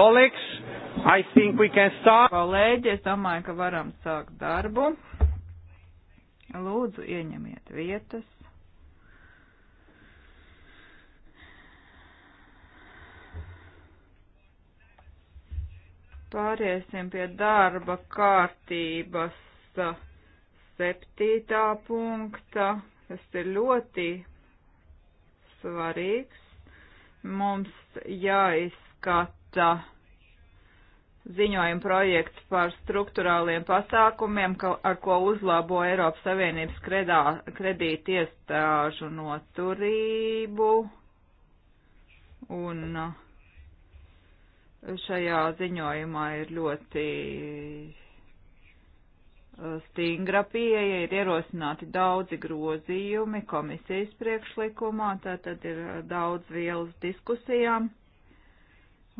Colleagues, I think we can start. Kolēģi, es domāju, ka varam sākt darbu. Lūdzu, ieņemiet vietas. Pāriesim pie darba kārtības septītā punkta, kas ir ļoti svarīgs. Mums jāizskata izskata ziņojuma projekts par struktūrāliem pasākumiem, ar ko uzlabo Eiropas Savienības kredā, kredīti iestāžu noturību. Un uh, šajā ziņojumā ir ļoti uh, stingra pieeja, ir ierosināti daudzi grozījumi komisijas priekšlikumā, tātad ir uh, daudz vielas diskusijām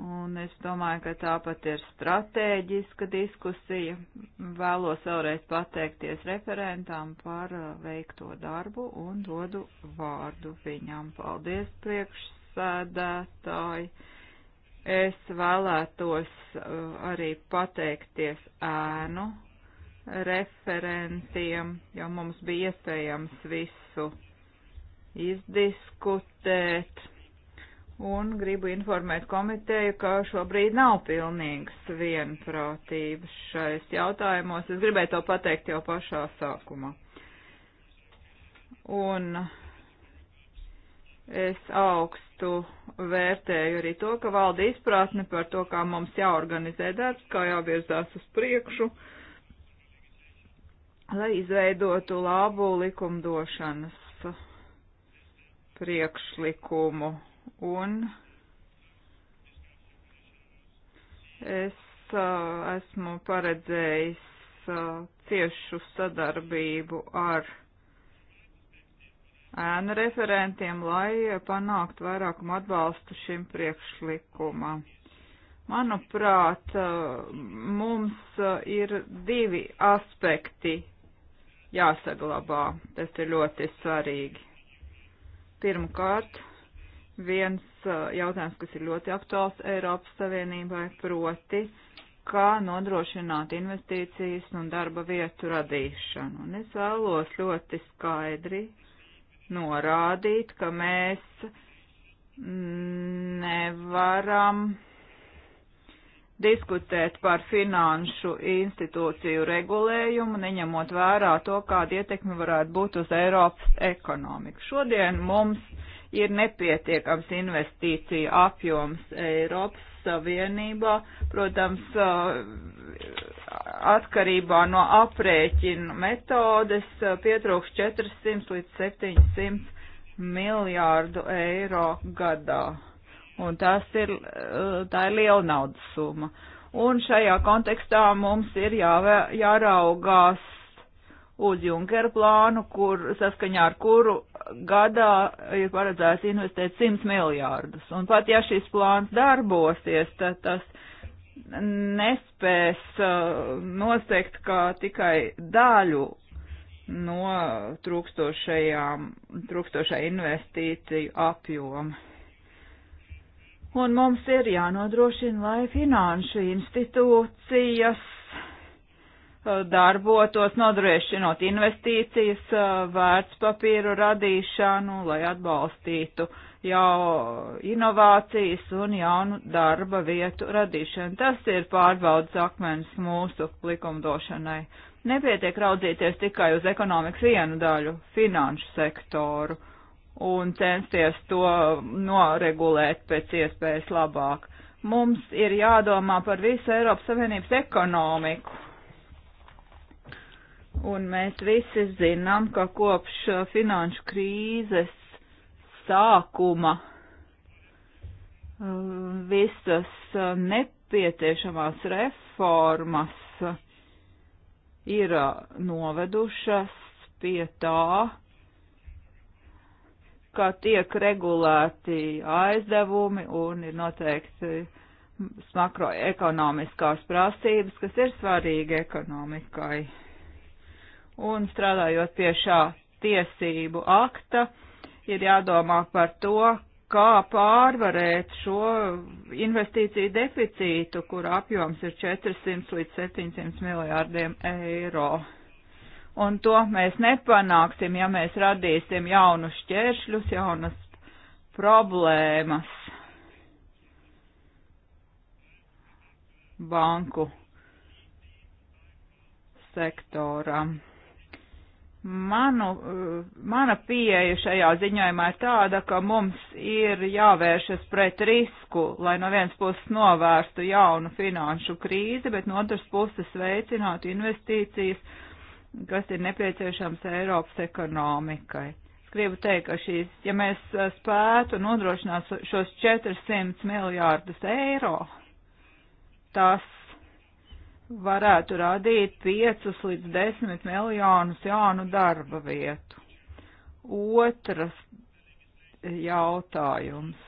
Un es domāju, ka tāpat ir stratēģiska diskusija. Vēlos vēlreiz pateikties referentām par uh, veikto darbu un dodu vārdu viņam. Paldies, priekšsēdētāji! Es vēlētos uh, arī pateikties ēnu referentiem, jo mums bija iespējams visu izdiskutēt un gribu informēt komiteju, ka šobrīd nav pilnīgas vienprātības šais jautājumos. Es gribēju to pateikt jau pašā sākumā. Un es augstu vērtēju arī to, ka valda izpratne par to, kā mums jāorganizē darbs, kā jāvirzās uz priekšu, lai izveidotu labu likumdošanas priekšlikumu un es uh, esmu paredzējis uh, ciešu sadarbību ar ēnu referentiem, lai panāktu vairākumu atbalstu šim priekšlikumam. Manuprāt, uh, mums ir divi aspekti jāsaglabā. Tas ir ļoti svarīgi. Pirmkārt, viens uh, jautājums, kas ir ļoti aktuāls Eiropas Savienībai, proti, kā nodrošināt investīcijas un darba vietu radīšanu. Un es vēlos ļoti skaidri norādīt, ka mēs nevaram diskutēt par finanšu institūciju regulējumu, neņemot vērā to, kāda ietekme varētu būt uz Eiropas ekonomiku. Šodien mums ir nepietiekams investīcija apjoms Eiropas Savienībā. Protams, atkarībā no aprēķinu metodes pietrūks 400 līdz 700 miljārdu eiro gadā. Un tas ir, tā ir liela naudas summa. Un šajā kontekstā mums ir jāvē, jāraugās uz Junkera plānu, kur saskaņā ar kuru gadā ir paredzēts investēt 100 miljārdus. Un pat ja šis plāns darbosies, tad tas nespēs uh, noteikt kā tikai daļu no trūkstošā investīciju apjoma. Un mums ir jānodrošina, lai finanšu institūcijas Uh, darbotos, nodrošinot investīcijas, uh, vērtspapīru radīšanu, lai atbalstītu jau inovācijas un jaunu darba vietu radīšanu. Tas ir pārbaudas akmens mūsu likumdošanai. Nepietiek raudzīties tikai uz ekonomikas vienu daļu, finanšu sektoru, un censties to noregulēt pēc iespējas labāk. Mums ir jādomā par visu Eiropas Savienības ekonomiku Un mēs visi zinām, ka kopš finanšu krīzes sākuma visas nepieciešamās reformas ir novedušas pie tā, ka tiek regulēti aizdevumi un ir noteikti makroekonomiskās prasības, kas ir svarīgi ekonomikai un strādājot pie šā tiesību akta, ir jādomā par to, kā pārvarēt šo investīciju deficītu, kur apjoms ir 400 līdz 700 miljārdiem eiro. Un to mēs nepanāksim, ja mēs radīsim jaunus šķēršļus, jaunas problēmas banku sektoram Manu, mana pieeja šajā ziņojumā ir tāda, ka mums ir jāvēršas pret risku, lai no vienas puses novērstu jaunu finanšu krīzi, bet no otras puses veicinātu investīcijas, kas ir nepieciešams Eiropas ekonomikai. Es gribu teikt, ka šīs, ja mēs spētu nodrošināt šos 400 miljārdus eiro, tas varētu radīt 5 līdz 10 miljonus jaunu darba vietu. Otras jautājums.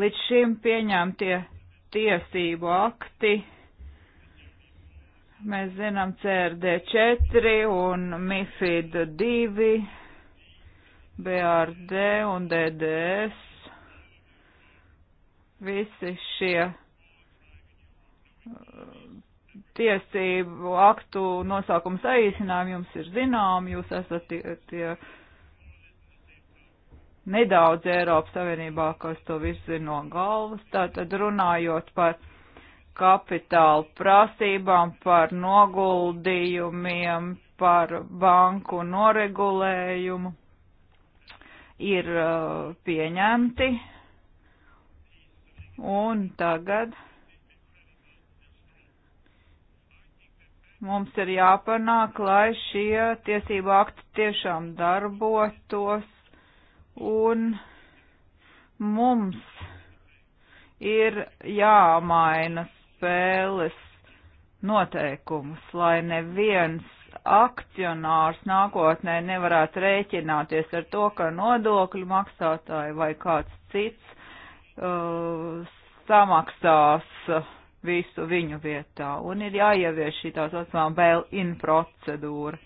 Līdz šim pieņemtie tiesību akti, mēs zinām CRD 4 un MIFID 2, BRD un DDS, visi šie tiesību aktu nosaukums saīsinājumu jums ir zinām, jūs esat tie, tie nedaudz Eiropas Savienībā, kas to visu zina no galvas. Tātad runājot par kapitāla prasībām, par noguldījumiem, par banku noregulējumu, ir uh, pieņemti. Un tagad Mums ir jāpanāk, lai šie tiesību akti tiešām darbotos un mums ir jāmaina spēles noteikumus, lai neviens akcionārs nākotnē nevarētu rēķināties ar to, ka nodokļu maksātāji vai kāds cits uh, samaksās uh, visu viņu vietā. Un ir jāievieš šī tā saucamā bail-in procedūra,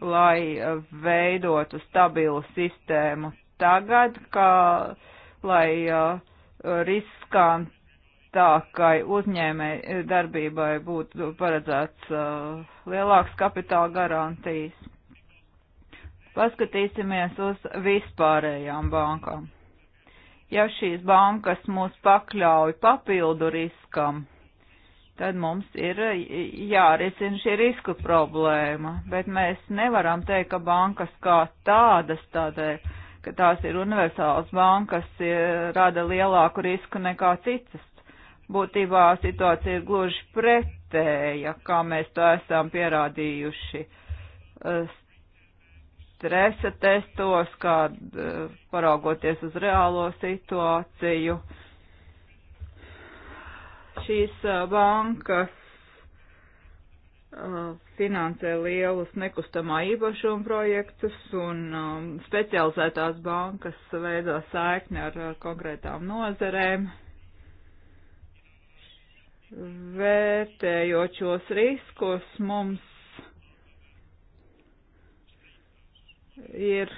lai eh, veidotu stabilu sistēmu tagad, kā lai uh, riskantākai uzņēmē eh, darbībai būtu paredzēts uh, lielāks kapitāla garantijas. Paskatīsimies uz vispārējām bankām Ja šīs bankas mūs pakļauj papildu riskam, tad mums ir e, jārisina šī risku problēma. Bet mēs nevaram teikt, ka bankas kā tādas tādēļ, ka tās ir universālas bankas, ir, e, rada lielāku risku nekā citas. Būtībā situācija ir gluži pretēja, kā mēs to esam pierādījuši e, stresa testos, kā eh, paraugoties uz reālo situāciju. Šīs eh, bankas eh, finansē lielus nekustamā īpašuma projektus un um, specializētās bankas veido saikni ar uh, konkrētām nozerēm. Vērtējot šos riskus, mums ir,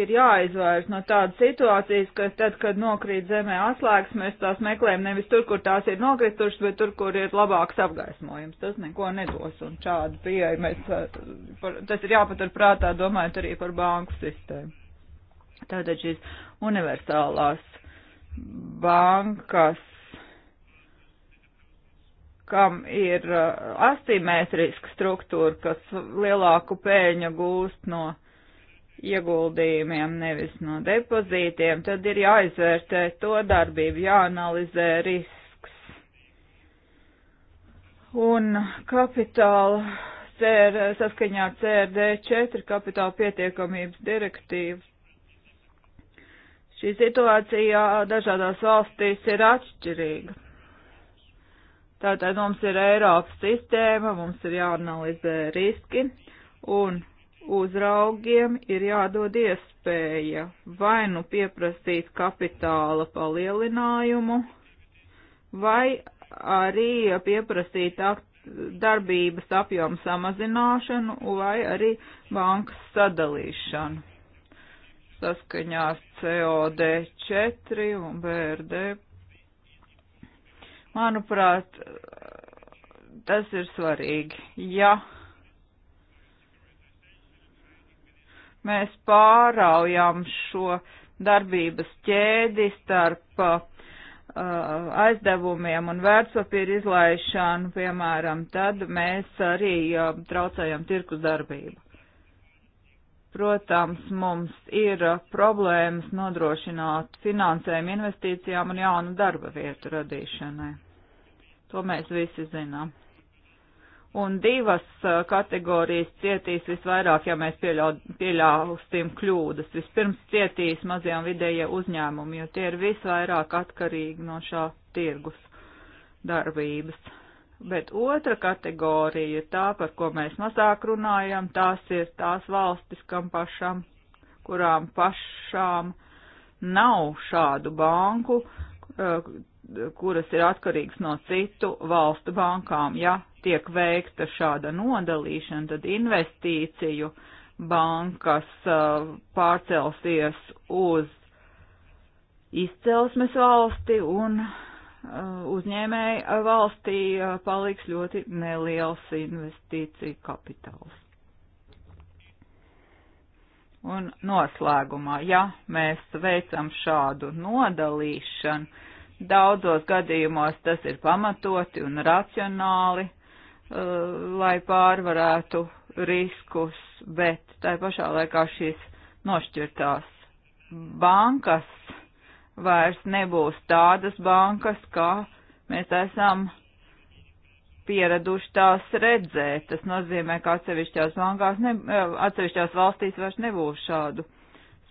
ir jāizvairās no tādas situācijas, ka tad, kad nokrīt zemē atslēgas, mēs tās meklējam nevis tur, kur tās ir nokritušas, bet tur, kur ir labāks apgaismojums. Tas neko nedos, un šādu pieeju mēs, tas ir jāpatur prātā, domājot arī par banku sistēmu. Tātad šīs universālās bankas kam ir uh, asimetriska struktūra, kas lielāku pēļņu gūst no ieguldījumiem, nevis no depozītiem, tad ir jāizvērtē to darbību, jāanalizē risks. Un kapitāla CR, saskaņā ar CRD4 kapitāla pietiekamības direktīvu. Šī situācija dažādās valstīs ir atšķirīga. Tātad mums ir Eiropas sistēma, mums ir jāanalizē riski un uzraugiem ir jādod iespēja vai nu pieprasīt kapitāla palielinājumu, vai arī pieprasīt darbības apjomu samazināšanu, vai arī bankas sadalīšanu. Saskaņā ar COD4 un BRD Manuprāt, tas ir svarīgi. Ja mēs pāraujam šo darbības ķēdi starp uh, aizdevumiem un vērtspapīru izlaišanu, piemēram, tad mēs arī uh, traucējam tirkus darbību. Protams, mums ir uh, problēmas nodrošināt finansējumu investīcijām un jaunu darba vietu radīšanai. To mēs visi zinām. Un divas kategorijas cietīs visvairāk, ja mēs pieļausim kļūdas. Vispirms cietīs mazie un vidējie uzņēmumi, jo tie ir visvairāk atkarīgi no šā tirgus darbības. Bet otra kategorija ir tā, par ko mēs mazāk runājam, tās ir tās valstis, kam pašam, kurām pašām nav šādu banku, kuras ir atkarīgas no citu valstu bankām. Ja tiek veikta šāda nodalīšana, tad investīciju bankas uh, pārcelsies uz izcelsmes valsti un uh, uzņēmēja valstī uh, paliks ļoti neliels investīcija kapitāls. Un noslēgumā, ja mēs veicam šādu nodalīšanu, Daudzos gadījumos tas ir pamatoti un racionāli, eh, lai pārvarētu riskus, bet tai pašā laikā šīs nošķirtās bankas vairs nebūs tādas bankas, kā mēs esam pieraduši tās redzēt. Tas nozīmē, ka atsevišķās, bankās ne, eh, atsevišķās valstīs vairs nebūs šādu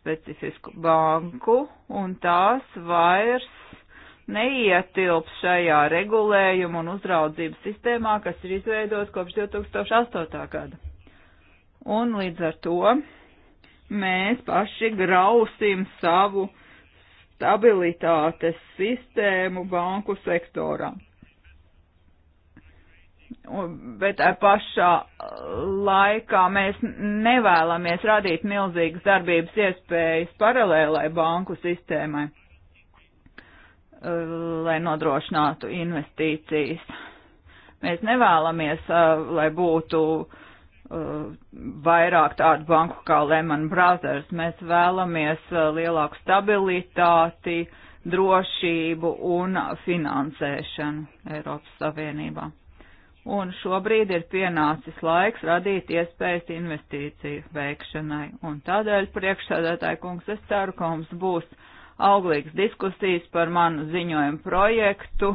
specifisku banku, un tās vairs neietilp šajā regulējuma un uzraudzības sistēmā, kas ir izveidots kopš 2008. gada. Un līdz ar to mēs paši grausim savu stabilitātes sistēmu banku sektorā. Bet pašā laikā mēs nevēlamies radīt milzīgas darbības iespējas paralēlai banku sistēmai. Eh, lai nodrošinātu investīcijas. Mēs nevēlamies, eh, lai būtu eh, vairāk tādu banku kā Lehman Brothers. Mēs vēlamies lielāku stabilitāti, drošību un finansēšanu Eiropas Savienībā. Un šobrīd ir pienācis laiks radīt iespējas investīciju veikšanai. Un tādēļ priekšsēdētāji kungs, es ceru, ka mums būs uh, auglīgas diskusijas par manu ziņojumu projektu.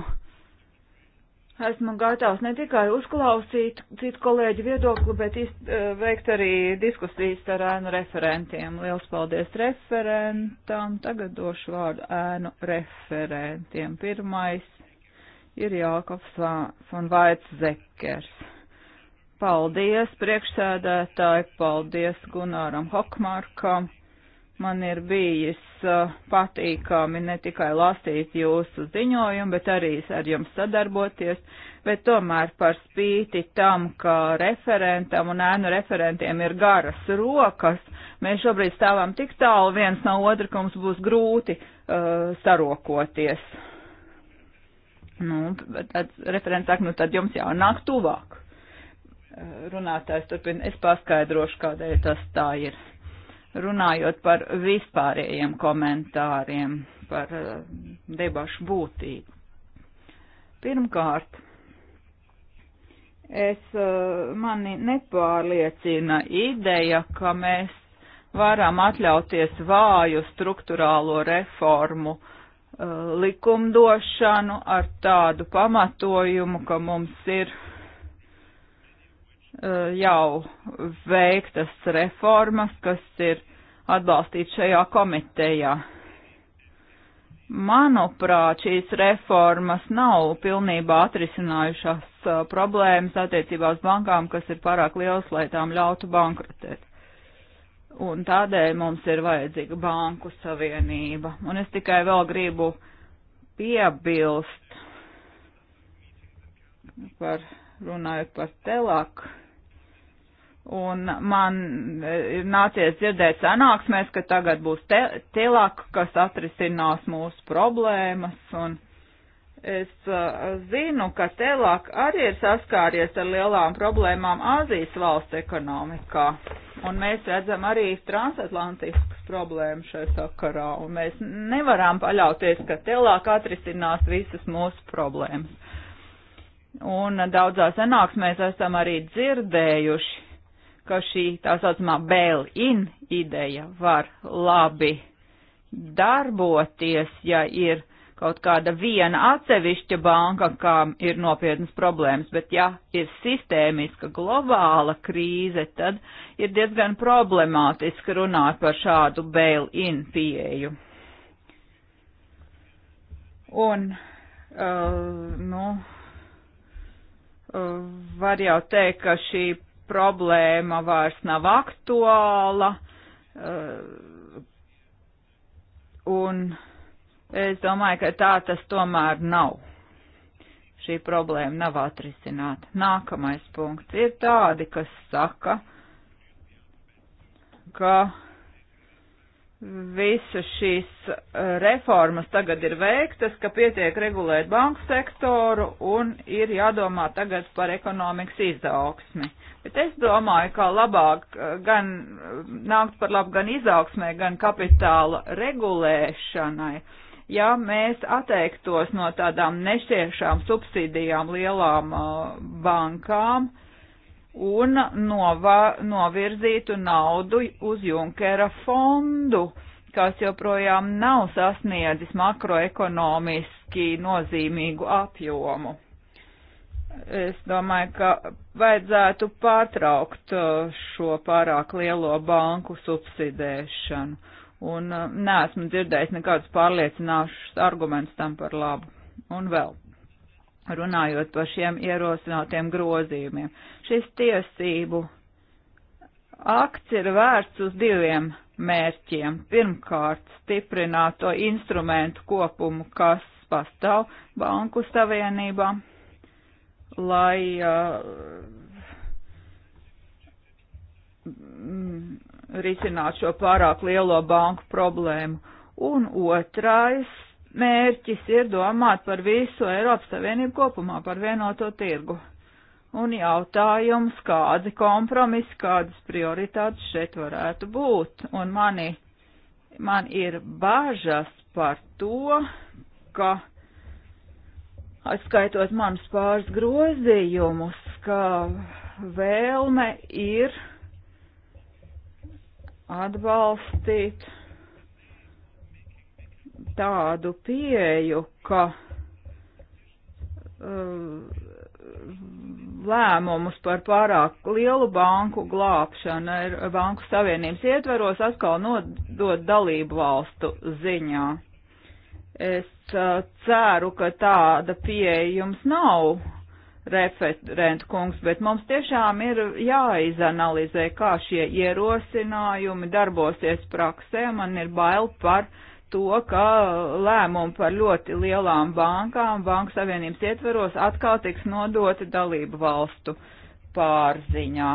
Esmu gatavs ne tikai uzklausīt citu kolēģu viedokli, bet izt, e, veikt arī diskusijas ar ēnu referentiem. Liels paldies referentam. Tagad došu vārdu ēnu referentiem. Pirmais ir Jākops von Vaitsekers. Paldies priekšsēdētāji, paldies Gunāram Hokmarkam Man ir bijis uh, patīkami ne tikai lasīt jūsu ziņojumu, bet arī ar jums sadarboties, bet tomēr par spīti tam, ka referentam un ēnu referentiem ir garas rokas, mēs šobrīd stāvam tik tālu viens no otra, ka mums būs grūti uh, sarokoties. Nu, tad referents saka, nu tad jums jānāk tuvāk uh, runātājs turpina, es paskaidrošu, kādēļ tas tā ir runājot par vispārējiem komentāriem, par eh, debašu būtību. Pirmkārt, es, eh, mani nepārliecina ideja, ka mēs varam atļauties vāju struktūrālo reformu eh, likumdošanu ar tādu pamatojumu, ka mums ir Eh, jau veiktas reformas, kas ir atbalstīts šajā komitejā. Manuprāt, šīs reformas nav pilnībā atrisinājušās eh, problēmas attiecībā uz bankām, kas ir pārāk liels, lai tām ļautu bankrotēt. Un tādēļ mums ir vajadzīga banku savienība. Un es tikai vēl gribu piebilst par runājot par telaku Un man e, ir nācies dzirdēt sanāksmēs, ka tagad būs te, telak, kas atrisinās mūsu problēmas. Un es uh, zinu, ka telak arī ir saskāries ar lielām problēmām Āzijas valsts ekonomikā. Un mēs redzam arī transatlantiskas problēmas šajā sakarā. Un mēs nevaram paļauties, ka telak atrisinās visas mūsu problēmas. Un daudzās sanāksmēs esam arī dzirdējuši ka šī tā saucamā bail-in ideja var labi darboties, ja ir kaut kāda viena atsevišķa banka, kam ir nopietnas problēmas, bet ja ir sistēmiska globāla krīze, tad ir diezgan problemātiski runāt par šādu bail-in pieeju. Un, uh, nu, uh, var jau teikt, ka šī problēma vairs nav aktuāla. Eh, un es domāju, ka tā tas tomēr nav. Šī problēma nav atrisināta. Nākamais punkts ir tādi, kas saka, ka visas šīs reformas tagad ir veiktas, ka pietiek regulēt banku sektoru un ir jādomā tagad par ekonomikas izaugsmi. Bet es domāju, ka labāk eh, gan eh, nākt par labu gan izaugsmē, gan kapitāla regulēšanai, ja mēs atteiktos no tādām nešiešām subsīdijām lielām uh, bankām un nova, novirzītu naudu uz Junkera fondu, kas joprojām nav sasniedzis makroekonomiski nozīmīgu apjomu Es domāju, ka vajadzētu pārtraukt uh, šo pārāk lielo banku subsidēšanu. Un uh, neesmu dzirdējis nekādus pārliecināšus argumentus tam par labu. Un vēl, runājot par šiem ierosinātiem grozījumiem, šis tiesību akts ir vērts uz diviem mērķiem. Pirmkārt, stiprināt to instrumentu kopumu, kas pastāv Banku Savienībā lai mm, risinātu šo pārāk lielo banku problēmu. Un otrais mērķis ir domāt par visu Eiropas Savienību kopumā, par vienoto tirgu. Un jautājums, kādi kompromisi, kādas prioritātes šeit varētu būt. Un mani, man ir bažas par to, ka atskaitot manus pāris grozījumus, ka vēlme ir atbalstīt tādu pieju, ka uh, lēmumus par pārāk lielu banku glābšanu ir banku savienības ietveros atkal nodot dalību valstu ziņā. Es ceru, ka tāda pieeja jums nav, referent kungs, bet mums tiešām ir jāizanalizē, kā šie ierosinājumi darbosies praksē. Man ir bail par to, ka lēmumi par ļoti lielām bankām Banku Savienības ietveros atkal tiks nodoti dalību valstu pārziņā.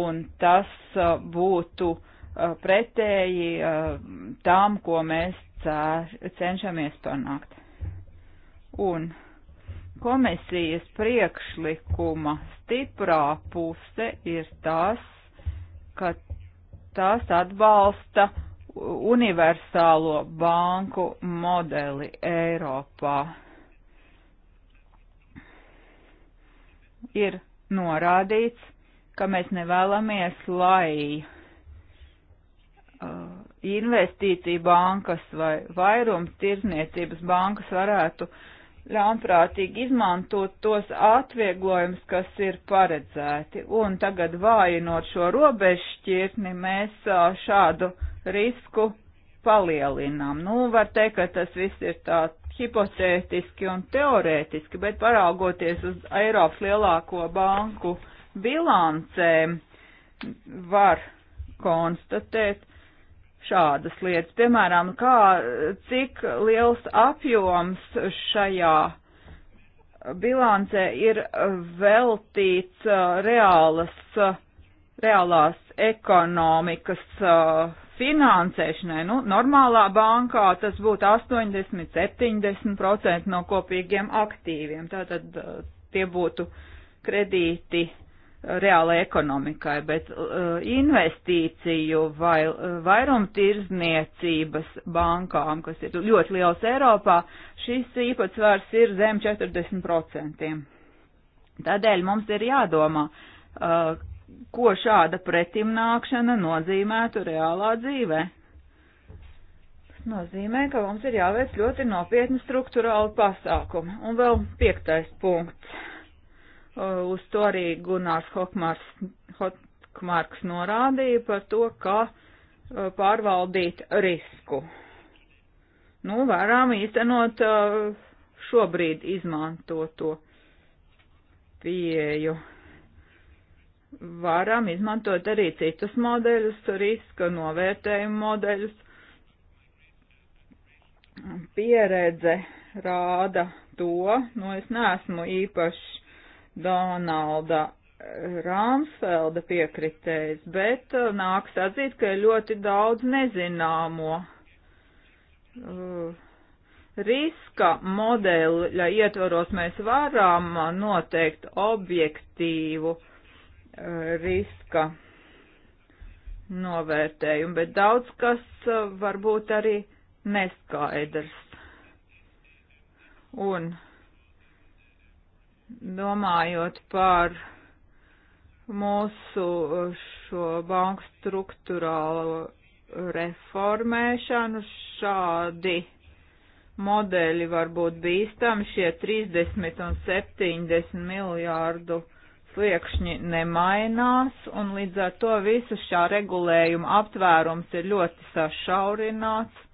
Un tas būtu uh, Uh, pretēji uh, tam, ko mēs cenšamies panākt. Un komisijas priekšlikuma stiprā puse ir tas, ka tās atbalsta universālo banku modeli Eiropā. Ir norādīts, ka mēs nevēlamies, lai uh, Uh, investīcija bankas vai vairums tirzniecības bankas varētu ļaunprātīgi izmantot tos atvieglojumus, kas ir paredzēti. Un tagad vājinot šo robežšķirtni, mēs uh, šādu risku palielinām. Nu, var teikt, ka tas viss ir tāds hipotētiski un teorētiski, bet paraugoties uz Eiropas lielāko banku bilancēm, var konstatēt, šādas lietas. Piemēram, kā, cik liels apjoms šajā bilancē ir veltīts uh, reālas, uh, reālās ekonomikas uh, finansēšanai. Nu, normālā bankā tas būtu 80-70% no kopīgiem aktīviem. Tātad tie būtu kredīti reālai ekonomikai, bet uh, investīciju vai uh, vairumtirzniecības bankām, kas ir ļoti liels Eiropā, šis īpatsvars ir zem 40%. Tādēļ mums ir jādomā, uh, ko šāda pretimnākšana nozīmētu reālā dzīvē. Tas nozīmē, ka mums ir jāveic ļoti nopietni struktūrāli pasākumi. Un vēl piektais punkts Eh, uz to arī Gunārs Hokmārs, Hokmārks norādīja par to, kā eh, pārvaldīt risku. Nu, varam īstenot eh, šobrīd izmantoto pieju varam izmantot arī citus modeļus, riska novērtējumu modeļus. Pieredze rāda to, nu es neesmu īpaši Donalda Rāmsfelda piekritējs, bet uh, nāks atzīt, ka ir ļoti daudz nezināmo. Uh, riska modeļa ietvaros mēs varam uh, noteikt objektīvu riska novērtējumu, bet daudz kas varbūt arī neskaidrs. Un domājot par mūsu uh, šo banku struktūrālo reformēšanu, šādi modeļi var būt bīstami, šie 30 un 70 miljārdu sliekšņi nemainās, un līdz ar to visu šā regulējuma aptvērums ir ļoti sašaurināts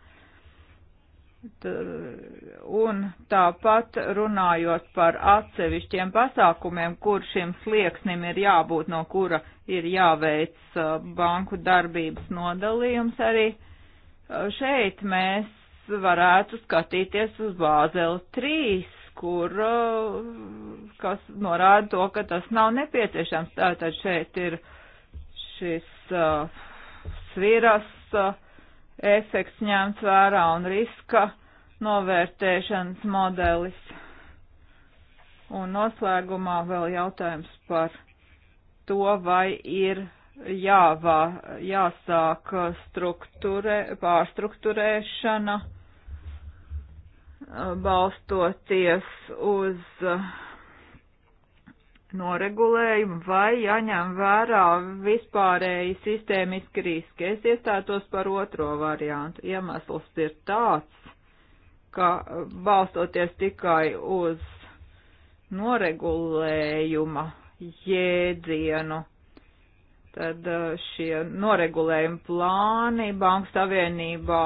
Un tāpat runājot par atsevišķiem pasākumiem, kur šim slieksnim ir jābūt, no kura ir jāveic uh, banku darbības nodalījums arī, uh, šeit mēs varētu skatīties uz Bāzeli 3, kur, uh, kas norāda to, ka tas nav nepieciešams. Tātad šeit ir šis uh, sviras. Uh, efekts ņemts vērā un riska novērtēšanas modelis. Un noslēgumā vēl jautājums par to, vai ir jāvā, jāsāk strukturē, pārstruktūrēšana balstoties uz uh, noregulējumu vai jaņem vērā vispārēji sistēmiski riski. Es iestātos par otro variantu. Iemesls ir tāds, ka balstoties tikai uz noregulējuma jēdzienu, tad uh, šie noregulējuma plāni Banku Savienībā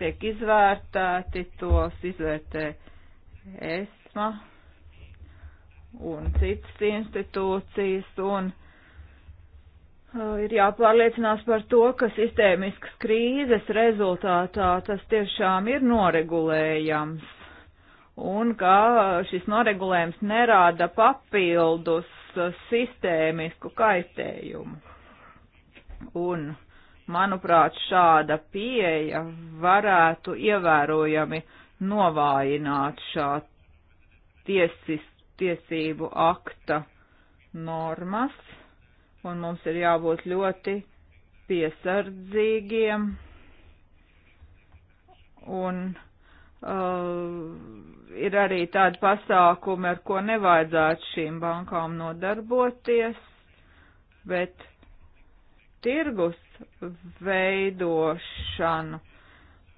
tiek izvērtēti, tos izvērtē ESMA un citas institūcijas, un uh, ir jāpārliecinās par to, ka sistēmiskas krīzes rezultātā tas tiešām ir noregulējams, un ka šis noregulējums nerāda papildus uh, sistēmisku kaitējumu. Un, manuprāt, šāda pieeja varētu ievērojami novājināt šā tiesis, tiesību akta normas, un mums ir jābūt ļoti piesardzīgiem un uh, ir arī tādi pasākumi, ar ko nevajadzētu šīm bankām nodarboties, bet tirgus veidošanu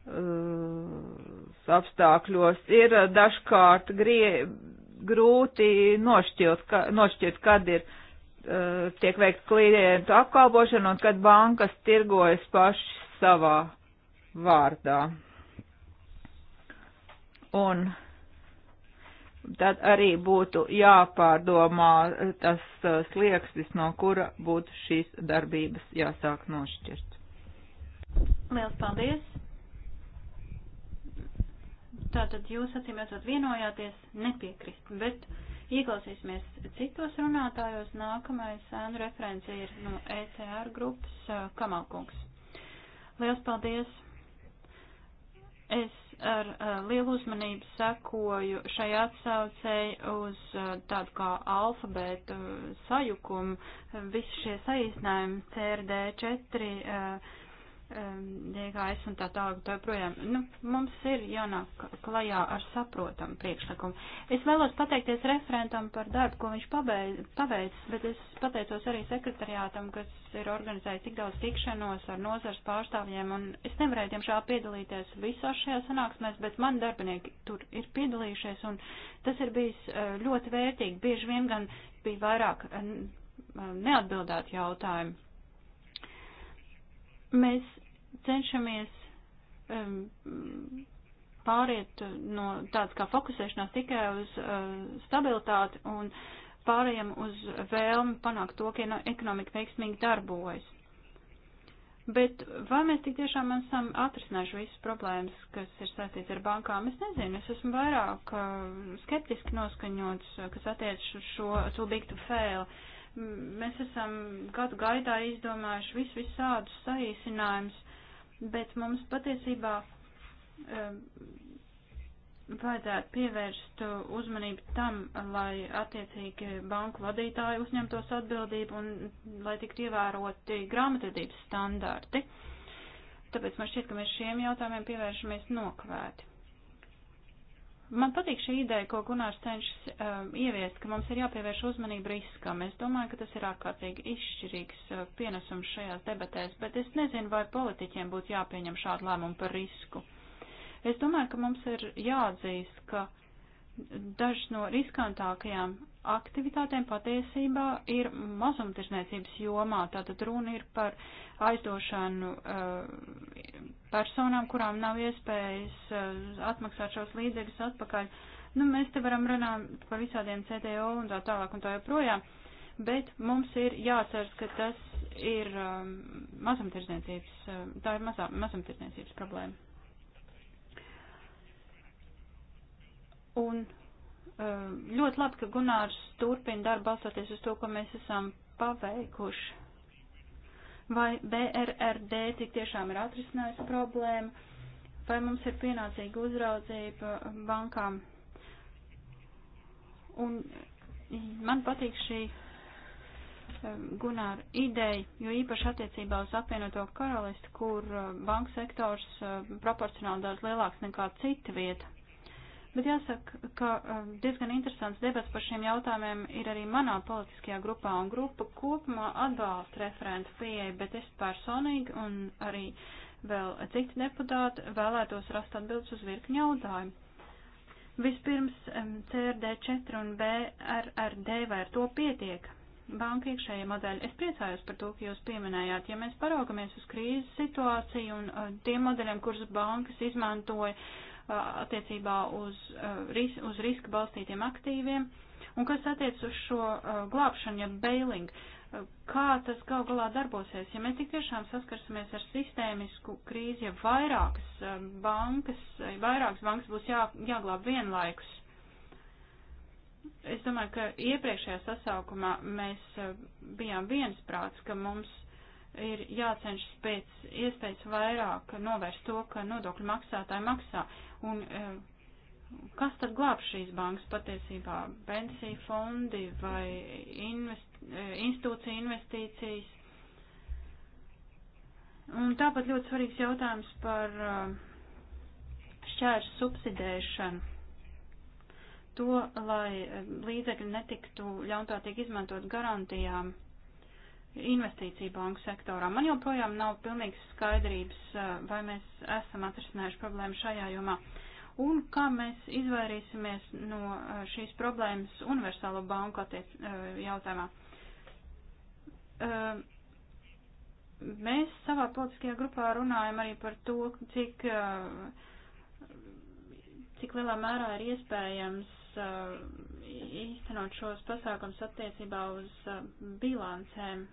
uh, apstākļos ir dažkārt grie, grūti nošķirt, ka, nošķirt kad ir uh, tiek veikt klientu apkalpošana un kad bankas tirgojas paši savā vārdā. Un tad arī būtu jāpārdomā tas eh, slieksnis, no kura būtu šīs darbības jāsāk nošķirt. Liels paldies! Tātad jūs acīm esat vienojāties nepiekrist, bet ieklausīsimies citos runātājos. Nākamais ēnu referenci ir no ECR grupas Kamalkungs. Liels paldies! Es ar uh, lielu uzmanību sekoju šai atsaucēji uz uh, tādu kā alfabētu uh, sajukumu. Visi šie saīsinājumi CRD4. Uh, Um, DGS un tā tālāk tā joprojām. Nu, mums ir jānāk klajā ar saprotamu priekšlikumu. Es vēlos pateikties referentam par darbu, ko viņš paveicis, bet es pateicos arī sekretariātam, kas ir organizējis tik daudz tikšanos ar nozars pārstāvjiem, un es nevarēju, diemžēl, piedalīties visās šajā sanāksmēs, bet man darbinieki tur ir piedalījušies, un tas ir bijis uh, ļoti vērtīgi. Bieži vien gan bija vairāk uh, neatbildētu jautājumu Mēs cenšamies um, pāriet no tādas kā fokusēšanās tikai uz uh, stabilitāti un pārējiem uz vēlmi panākt to, ka ekonomika veiksmīgi darbojas. Bet vai mēs tik tiešām esam atrisinājuši visas problēmas, kas ir saistīts ar bankām? Es nezinu, es esmu vairāk uh, skeptiski noskaņots, uh, kas attiec uz šo too big to fail. Uh, Mēs esam gadu gaidā izdomājuši visu visādus saīsinājumus, bet mums patiesībā um, vajadzētu pievērst uzmanību tam, lai attiecīgi banku vadītāji uzņemtos atbildību un lai tiktu ievēroti grāmatvedības standarti. Tāpēc man šķiet, ka mēs šiem jautājumiem pievēršamies nokvēti. Man patīk šī ideja, ko Gunārs cenšas uh, ieviest, ka mums ir jāpievērš uzmanība riskam. Es domāju, ka tas ir ārkārtīgi izšķirīgs uh, pienesums šajās debatēs, bet es nezinu, vai politiķiem būtu jāpieņem šādu lēmumu par risku. Es domāju, ka mums ir jāatzīst, ka dažas no riskantākajām aktivitātēm patiesībā ir mazumtirdzniecības jomā. Tātad runa ir par aizdošanu uh, personām, kurām nav iespējas eh, atmaksāt šos līdzekļus atpakaļ. Nu, mēs te varam runāt par visādiem CDO un tā tālāk un tā joprojām, bet mums ir jāatceras, ka tas ir um, mazumtirdzniecības, um, tā ir mazā, mazumtirdzniecības problēma. Un um, ļoti labi, ka Gunārs turpina darbu balstoties uz to, ko mēs esam paveikuši vai BRRD tik tiešām ir atrisinājusi problēmu, vai mums ir pienācīga uzraudzība bankām. Un man patīk šī um, Gunāra ideja, jo īpaši attiecībā uz apvienoto karalisti, kur uh, banka sektors uh, proporcionāli daudz lielāks nekā cita vieta. Bet jāsaka, ka um, diezgan interesants debats par šiem jautājumiem ir arī manā politiskajā grupā, un grupa kopumā atbalsta referentu pieeju, bet es personīgi un arī vēl citi deputāti vēlētos rast atbildes uz virkni jautājumu. Vispirms um, CRD4 un BRRD vai ar to pietiek? Banka iekšējie modeļi. Es priecājos par to, ka jūs pieminējāt, ja mēs paraugamies uz krīzes situāciju un uh, tiem modeļiem, kurus bankas izmantoja, uh, attiecībā uz, ris uz riska balstītiem aktīviem. Un kas attiec uz šo glābšanu, ja bailing, kā tas gal galā darbosies, ja mēs tik tiešām saskarsimies ar sistēmisku krīzi, ja vairākas bankas, vairākas bankas būs jā, jāglāb vienlaikus. Es domāju, ka iepriekšējā sasaukumā mēs bijām viensprāts, ka mums ir jācenšas pēc iespējas vairāk novērst to, ka nodokļu maksātāji maksā. Uh, Un e, kas tad glāb šīs bankas patiesībā? Pensiju fondi vai invest, e, institūcija investīcijas? Un tāpat ļoti svarīgs jautājums par e, šķērs subsidēšanu to, lai līdzekļi netiktu ļaunprātīgi izmantot garantijām investīciju banku sektorā. Man joprojām nav pilnīgas skaidrības, eh, vai mēs esam atrisinājuši problēmu šajā jomā un kā mēs izvairīsimies no eh, šīs problēmas universālo banku attiec, eh, jautājumā. Mēs savā politiskajā grupā runājam arī par to, cik, cik lielā mērā ir iespējams īstenot šos pasākums attiecībā uz bilancēm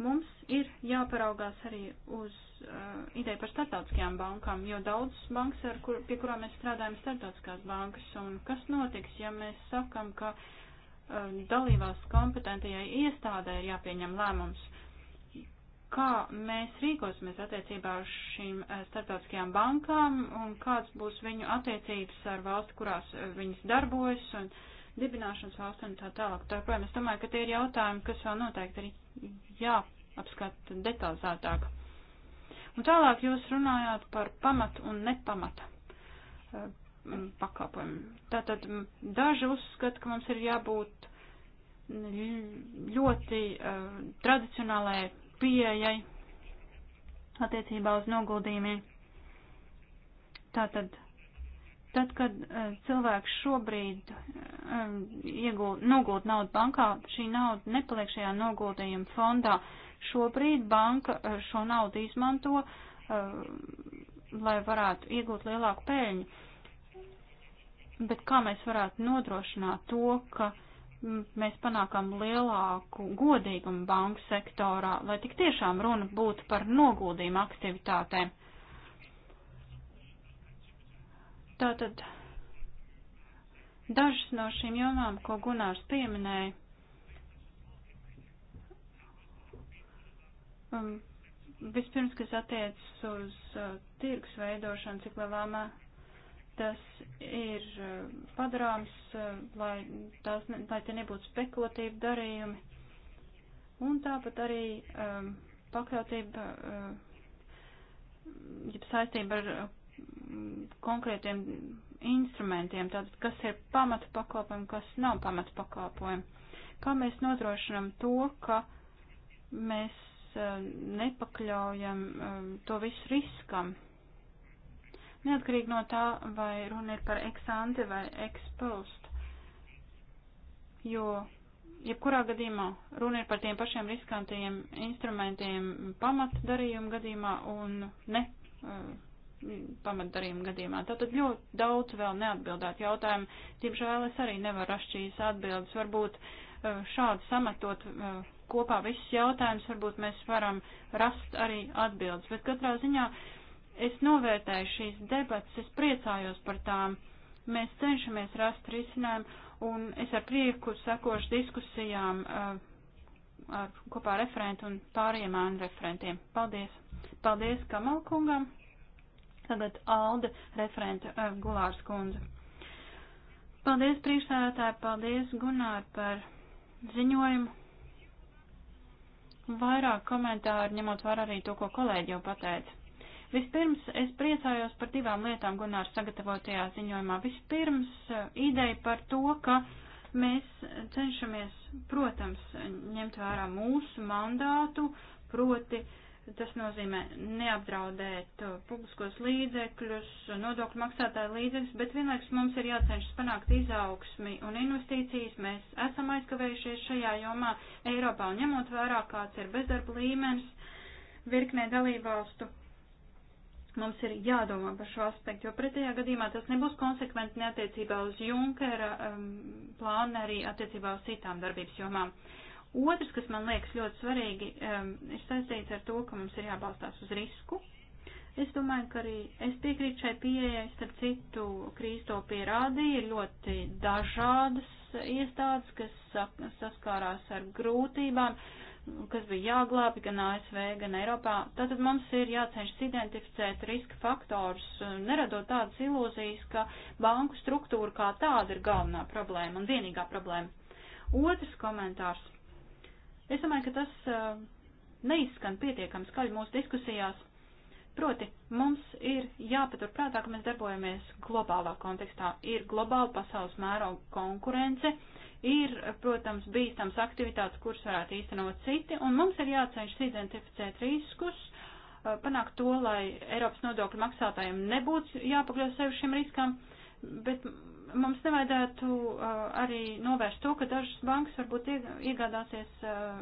Mums ir jāparaugās arī uz uh, ideju par startautiskajām bankām, jo daudz bankas, kur, pie kurām mēs strādājam, ir startautiskās bankas. Un kas notiks, ja mēs sakam, ka uh, dalībās kompetentajai iestādē ir jāpieņem lēmums? Kā mēs rīkosimies attiecībā uz šīm uh, startautiskajām bankām un kāds būs viņu attiecības ar valsti, kurās uh, viņas darbojas? Un, dibināšanas valsts un tā tālāk. Tāpēc es domāju, ka tie ir jautājumi, kas vēl noteikti arī jāapskata detalizētāk. Un tālāk jūs runājāt par pamatu un nepamata eh, pakalpojumiem. Tātad daži uzskata, ka mums ir jābūt ļoti uh, eh, tradicionālajai pieejai attiecībā uz noguldījumiem. Tātad Tad, kad eh, cilvēks šobrīd eh, iegūt, nogūt naudu bankā, šī nauda nepaliek šajā noguldījuma fondā. Šobrīd banka eh, šo naudu izmanto, lai varētu iegūt lielāku peļņu. Bet kā mēs varētu nodrošināt to, ka mēs panākam lielāku godīgumu banku sektorā, lai tik tiešām runa būtu par noguldījumu aktivitātēm? Tātad dažas no šīm jomām, ko Gunārs pieminēja, um, vispirms, kas attiecas uz uh, tirgus veidošanu, cik lielā mērā tas ir uh, padarāms, uh, lai, tās, ne, lai te nebūtu spekulatīvi darījumi. Un tāpat arī um, pakļautība, uh, ja saistība ar konkrētiem instrumentiem, tātad kas ir pamata pakalpojumi, kas nav pamata pakalpojumi. Kā mēs nodrošinam to, ka mēs e, nepakļaujam e, to visu riskam? Neatkarīgi no tā, vai runa ir par ex-ante vai ex-post, jo jebkurā gadījumā runa ir par tiem pašiem riskantajiem instrumentiem pamatdarījuma gadījumā un ne e, pamatdarījuma gadījumā. Tātad ļoti daudz vēl neatbildētu jautājumu. Diemžēl es arī nevaru rašķīs atbildes. Varbūt eh, šādi samatot eh, kopā visus jautājumus, varbūt mēs varam rast arī atbildes. Bet katrā ziņā es novērtēju šīs debatas, es priecājos par tām. Mēs cenšamies rast risinājumu un es ar prieku sakošu diskusijām eh, ar, kopā ar referentu un pārējiem ānu referentiem. Paldies! Paldies Kamalkungam! tagad Alde referente eh, Gulārs kundze. Paldies priekšsēdētāji, paldies Gunār par ziņojumu. Vairāk komentāru ņemot vērā arī to, ko kolēģi jau pateica. Vispirms es priecājos par divām lietām Gunārs sagatavotajā ziņojumā. Vispirms eh, ideja par to, ka mēs cenšamies, protams, ņemt vērā mūsu mandātu, proti uh, Tas nozīmē neapdraudēt uh, publiskos līdzekļus, nodokļu maksātāju līdzekļus, bet vienlaikus mums ir jācenšas panākt izaugsmi un investīcijas. Mēs esam aizkavējušies šajā jomā Eiropā un ņemot vērā, kāds ir bezdarba līmenis virknē dalībvalstu. Mums ir jādomā par šo aspektu, jo pretējā gadījumā tas nebūs konsekventi ne attiecībā uz Junkera um, plānu, ne arī attiecībā uz citām darbības jomām. Uh, Otrs, kas man liekas ļoti svarīgi, um, ir saistīts ar to, ka mums ir jābalstās uz risku. Es domāju, ka arī es piekrītu šai pieejai, starp citu, krīze to pierādīja, ir ļoti dažādas iestādes, kas saskārās ar grūtībām, kas bija jāglābi gan ASV, gan Eiropā. Tātad mums ir jācenšas identificēt riska faktors, neradot tādas ilūzijas, ka banku struktūra kā tāda ir galvenā problēma un vienīgā problēma. Otrs komentārs Es domāju, ka tas neizskan pietiekami skaļi mūsu diskusijās. Proti, mums ir jāpaturprātā, ka mēs darbojamies globālā kontekstā. Ir globāla pasaules mēroga konkurence, ir, protams, bīstams aktivitātes, kuras varētu īstenot citi, un mums ir jācenšas identificēt riskus, panākt to, lai Eiropas nodokļu maksātājiem nebūtu jāpakļaus sevi šim riskam, bet mums nevajadzētu uh, arī novērst to, ka dažas bankas varbūt iegādāsies uh,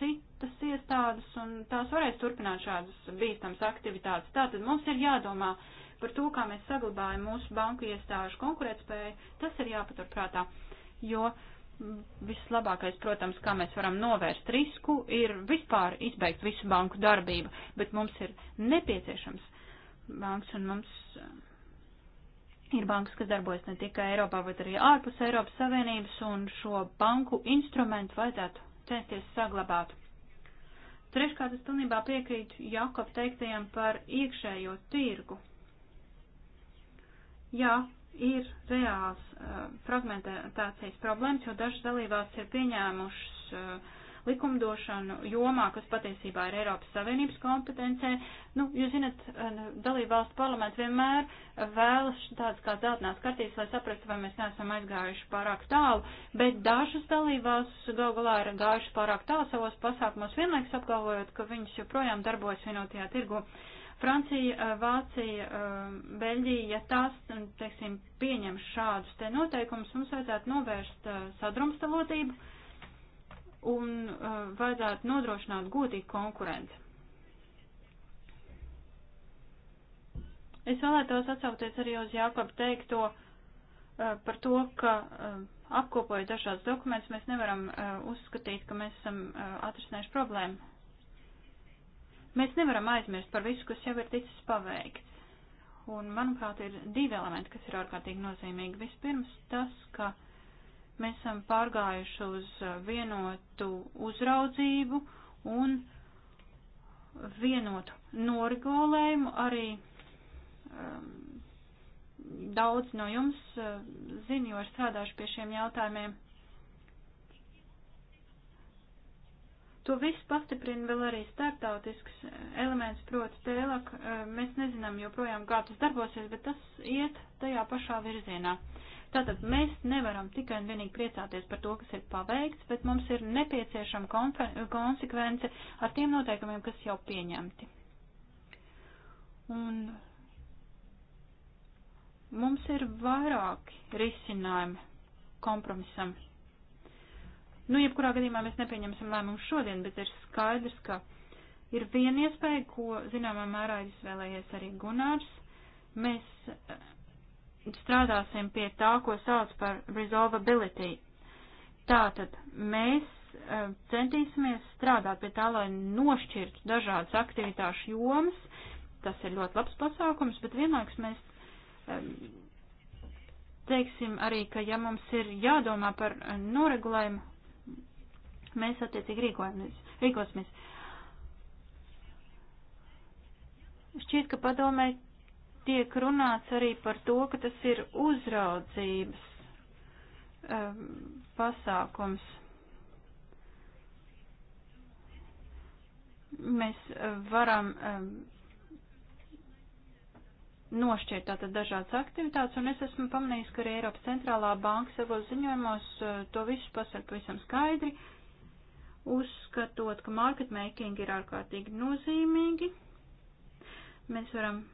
citas iestādes un tās varēs turpināt šādas bīstamas aktivitātes. Tātad mums ir jādomā par to, kā mēs saglabājam mūsu banku iestāžu konkurētspēju. Tas ir jāpaturprātā, jo vislabākais, protams, kā mēs varam novērst risku, ir vispār izbeigt visu banku darbību, bet mums ir nepieciešams banks un mums. Uh, Ir bankas, kas darbojas ne tikai Eiropā, bet arī ārpus Eiropas Savienības, un šo banku instrumentu vajadzētu censties saglabāt. Treškārt, es pilnībā piekrītu Jakob teiktajam par iekšējo tirgu. Jā, ir reāls uh, fragmentācijas problēmas, jo dažas dalībās ir pieņēmušas uh, likumdošanu jomā, kas patiesībā ir Eiropas Savienības kompetencē. Nu, jūs zinat, dalību valstu parlaments vienmēr vēlas tādas kā zeltnās kartīs, lai saprastu, vai mēs neesam aizgājuši pārāk tālu, bet dažas dalību valsts gal galā ir gājuši pārāk tālu savos pasākumos, vienlaiks apgalvojot, ka viņas joprojām darbojas vienotajā tirgu. Francija, eh, Vācija, eh, Beļģija, ja tās, teiksim, pieņem šādus te noteikumus, mums vajadzētu novērst eh, sadrumstalotību un uh, vajadzētu nodrošināt godīgu konkurenci. Es vēlētos atsaukties arī uz Jākabu teikto uh, par to, ka uh, apkopojot dažādas dokumentus, mēs nevaram uh, uzskatīt, ka mēs esam uh, atrisinājuši problēmu. Mēs nevaram aizmirst par visu, kas jau ir ticis paveikts. Un, manuprāt, ir divi elementi, kas ir ārkārtīgi nozīmīgi. Vispirms tas, ka Mēs esam pārgājuši uz uh, vienotu uzraudzību un vienotu norigolējumu. Arī um, daudz no jums uh, zina, jo ir strādājuši pie šiem jautājumiem. To visu pastiprina vēl arī startautisks uh, elements, proti tēlāk, uh, mēs nezinām joprojām, kā tas darbosies, bet tas iet tajā pašā virzienā. Tātad mēs nevaram tikai un vienīgi priecāties par to, kas ir paveikts, bet mums ir nepieciešama konsekvence ar tiem noteikumiem, kas jau pieņemti. Un mums ir vairāki risinājumi kompromisam. Nu, jebkurā gadījumā mēs nepieņemsim lēmumu šodien, bet ir skaidrs, ka ir viena iespēja, ko zināmā mērā izvēlējies arī Gunārs. Mēs strādāsim pie tā, ko sauc par resolvability. Tātad mēs e, centīsimies strādāt pie tā, lai nošķirtu dažādas aktivitāšu jomas. Tas ir ļoti labs pasākums, bet vienlaiks mēs e, teiksim arī, ka ja mums ir jādomā par noregulējumu, mēs attiecīgi rīkojamies, rīkosimies. Šķiet, ka padomē tiek runāts arī par to, ka tas ir uzraudzības um, pasākums. Mēs uh, varam um, nošķirt tātad dažādas aktivitātes, un es esmu pamanījis, ka arī Eiropas centrālā banka savos ziņojumos uh, to visu pasaka pavisam skaidri, uzskatot, ka market making ir ārkārtīgi nozīmīgi. Mēs varam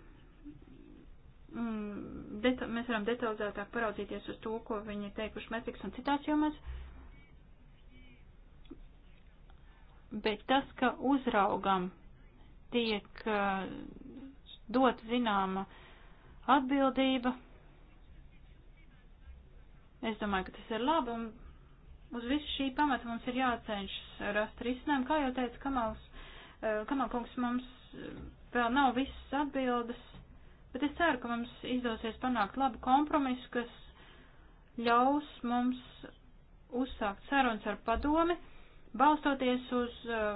Mm, deta mēs varam detalizētāk paraudzīties uz to, ko viņi ir teikuši metrikas un citās jomās. Bet tas, ka uzraugam tiek uh, dot zināma atbildība, es domāju, ka tas ir labi un uz visu šī pamata mums ir jācenšas rast risinājumu. Kā jau teica Kamals, uh, Kamalkungs, mums vēl nav visas atbildes Bet es ceru, ka mums izdosies panākt labu kompromisu, kas ļaus mums uzsākt sarunas ar padomi, balstoties uz uh,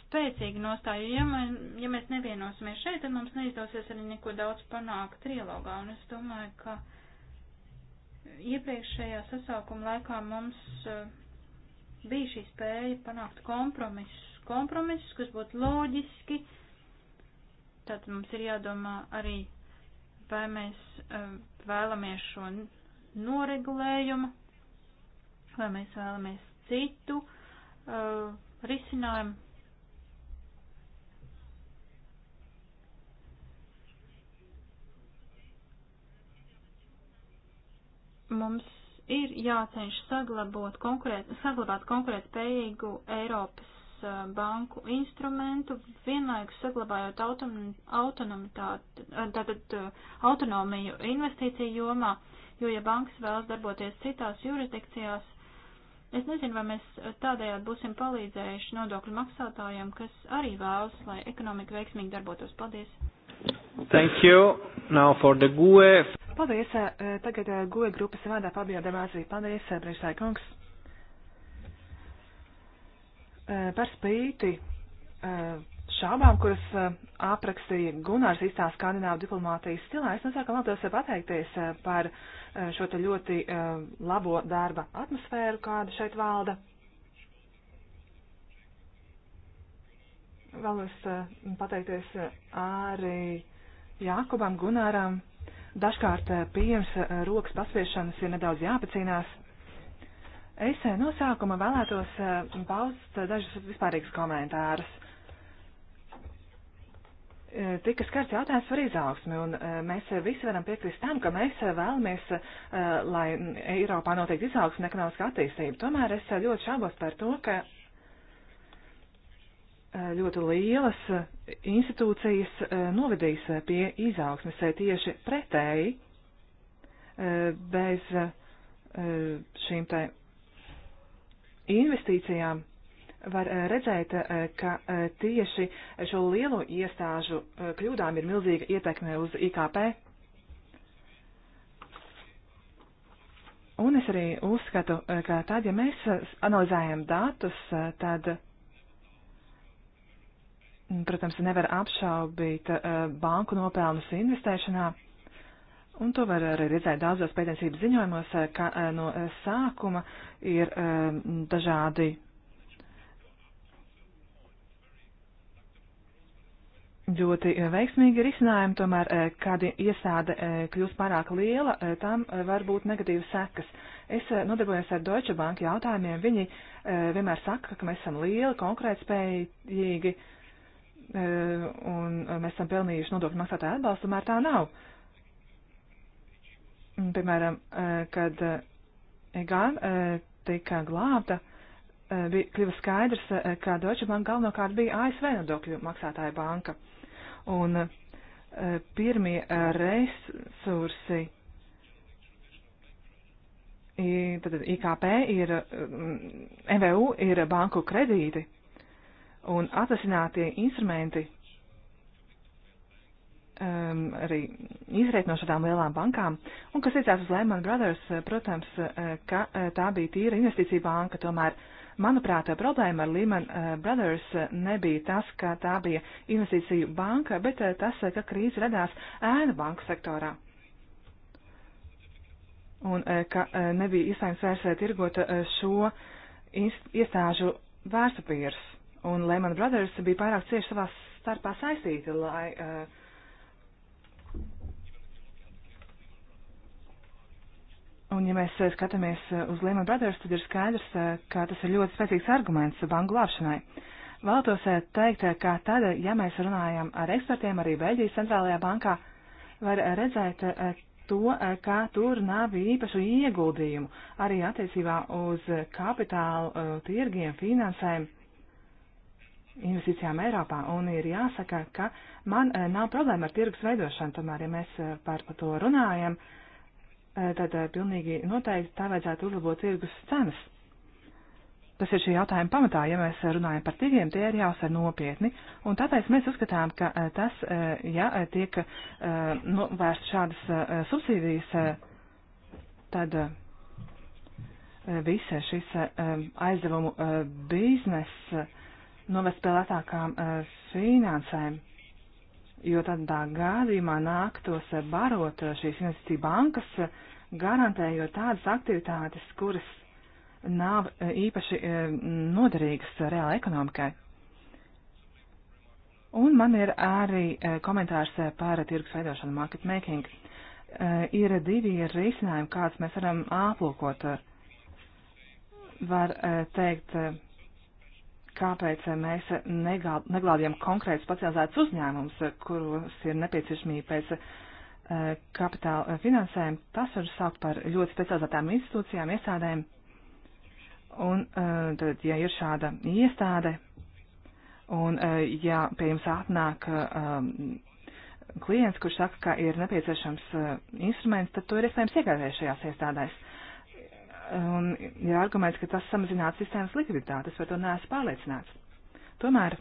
spēcīgu nostāju. Ja, man, ja mēs nevienosimies šeit, tad mums neizdosies arī neko daudz panākt trilogā. Un es domāju, ka iepriekšējā sasaukuma laikā mums uh, bija šī spēja panākt kompromisus, kompromisus, kas būtu loģiski, uh, Tātad mums ir jādomā arī, vai mēs eh, vēlamies šo noregulējumu, vai mēs vēlamies citu uh, risinājumu. Mums ir jācenš saglabāt konkurēt, saglabāt konkurētspējīgu Eiropas Uh, banku instrumentu, vienlaikus saglabājot uh, tātad, uh, autonomiju investīciju jomā, jo ja bankas vēlas darboties citās jurisdikcijās, es nezinu, vai mēs tādējādi būsim palīdzējuši nodokļu maksātājiem, kas arī vēlas, lai ekonomika veiksmīgi darbotos. Paldies! Thank you. Now for the GUE. Paldies. Tagad GUE grupas vārdā Fabio Demāzija. Paldies, priekšsēkungs. Eh, par spīti eh, šābām, kuras eh, aprakstīja Gunārs īstā skandināvu diplomātijas stilā, es no sākuma vēlos pateikties par šo te ļoti labo darba atmosfēru, kāda šeit valda. Vēlos pateikties arī Jākubam Gunāram. Dažkārt pirms rokas paspiešanas ir nedaudz jāpacīnās, Es eh, no sākuma vēlētos eh, paust dažus vispārīgus komentārus. Eh, tika skarts jautājums par izaugsmi, un mēs visi varam piekrist tam, ka mēs vēlamies, lai mm, Eiropā notiek izaugsmi un ekonomiska attīstība. Tomēr es ļoti šaubos par to, ka ļoti lielas institūcijas novedīs pie izaugsmes tieši pretēji bez šīm te investīcijām, var eh, redzēt, eh, ka eh, tieši šo lielo iestāžu kļūdām ir milzīga ietekme uz IKP. Un es arī uzskatu, ka tad, ja mēs analizējam datus, tad, protams, nevar apšaubīt banku nopelnus investēšanā. Un to var arī redzēt daudzos pētniecības ziņojumos, eh, ka eh, no eh, sākuma ir dažādi ļoti veiksmīgi risinājumi, tomēr, kad iestāde kļūst pārāk liela, tam var būt negatīvas sekas. Es nodarbojos ar Deutsche Bank jautājumiem. Viņi vienmēr saka, ka mēs esam lieli, konkurētspējīgi un mēs esam pelnījuši nodokļu maksātāju atbalstu, tomēr tā nav. Piemēram, eh, kad eh, Egan eh, tika glābta, bija kļuva skaidrs, ka Deutsche Bank galvenokārt bija ASV nodokļu maksātāja banka. Un pirmie resursi tad IKP ir, MVU mm, ir banku kredīti un atvasinātie instrumenti um, arī izriet no šādām lielām bankām, un kas iecās uz Lehman Brothers, eh, protams, eh, ka eh, tā bija tīra investīcija banka, tomēr, manuprāt, problēma ar Lehman Brothers nebija tas, ka tā bija investīciju banka, bet tas, ka krīze radās ēnu banku sektorā. Un ka nebija iespējams vairs tirgot šo iestāžu vērtspapīrus. Un Lehman Brothers bija pārāk cieši savā starpā saistīti, lai uh, Un, ja mēs eh, skatāmies eh, uz Lehman Brothers, tad ir skaidrs, eh, ka tas ir ļoti spēcīgs arguments banku glābšanai. Vēlētos teikt, ka tad, ja mēs runājam ar ekspertiem arī Beļģijas centrālajā bankā, var redzēt to, ka tur nav īpašu ieguldījumu arī attiecībā uz kapitālu tirgiem, finansēm, investīcijām Eiropā. Un ir jāsaka, ka man nav problēma ar tirgus veidošanu, tomēr, ja mēs par to runājam, uh, tad pilnīgi noteikti tā vajadzētu uzlabot tirgus cenas. Tas ir šī jautājuma pamatā, ja mēs runājam par tirgiem, tie ir jāsver nopietni, un tāpēc mēs uzskatām, ka tas, ja tiek novērst šādas subsīdijas, tad visa šis aizdevumu bizness novest pie lētākām finansēm jo tādā gadījumā nāktos barot šīs investīcija bankas, garantējot tādas aktivitātes, kuras nav īpaši e, noderīgas reāla ekonomikai. Un man ir arī e, komentārs par tirgus veidošanu market making. E, ir divi risinājumi, kāds mēs varam aplūkot. Var teikt, kāpēc mēs neglābjam konkrētus specializētus uzņēmumus, kurus ir nepieciešamība pēc e, kapitāla e, finansējuma. Tas var sākt par ļoti specializētām institūcijām, iestādēm. Un e, tad, ja ir šāda iestāde, un ja pie jums atnāk klients, kurš saka, ka ir nepieciešams instruments, tad to ir iespējams iegādāties šajās iestādēs. Un ir arguments, ka tas samazinātu sistēmas likviditātes, par to neesmu pārliecināts. Tomēr,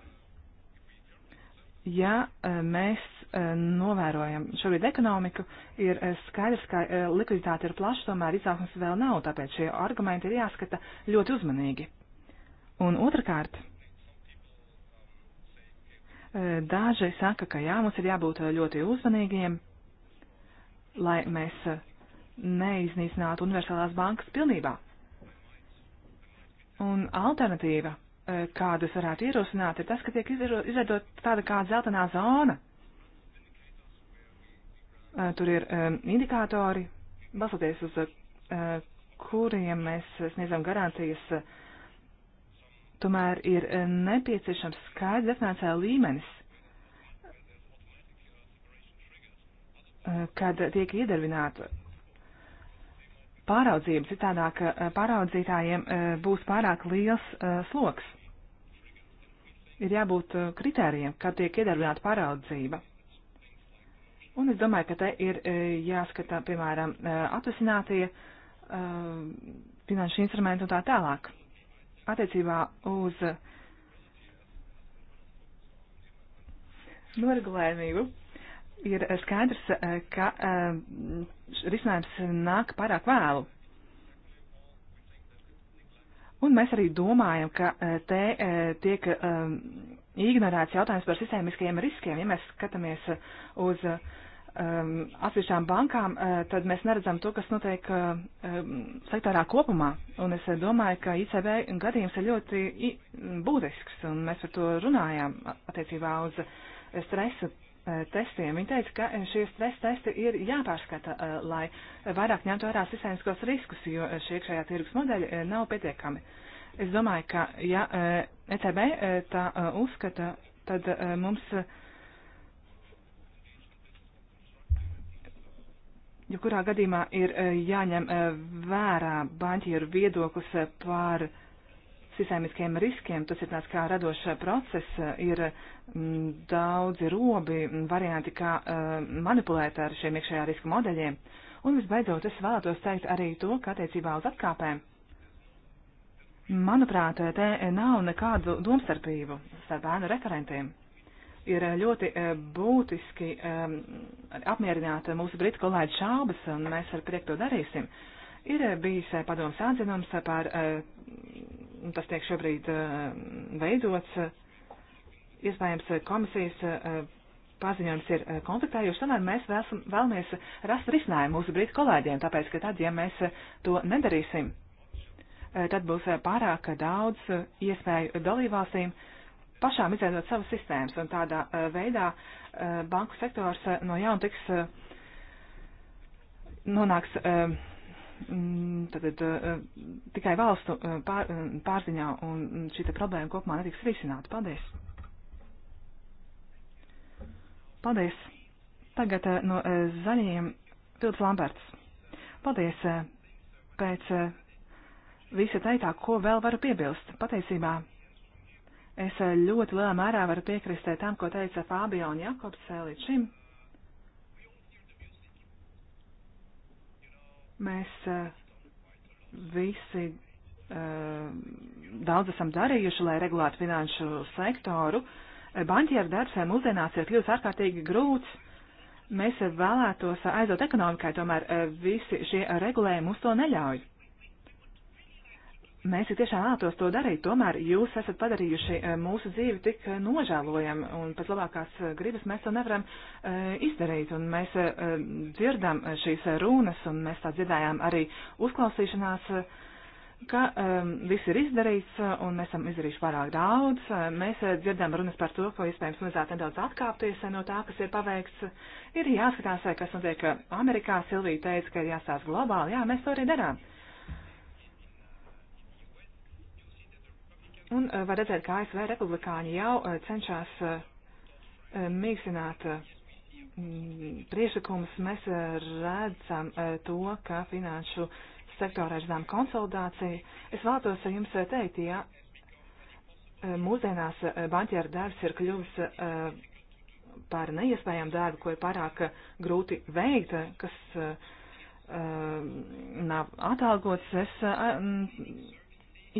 ja e, mēs e, novērojam šobrīd ekonomiku, ir e, skaidrs, ka likviditāte ir plaša, tomēr izaugsmas vēl nav, tāpēc šie argumenti ir jāskata ļoti uzmanīgi. Un otrkārt, daži saka, ka jā, mums ir jābūt ļoti uzmanīgiem, lai mēs neiznīcinātu universālās bankas pilnībā. Un alternatīva, e, kādas varētu ierosināt, ir tas, ka tiek izveidot tāda kā zeltainā zona. E, tur ir e, indikātori, balsoties uz kuriem mēs sniedzam garantijas. Tomēr ir nepieciešams skaidrs definētā līmenis, kad tiek iedarbināta pāraudzību, citādāk eh, pāraudzītājiem eh, būs pārāk liels eh, sloks. Ir jābūt kritērijiem, kā tiek iedarbināta pāraudzība. Un es domāju, ka te ir jāskatā, piemēram, atvesinātie finanšu instrumenti un tā tālāk. Attiecībā uz noregulējumību ir skaidrs, ka risinājums nāk pārāk vēlu. Un mēs arī domājam, ka eh, te eh, tiek eh, ignorēts jautājums par sistēmiskajiem riskiem. Ja mēs skatāmies uz atsevišķām bankām, tad mēs neredzam to, kas notiek sektorā kopumā. Un es domāju, ka ICB gadījums ir ļoti būtisks, un mēs par to runājām attiecībā uz stresu Eh, testiem. Viņa teica, ka eh, šie stresa testi ir jāpārskata, eh, lai vairāk ņemtu vērā sistēmiskos riskus, jo šie iekšējā tirgus modeļi nav pietiekami. Es domāju, ka ja ECB e tā uzskata, tad mums. Jo kurā gadījumā ir jāņem vērā banķieru viedoklis par uh, sistēmiskiem riskiem. Tas ir tāds kā radošs process, ir mm, daudzi robi, varianti, kā eh, manipulēt ar šiem iekšējā riska modeļiem. Un visbeidzot, es vēlētos teikt arī to, ka attiecībā uz atkāpēm. Manuprāt, te nav nekādu domstarpību starp bērnu referentiem. Ir ļoti eh, būtiski ehm, apmierināt mūsu britu kolēģi šaubas, un mēs ar prieku to darīsim. Ir eh, bijis padoms atzinums par un tas tiek šobrīd eh, veidots. Iespējams, komisijas eh, paziņojums ir eh, konfliktējošs, tomēr mēs vēlsam, vēlamies rast risinājumu mūsu brītu kolēģiem, tāpēc, ka tad, ja mēs to nedarīsim, tad būs pārāk daudz iespēju dalībvalstīm pašām izveidot savas sistēmas, un tādā veidā banku sektors no jauna tiks nonāks Mm, tātad, eh, tikai valstu eh, pār, eh, pārziņā un šī problēma kopumā netiks risināta. Paldies! Paldies! Tagad no zaļajiem Pilts Lamberts. Paldies! Pēc visa teiktā, ko vēl varu piebilst, patiesībā es ļoti lielā mērā varu piekrist tam, ko teica Fābija un Jakobs līdz šim. Mēs eh, visi eh, daudz esam darījuši, lai regulētu finanšu sektoru. Eh, Banķieru darbs mūsdienās ir kļūst ārkārtīgi grūts. Mēs vēlētos aizot ekonomikai, tomēr visi šie regulējumi mums to neļauj. Mēs tiešām vēlētos to darīt, tomēr jūs esat padarījuši eh, mūsu dzīvi tik eh, nožēlojam, un pēc labākās eh, gribas mēs to nevaram izdarīt, un mēs dzirdam šīs runas, un mēs tā dzirdējām arī uzklausīšanās, ka viss ir izdarīts, un mēs esam izdarījuši pārāk daudz, mēs dzirdam runas par to, ka iespējams vajadzētu nedaudz atkāpties no tā, kas ir paveikts, ir jāskatās, kas notiek Amerikā, Silvija teica, ka ir jāstāsta globāli, jā, mēs to arī darām Un eh, var redzēt, ka ASV republikāņi jau eh, cenšas eh, mīkstināt priešlikumus. Mēs redzam to, ka finanšu sektorā ir zinām konsolidācija. Es vēlētos jums teikt, ja mūsdienās banķiera darbs ir kļuvis par neiespējamu darbu, ko ir pārāk grūti veikt, kas nav atalgots. Es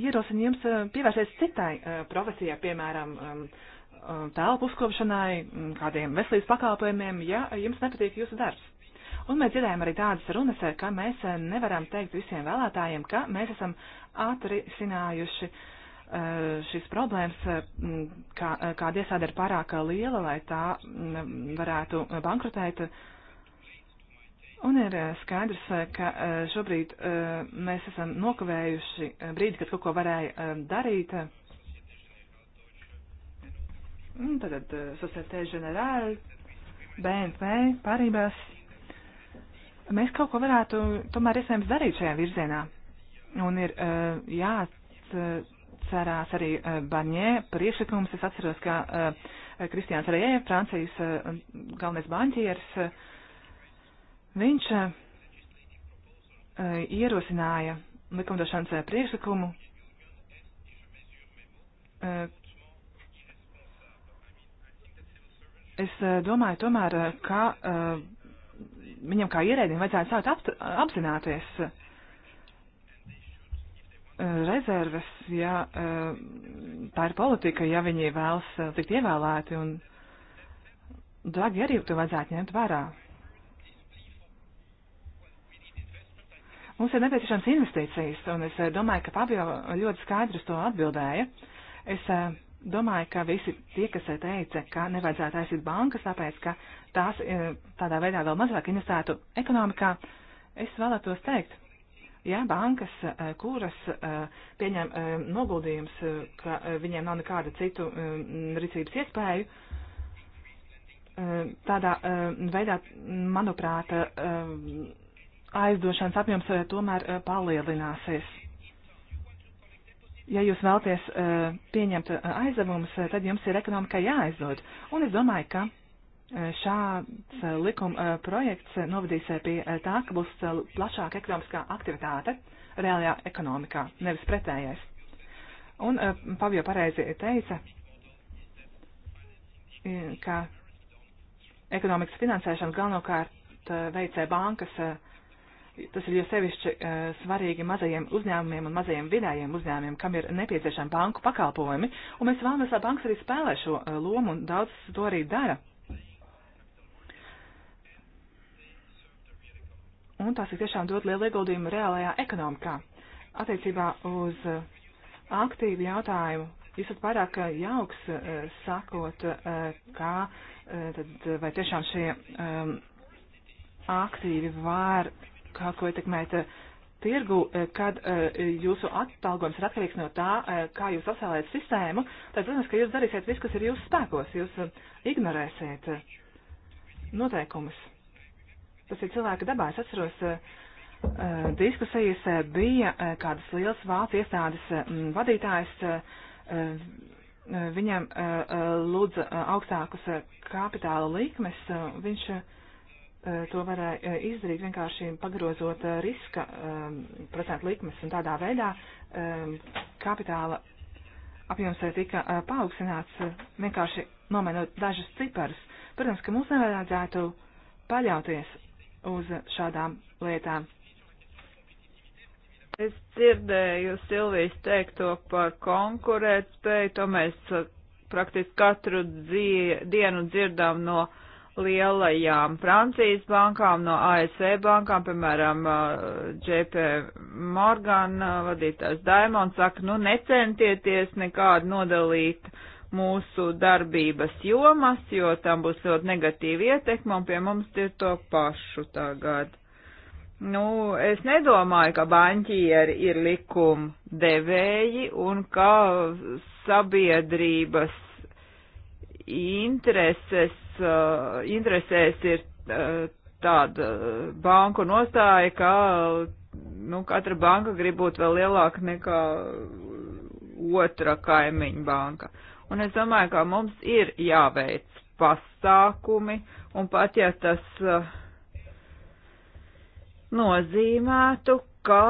ierosinu jums eh, pievērsties citai eh, profesijai, piemēram, um, eh, telpu uzkopšanai, mm, kādiem veselības pakāpojumiem, ja jums nepatīk jūsu darbs. Un mēs dzirdējām arī tādas runas, ka mēs nevaram teikt visiem vēlētājiem, ka mēs esam atrisinājuši šīs problēmas, mm, kā, kāda iesāde ir pārāk liela, lai tā mm, varētu bankrotēt Un ir eh, skaidrs, eh, ka eh, šobrīd mēs esam nokavējuši brīdi, kad kaut ko varēja darīt. Tātad Societe Generāla, BNP, Paribas. Mēs kaut ko varētu tomēr iespējams darīt šajā virzienā. Un ir jāatcerās arī Baņē priekšlikums. Es atceros, ka Kristiāns Rējē, Francijas galvenais banķieris, Viņš eh, ierosināja likumdošanas eh, priekšlikumu, eh, Es domāju, tomēr, ka viņam kā ierēdnim vajadzētu sākt apt, apzināties rezerves, ja tā ir politika, ja viņi vēlas tikt ievēlēti, un Dragi arī to vajadzētu ņemt vērā. Mums ir nepieciešams investīcijas, un es eh, domāju, ka Pabio ļoti skaidrs to atbildēja. Es eh, domāju, ka visi tie, kas eh, teica, ka nevajadzētu aizsīt bankas, tāpēc, ka tās tādā veidā vēl mazāk investētu ekonomikā, es vēlētos teikt, ja bankas, kuras pieņem noguldījums, ka viņiem nav nekāda citu rīcības iespēju, tādā veidā, manuprāt, aizdošanas apjoms eh, tomēr eh, palielināsies. Ja jūs vēlties eh, pieņemt aizdevumus, tad jums ir ekonomikai jāaizdod. Un es domāju, ka šāds likuma projekts novadīs pie tā, ka būs plašāka ekonomiskā aktivitāte reālajā ekonomikā, nevis pretējais. Un Pavjo pareizi teica, ka ekonomikas finansēšanas galvenokārt veicē bankas uh, Tas ir jo sevišķi eh, svarīgi mazajiem uzņēmumiem un mazajiem vidējiem uzņēmumiem, kam ir nepieciešami banku pakalpojumi, un mēs vēlamies, lai bankas arī spēlē šo eh, lomu, un daudz to arī dara. Un tās ir tiešām dot lielu ieguldījumu reālajā ekonomikā. Attiecībā uz eh, aktīvu jautājumu Jūs esat pārāk jauks, sakot, kā tad vai tiešām šie um, aktīvi var kaut ko ietekmēt eh, tirgu, eh, kad eh, jūsu atalgojums ir atkarīgs no tā, kā jūs sasēlēt sistēmu, tad, protams, ka jūs darīsiet visu, kas ir jūsu spēkos, jūs ignorēsiet noteikumus. Tas ir cilvēka dabā. Es atceros, diskusijas bija kādas liels vācu iestādes vadītājs viņam lūdza augstākus kapitāla likmes, viņš Eh, to varēja eh, izdarīt vienkārši pagrozot eh, riska ehm, procentu likmes un tādā veidā ehm, kapitāla apjoms tika paaugstināts vienkārši nomainot dažas ciparus. Protams, ka mums nevajadzētu paļauties uz šādām lietām. Es dzirdēju Silvijas teikto par konkurētspēju, to mēs praktiski katru dzie dienu dzirdām no uh, lielajām Francijas bankām, no ASV e bankām, piemēram, uh, JP Morgan uh, vadītājs Daimons saka, nu necentieties nekādu nodalīt mūsu darbības jomas, jo tam būs ļoti negatīva ietekme un pie mums ir to pašu tagad. Nu, es nedomāju, ka banķieri ir likuma devēji un ka sabiedrības intereses uh, interesēs ir uh, tāda banku nostāja, ka nu, katra banka grib būt vēl lielāka nekā otra kaimiņa banka. Un es domāju, ka mums ir jāveic pasākumi, un pat ja tas uh, nozīmētu, ka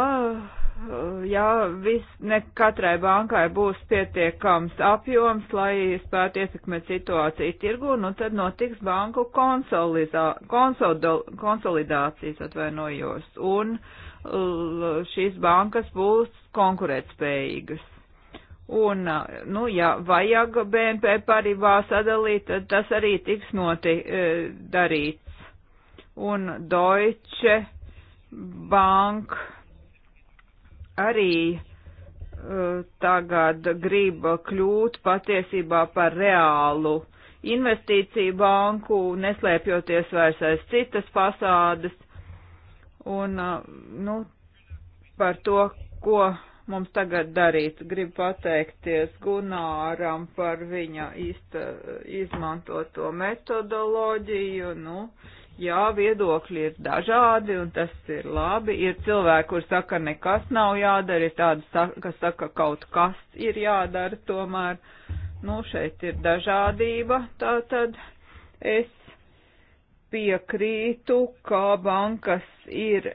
Eh, ja vis, ne katrai bankai būs pietiekams apjoms, lai spētu ietekmēt situāciju tirgu, nu tad notiks banku konsolidol, konsolidācijas atvainojos, un l, eh, šīs bankas būs konkurētspējīgas. Un, eh, nu, ja vajag BNP parībā sadalīt, tad tas arī tiks noti e, darīts. Un Deutsche Bank arī uh, tagad grib kļūt patiesībā par reālu investīciju banku, neslēpjoties vairs aiz citas fasādes, un, uh, nu, par to, ko mums tagad darīt. Gribu pateikties Gunāram par viņa izta, eh, izmantoto metodoloģiju, nu, uh, Jā, viedokļi ir dažādi, un tas ir labi. Ir cilvēki, kur saka, nekas nav jādara, ir tādi, kas saka, kaut kas ir jādara tomēr. Nu, šeit ir dažādība, tā tad es piekrītu, ka bankas ir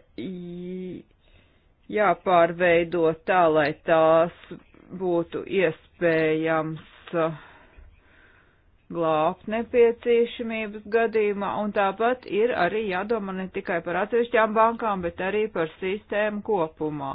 jāpārveido tā, lai tās būtu iespējams uh, glābt nepieciešamības gadījumā, un tāpat ir arī jādomā ne tikai par atsevišķām bankām, bet arī par sistēmu kopumā.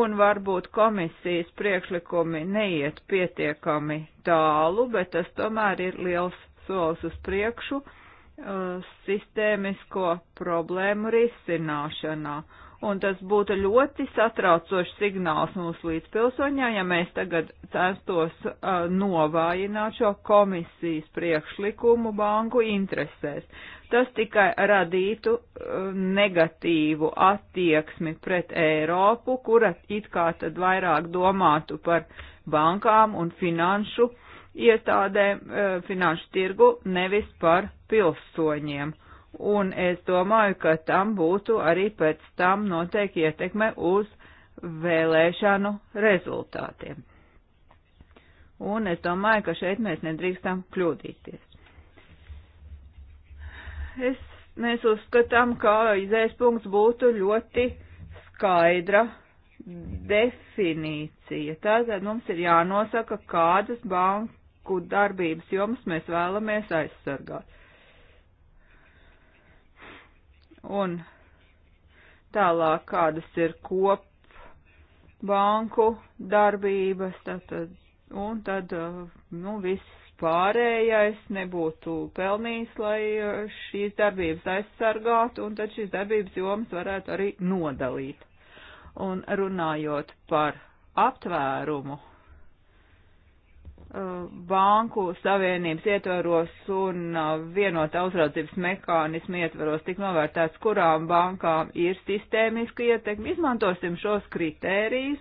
Un varbūt komisijas priekšlikumi neiet pietiekami tālu, bet tas tomēr ir liels solis uz priekšu uh, sistēmisko problēmu risināšanā un tas būtu ļoti satraucošs signāls mūsu līdzpilsoņā, ja mēs tagad censtos uh, novājināt šo komisijas priekšlikumu banku interesēs. Tas tikai radītu uh, negatīvu attieksmi pret Eiropu, kura it kā tad vairāk domātu par bankām un finanšu iestādēm, uh, finanšu tirgu, nevis par pilsoņiem. Uh, un es domāju, ka tam būtu arī pēc tam noteikti ietekme uz vēlēšanu rezultātiem. Un es domāju, ka šeit mēs nedrīkstam kļūdīties. Es, mēs uzskatām, ka izējas punkts būtu ļoti skaidra definīcija. Tātad mums ir jānosaka, kādas banku darbības jomas mēs vēlamies aizsargāt. Un tālāk kādas ir kop banku darbības, tātad, un tad, uh, nu, viss pārējais nebūtu pelnījis, lai uh, šīs darbības aizsargātu, un tad šīs darbības jomas varētu arī nodalīt. Un runājot par aptvērumu Uh, banku savienības ietvaros un uh, vienotā uzraudzības mehānismu ietvaros tik novērtēts, kurām bankām ir sistēmiska ietekme. Izmantosim šos kritērijus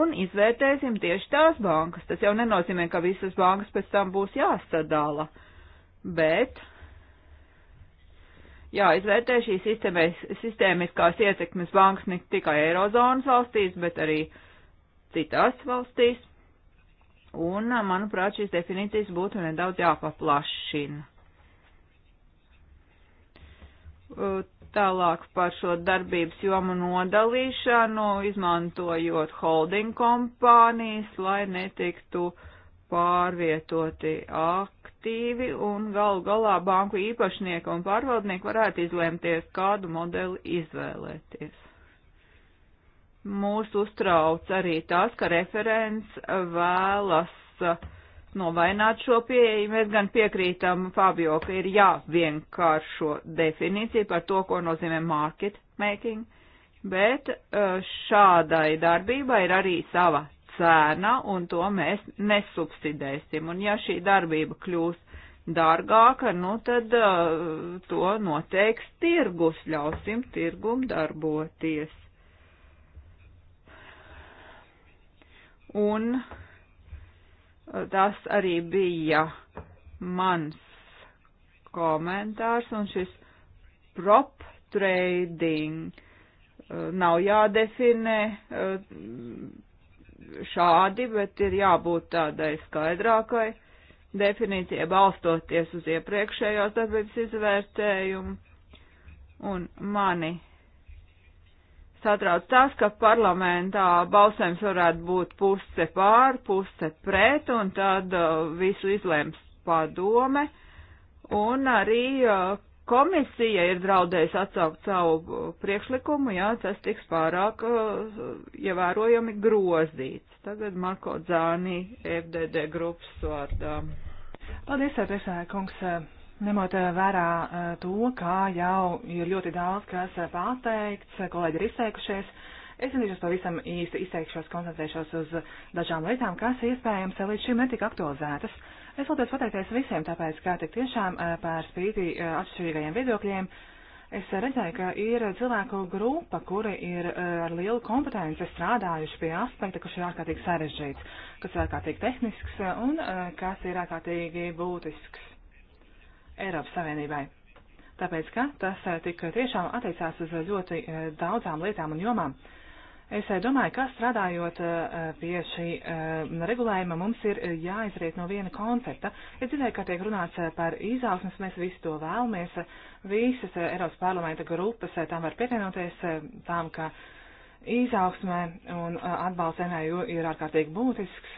un izvērtēsim tieši tās bankas. Tas jau nenozīmē, ka visas bankas pēc tam būs jāsadala, bet jāizvērtē šīs sistēmiskās ietekmes bankas ne tikai Eirozonas valstīs, bet arī citās valstīs Un, manuprāt, šīs definīcijas būtu nedaudz jāpaplašina. Tālāk par šo darbības jomu nodalīšanu, izmantojot holding kompānijas, lai netiktu pārvietoti aktīvi un gal galā banku īpašnieki un pārvaldnieki varētu izlēmties, kādu modeli izvēlēties. Mūs uztrauc arī tas, ka referents vēlas uh, novainot šo pieeju. Mēs gan piekrītam Fabio, ka ir jāvienkāršo definīcija par to, ko nozīmē market making, bet uh, šādai darbībai ir arī sava cēna, un to mēs nesubsidēsim. Un ja šī darbība kļūs dārgāka, nu tad uh, to noteiks tirgus, ļausim tirgum darboties. un uh, tas arī bija mans komentārs, un šis prop trading uh, nav jādefinē uh, šādi, bet ir jābūt tādai skaidrākai definīcijai balstoties uz iepriekšējos darbības izvērtējumu. Un mani satrauc tas, ka parlamentā balsojums varētu būt puse pār, puse pret, un tad uh, visu izlēms padome, un arī uh, komisija ir draudējusi atsaukt savu uh, priekšlikumu, jā, tas tiks pārāk uh, ievērojami grozīts. Tagad Marko Dzāni, FDD grupas vārdā. Paldies, Pēsāja kungs. Ņemot eh, vērā eh, to, kā jau ir ļoti daudz kas eh, pateikts, kolēģi ir izteikušies, es centīšos pavisam īsti izteikšos, koncentrēšos uz dažām lietām, kas iespējams līdz šim netika aktualizētas. Es vēlos pateikties visiem, tāpēc, kā tik tiešām pār spīti atšķirīgajiem viedokļiem, es redzēju, ka ir cilvēku grupa, kuri ir ar lielu kompetenci strādājuši pie aspekta, kas ir ārkārtīgi sarežģīts, kas ir ārkārtīgi tehnisks un kas ir ārkārtīgi būtisks Eiropas Savienībai. Tāpēc, ka tas eh, tik tiešām attiecās uz eh, ļoti eh, daudzām lietām un jomām. Es domāju, ka strādājot pie šī regulējuma, mums ir jāizriet no viena koncepta. Es dzirdēju, ka tiek runāts par izaugsmas, mēs visi to vēlamies, visas Eiropas parlamenta grupas tām var pievienoties, tām, ka izaugsmē un atbalsts NAU ir ārkārtīgi būtisks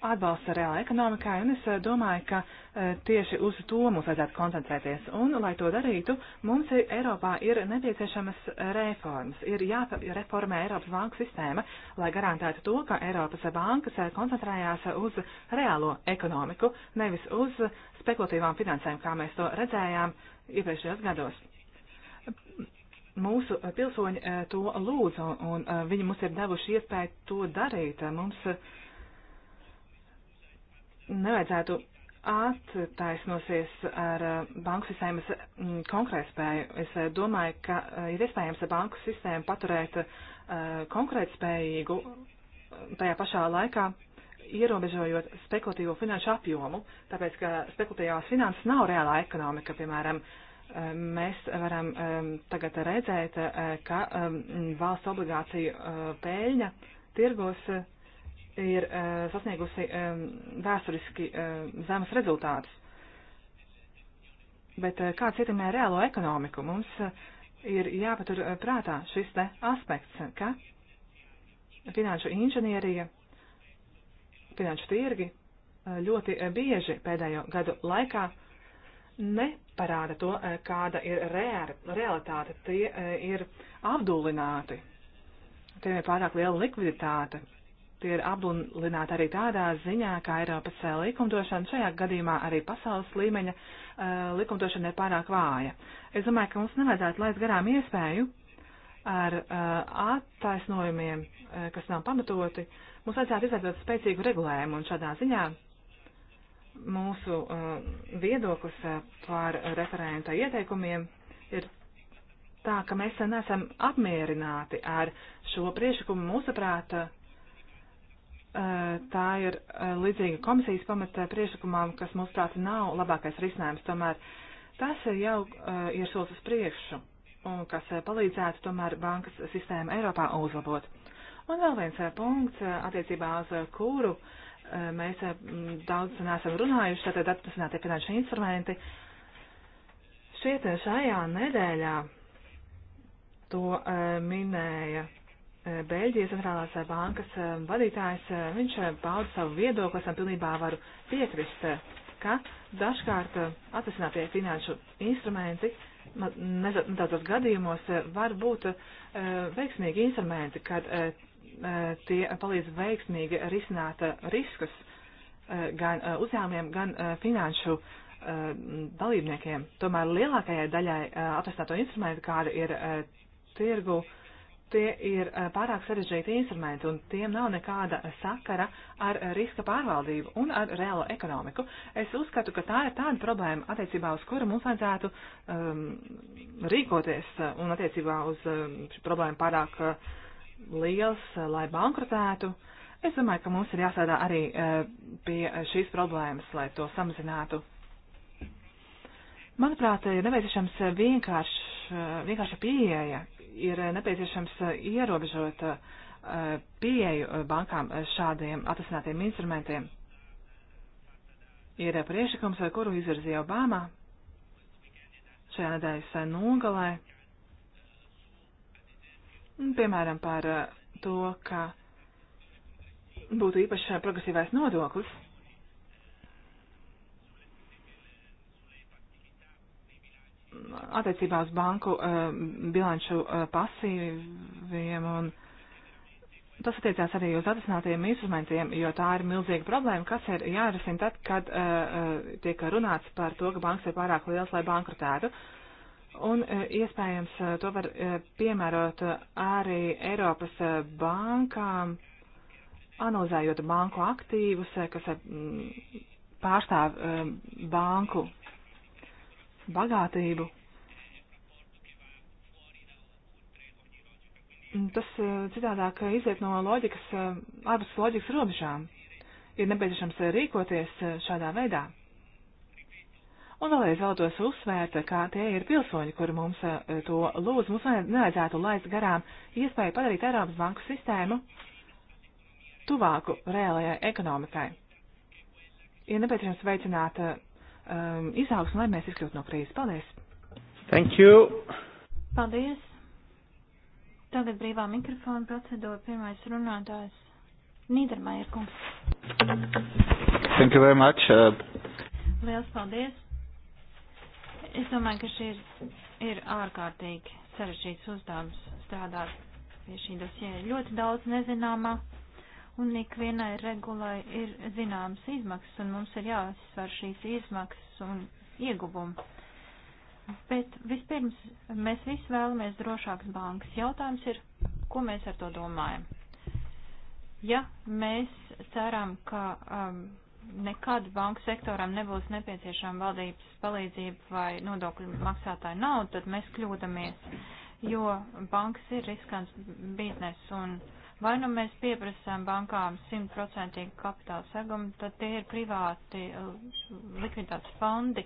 atbalsta reāla ekonomikai, un es eh, domāju, ka eh, tieši uz to mums vajadzētu koncentrēties. Un, lai to darītu, mums ir, Eiropā ir nepieciešamas reformas. Ir jāreformē Eiropas banku sistēma, lai garantētu to, ka Eiropas bankas eh, koncentrējās uz reālo ekonomiku, nevis uz spekulatīvām finansēm, kā mēs to redzējām iepriekšējos gados mūsu pilsoņi to lūdza, un viņi mums ir devuši iespēju to darīt. Mums nevajadzētu attaisnosies ar eh, banku sistēmas mm, konkrētspēju. Es eh, domāju, ka eh, ir iespējams banku sistēmu paturēt konkrētspējīgu, tajā pašā laikā ierobežojot spekulatīvo finanšu apjomu, tāpēc, ka spekulatīvās finanses nav reālā ekonomika, piemēram, mēs varam tagad redzēt, ka valsts obligāciju pēļņa tirgos ir eh, sasniegusi eh, vēsturiski eh, zemes rezultātus. Bet kāds ietekmē reālo ekonomiku? Mums ir jāpatur prātā šis te aspekts, ka finanšu inženierija, finanšu tirgi ļoti bieži pēdējo gadu laikā neparāda to, kāda ir reāla, realitāte. Tie ir apdullināti, tiem ir pārāk liela likviditāte, tie ir aplunināti arī tādā ziņā, ka Eiropas eh, likumdošana šajā gadījumā arī pasaules līmeņa eh, likumdošana ir pārāk vāja. Es domāju, ka mums nevajadzētu laist garām iespēju ar eh, attaisnojumiem, kas nav pamatoti. Mums vajadzētu izveidot spēcīgu regulējumu un šādā ziņā mūsu viedoklis par referenta ieteikumiem ir tā, ka mēs nesam apmierināti ar šo priešakumu mūsuprāt Eh, tā ir eh, līdzīga komisijas pamata priešlikumām, kas mums prāti nav labākais risinājums. Tomēr tas jau eh, ir solis uz priekšu, un kas palīdzētu tomēr bankas sistēmu Eiropā uzlabot. Un vēl viens punkts, attiecībā uz kuru mēs daudz nesam runājuši, tātad atpasinātie finanšu instrumenti. Šķiet, šajā nedēļā to minēja Beļģijas centrālās bankas eh, vadītājs, eh, viņš eh, pauda savu viedokli, es tam pilnībā varu piekrist, ka dažkārt atvesinātie finanšu instrumenti nezinātos gadījumos var būt veiksmīgi instrumenti, kad tie palīdz veiksmīgi risināt riskus gan uzņēmumiem, gan finanšu dalībniekiem. Tomēr lielākajai daļai atvesināto instrumentu, kāda ir tirgu, tie ir pārāk sarežģīti instrumenti un tiem nav nekāda sakara ar riska pārvaldību un ar reālo ekonomiku. Es uzskatu, ka tā ir tāda problēma, attiecībā uz kuru mums vajadzētu um, rīkoties un attiecībā uz um, problēmu pārāk uh, liels, uh, lai bankrotētu. Es domāju, ka mums ir jāsādā arī uh, pie šīs problēmas, lai to samazinātu. Manuprāt, ir nepieciešams vienkārš, vienkārša pieeja ir nepieciešams eh, ierobežot eh, pieeju eh, bankām šādiem atrasinātiem instrumentiem. Ir priešakums, kuru izvirzīja Obama šajā nedēļas nogalē. Piemēram, par to, ka būtu īpašs progresīvais nodoklis attiecībā uz banku eh, bilanču eh, pasīviem un tas attiecās arī uz atrasinātajiem instrumentiem, jo tā ir milzīga problēma, kas ir jārisina tad, kad eh, tiek runāts par to, ka banks ir pārāk liels, lai bankrotētu. Un iespējams to var piemērot arī Eiropas bankām, analizējot banku aktīvus, kas pārstāv banku bagātību. Tas eh, citādāk eh, iziet no loģikas, ārpus eh, loģikas robežām. Ir nepieciešams rīkoties šādā veidā. Un vēlreiz vēlētos uzsvērt, ka tie ir pilsoņi, kuri mums to lūdz. Mums nevajadzētu laist garām iespēju padarīt Eiropas banku sistēmu tuvāku reālajai ekonomikai. Ir nepieciešams veicināt um, izaugsmu, lai mēs izkļūtu no krīzes. Paldies! Thank you! Paldies! Tagad brīvā mikrofona procedūra. Pirmais runātājs Nīdermaier kungs. Thank you very much. Uh... Liels paldies! Es domāju, ka šī ir, ir ārkārtīgi sarežģīts uzdevums strādāt pie šī dosē. Ļoti daudz nezināmā un ikvienai regulai ir zināmas izmaksas, un mums ir jāsver šīs izmaksas un ieguvumi. Bet vispirms mēs visi vēlamies drošākas bankas. Jautājums ir, ko mēs ar to domājam? Ja mēs ceram, ka um, nekad banku sektoram nebūs nepieciešama valdības palīdzība vai nodokļu maksātāja nauda, tad mēs kļūdamies, jo bankas ir riskants biznes un Vai nu mēs pieprasām bankām 100% kapitāla segumu, tad tie ir privāti uh, likviditātes fondi.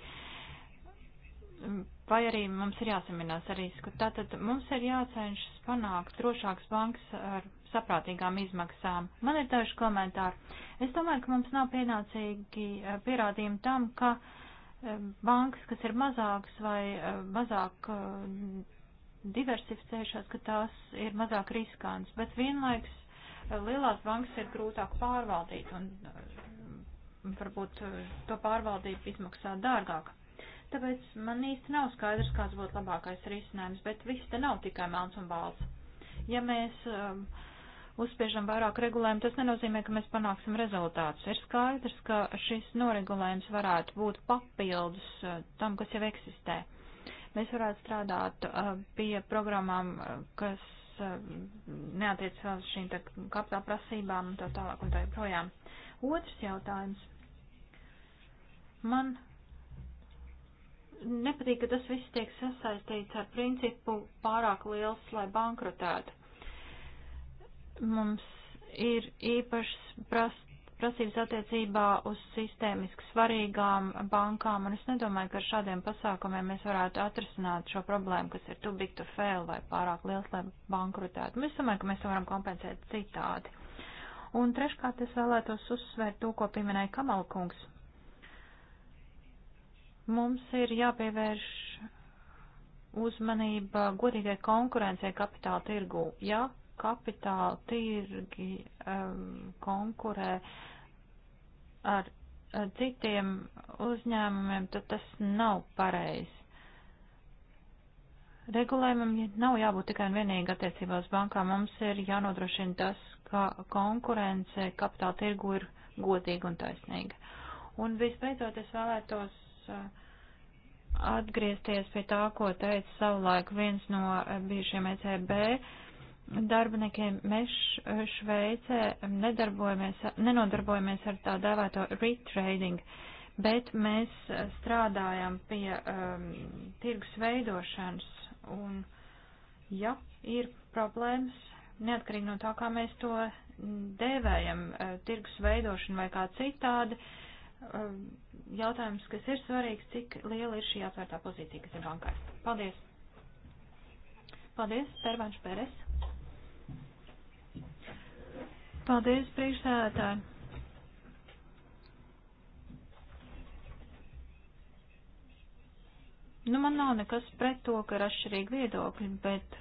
Vai arī mums ir jāsaminās ar risku. Tātad mums ir jācenšas panākt drošāks bankas ar saprātīgām izmaksām. Man ir daži komentāri. Es domāju, ka mums nav pienācīgi uh, pierādījumi tam, ka uh, bankas, kas ir mazākas vai mazāk diversificējušās, ka tās ir mazāk riskants, bet vienlaiks eh, lielās bankas ir grūtāk pārvaldīt un eh, varbūt eh, to pārvaldību izmaksā dārgāk. Tāpēc man īsti nav skaidrs, kāds būtu labākais risinājums, bet viss te nav tikai melns un balts. Ja mēs um, uzspiežam vairāk regulējumu, tas nenozīmē, ka mēs panāksim rezultātus. Ir skaidrs, ka šis noregulējums varētu būt papildus tam, kas jau eksistē. Mēs varētu strādāt uh, pie programmām, uh, kas uh, neatiec vēl šīm kapitāla prasībām un tā tālāk un tā joprojām. Otrs jautājums. Man nepatīk, ka tas viss tiek sasaistīts ar principu pārāk liels, lai bankrotētu. Mums ir īpašas pras, prasības attiecībā uz sistēmiski svarīgām bankām, un es nedomāju, ka ar šādiem pasākumiem mēs varētu atrisināt šo problēmu, kas ir too big to fail vai pārāk liels, lai bankrutētu. Es domāju, ka mēs to varam kompensēt citādi. Un treškārt es vēlētos uzsvērt to, ko pieminēja Kamalkungs. Mums ir jāpievērš uzmanība godīgai konkurencei kapitāla tirgū. Ja kapitāla tirgi um, konkurē ar, ar citiem uzņēmumiem, tad tas nav pareizi. Regulējumam nav jābūt tikai un vienīgi attiecībā uz bankām. Mums ir jānodrošina tas, ka konkurence kapitāla tirgu ir godīga un taisnīga. Un visbeidzot, es vēlētos uh, atgriezties pie tā, ko teica savulaik viens no uh, bijušiem ECB darbiniekiem mēs eh, Šveicē nenodarbojamies ar tā dēvēto retrading, bet mēs eh, strādājam pie um, tirgus veidošanas un, ja ir problēmas, neatkarīgi no tā, kā mēs to dēvējam, uh, tirgus veidošanu vai kā citādi, uh, jautājums, kas ir svarīgs, cik liela ir šī atvērtā pozīcija, kas ir bankai. Paldies! Paldies, Pērvanš Pēres! Paldies, priekšsēdētāji! Nu, man nav nekas pret to, ka ir atšķirīgi viedokļi, bet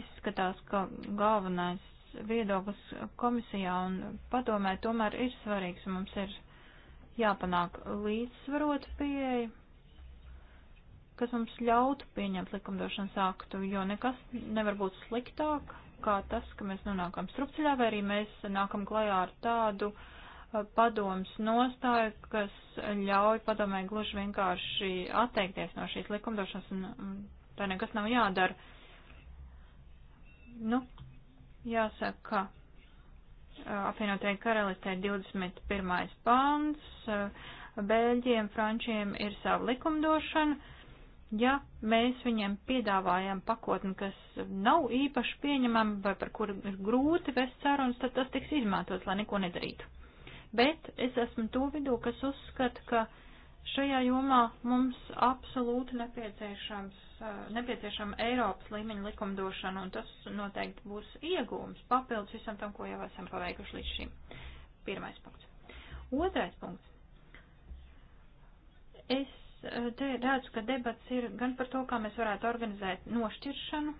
izskatās, ka galvenais viedoklis komisijā un padomē tomēr ir svarīgs. Mums ir jāpanāk līdzsvarot pieeja, kas mums ļautu pieņemt likumdošanas aktu, jo nekas nevar būt sliktāk kā tas, ka mēs nonākam strupceļā, vai arī mēs nākam klajā ar tādu uh, padomas nostāju, kas ļauj padomē gluži vienkārši atteikties no šīs likumdošanas, un tā nekas nav jādara. Nu, jāsaka, ka uh, apvienotajai karalistē 21. pāns, uh, Bēļģiem, Frančiem ir sava likumdošana Ja mēs viņiem piedāvājam pakotni, kas nav īpaši pieņemama vai par kuru ir grūti vest sarunas, tad tas tiks izmantots, lai neko nedarītu. Bet es esmu to vidū, kas uzskata, ka šajā jomā mums absolūti nepieciešams, eh, nepieciešama Eiropas līmeņa likumdošana, un tas noteikti būs iegūms papildus visam tam, ko jau esam paveikuši līdz šim. Pirmais punkts. Otrais punkts. Es Eh, te redzu, ka debats ir gan par to, kā mēs varētu organizēt nošķiršanu,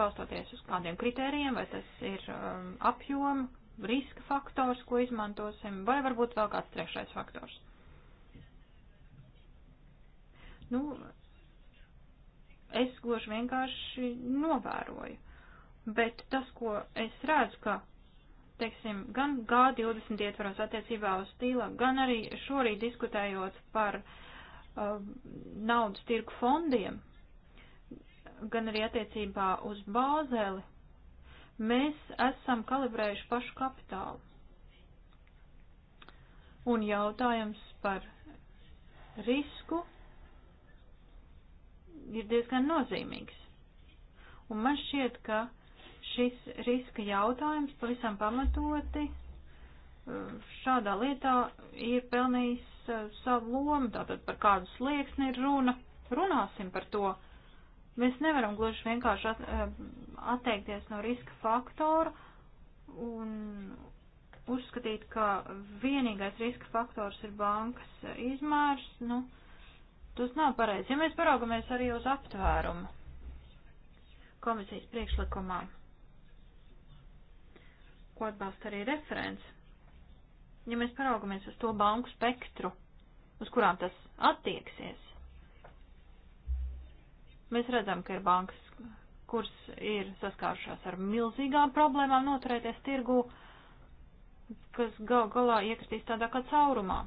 balstoties uz kādiem kritērijiem, vai tas ir um, apjoma, riska faktors, ko izmantosim, vai varbūt vēl kāds trešais faktors. Nu, es gluži vienkārši novēroju, bet tas, ko es redzu, ka, teiksim, gan G20 ietvaros attiecībā uz stīla, gan arī šorīt diskutējot par uh, Uh, naudas tirku fondiem, gan arī attiecībā uz bāzeli, mēs esam kalibrējuši pašu kapitālu. Un jautājums par risku ir diezgan nozīmīgs. Un man šķiet, ka šis riska jautājums pavisam pamatoti šādā lietā ir pelnījis eh, savu lomu, tātad par kādu slieksni ir runa. Runāsim par to. Mēs nevaram gluži vienkārši eh, atteikties no riska faktora un uzskatīt, ka vienīgais riska faktors ir bankas izmērs. Nu, tas nav pareizi. Ja mēs paraugamies arī uz aptvērumu komisijas priekšlikumā, ko atbalsta arī referents, ja mēs paraugamies uz to banku spektru, uz kurām tas attieksies, mēs redzam, ka ir bankas, kuras ir saskārušās ar milzīgām problēmām noturēties tirgu, kas gal galā iekritīs tādā kā caurumā.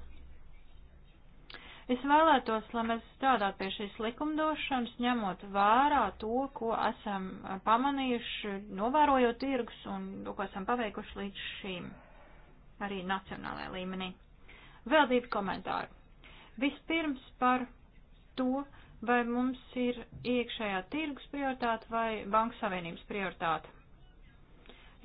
Es vēlētos, lai mēs strādātu pie šīs likumdošanas, ņemot vērā to, ko esam pamanījuši, novērojot tirgus un to, ko esam paveikuši līdz šīm arī nacionālajā līmenī. Vēl divi komentāri. Vispirms par to, vai mums ir iekšējā tirgus prioritāte vai banku savienības prioritāte.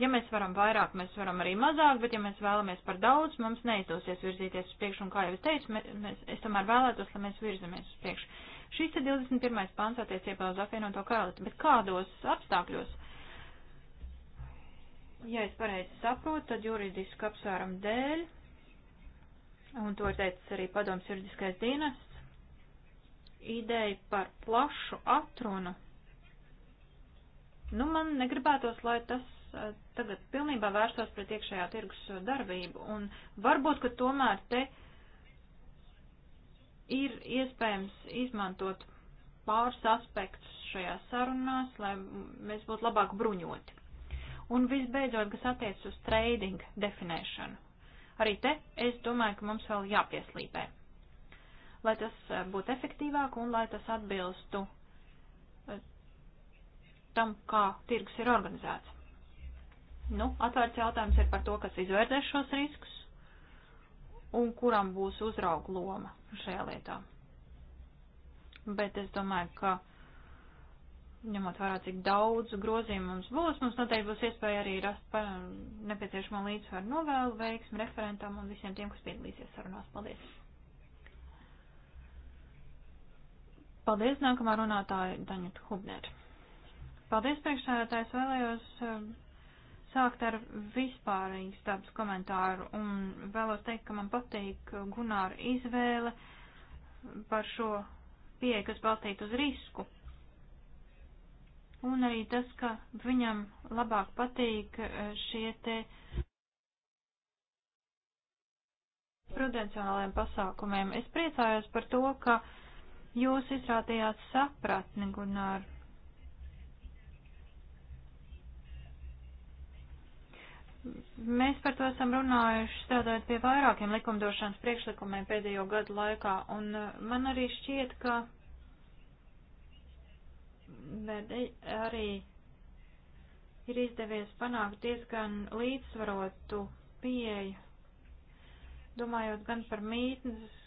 Ja mēs varam vairāk, mēs varam arī mazāk, bet ja mēs vēlamies par daudz, mums neizdosies virzīties uz priekšu, un kā jau es teicu, mēs, es tomēr vēlētos, lai mēs virzamies uz priekšu. Šis ir 21. pants attiecībā uz apvienoto karalisti, bet kādos apstākļos ja es pareizi saprotu, tad juridisku apsvērumu dēļ, un to ir teicis arī padoms juridiskais dienests, ideja par plašu atrunu, nu man negribētos, lai tas tagad pilnībā vērstos pret iekšējā tirgus darbību, un varbūt, ka tomēr te ir iespējams izmantot pāris aspektus šajās sarunās, lai mēs būtu labāk bruņoti. Un visbeidzot, kas attiec uz trading definēšanu. Arī te es domāju, ka mums vēl jāpieslīpē, lai tas eh, būtu efektīvāk un lai tas atbilstu eh, tam, kā tirgus ir organizēts. Nu, atvērts jautājums ir par to, kas izvērtēs šos riskus un kuram būs uzrauga loma šajā lietā. Bet es domāju, ka ņemot vērā, cik daudz grozījumu mums būs, mums noteikti būs iespēja arī rast nepieciešamo līdzsvaru novēlu veiksmu referentam un visiem tiem, kas piedalīsies sarunās. Paldies! Paldies, nākamā runātāja Daņuta Hubner. Paldies, priekšsēdētājs, vēlējos um, sākt ar vispārīgs tāds komentāru un vēlos teikt, ka man patīk Gunāra izvēle par šo pieeja, kas balstīta uz risku un arī tas, ka viņam labāk patīk e, šie te prudenciālajiem pasākumiem. Es priecājos par to, ka jūs izrādījāt sapratni, Gunār. Mēs par to esam runājuši strādājot pie vairākiem likumdošanas priekšlikumiem pēdējo gadu laikā, un e, man arī šķiet, ka bet arī ir izdevies panākt diezgan līdzsvarotu pieeju, domājot gan par mītnes,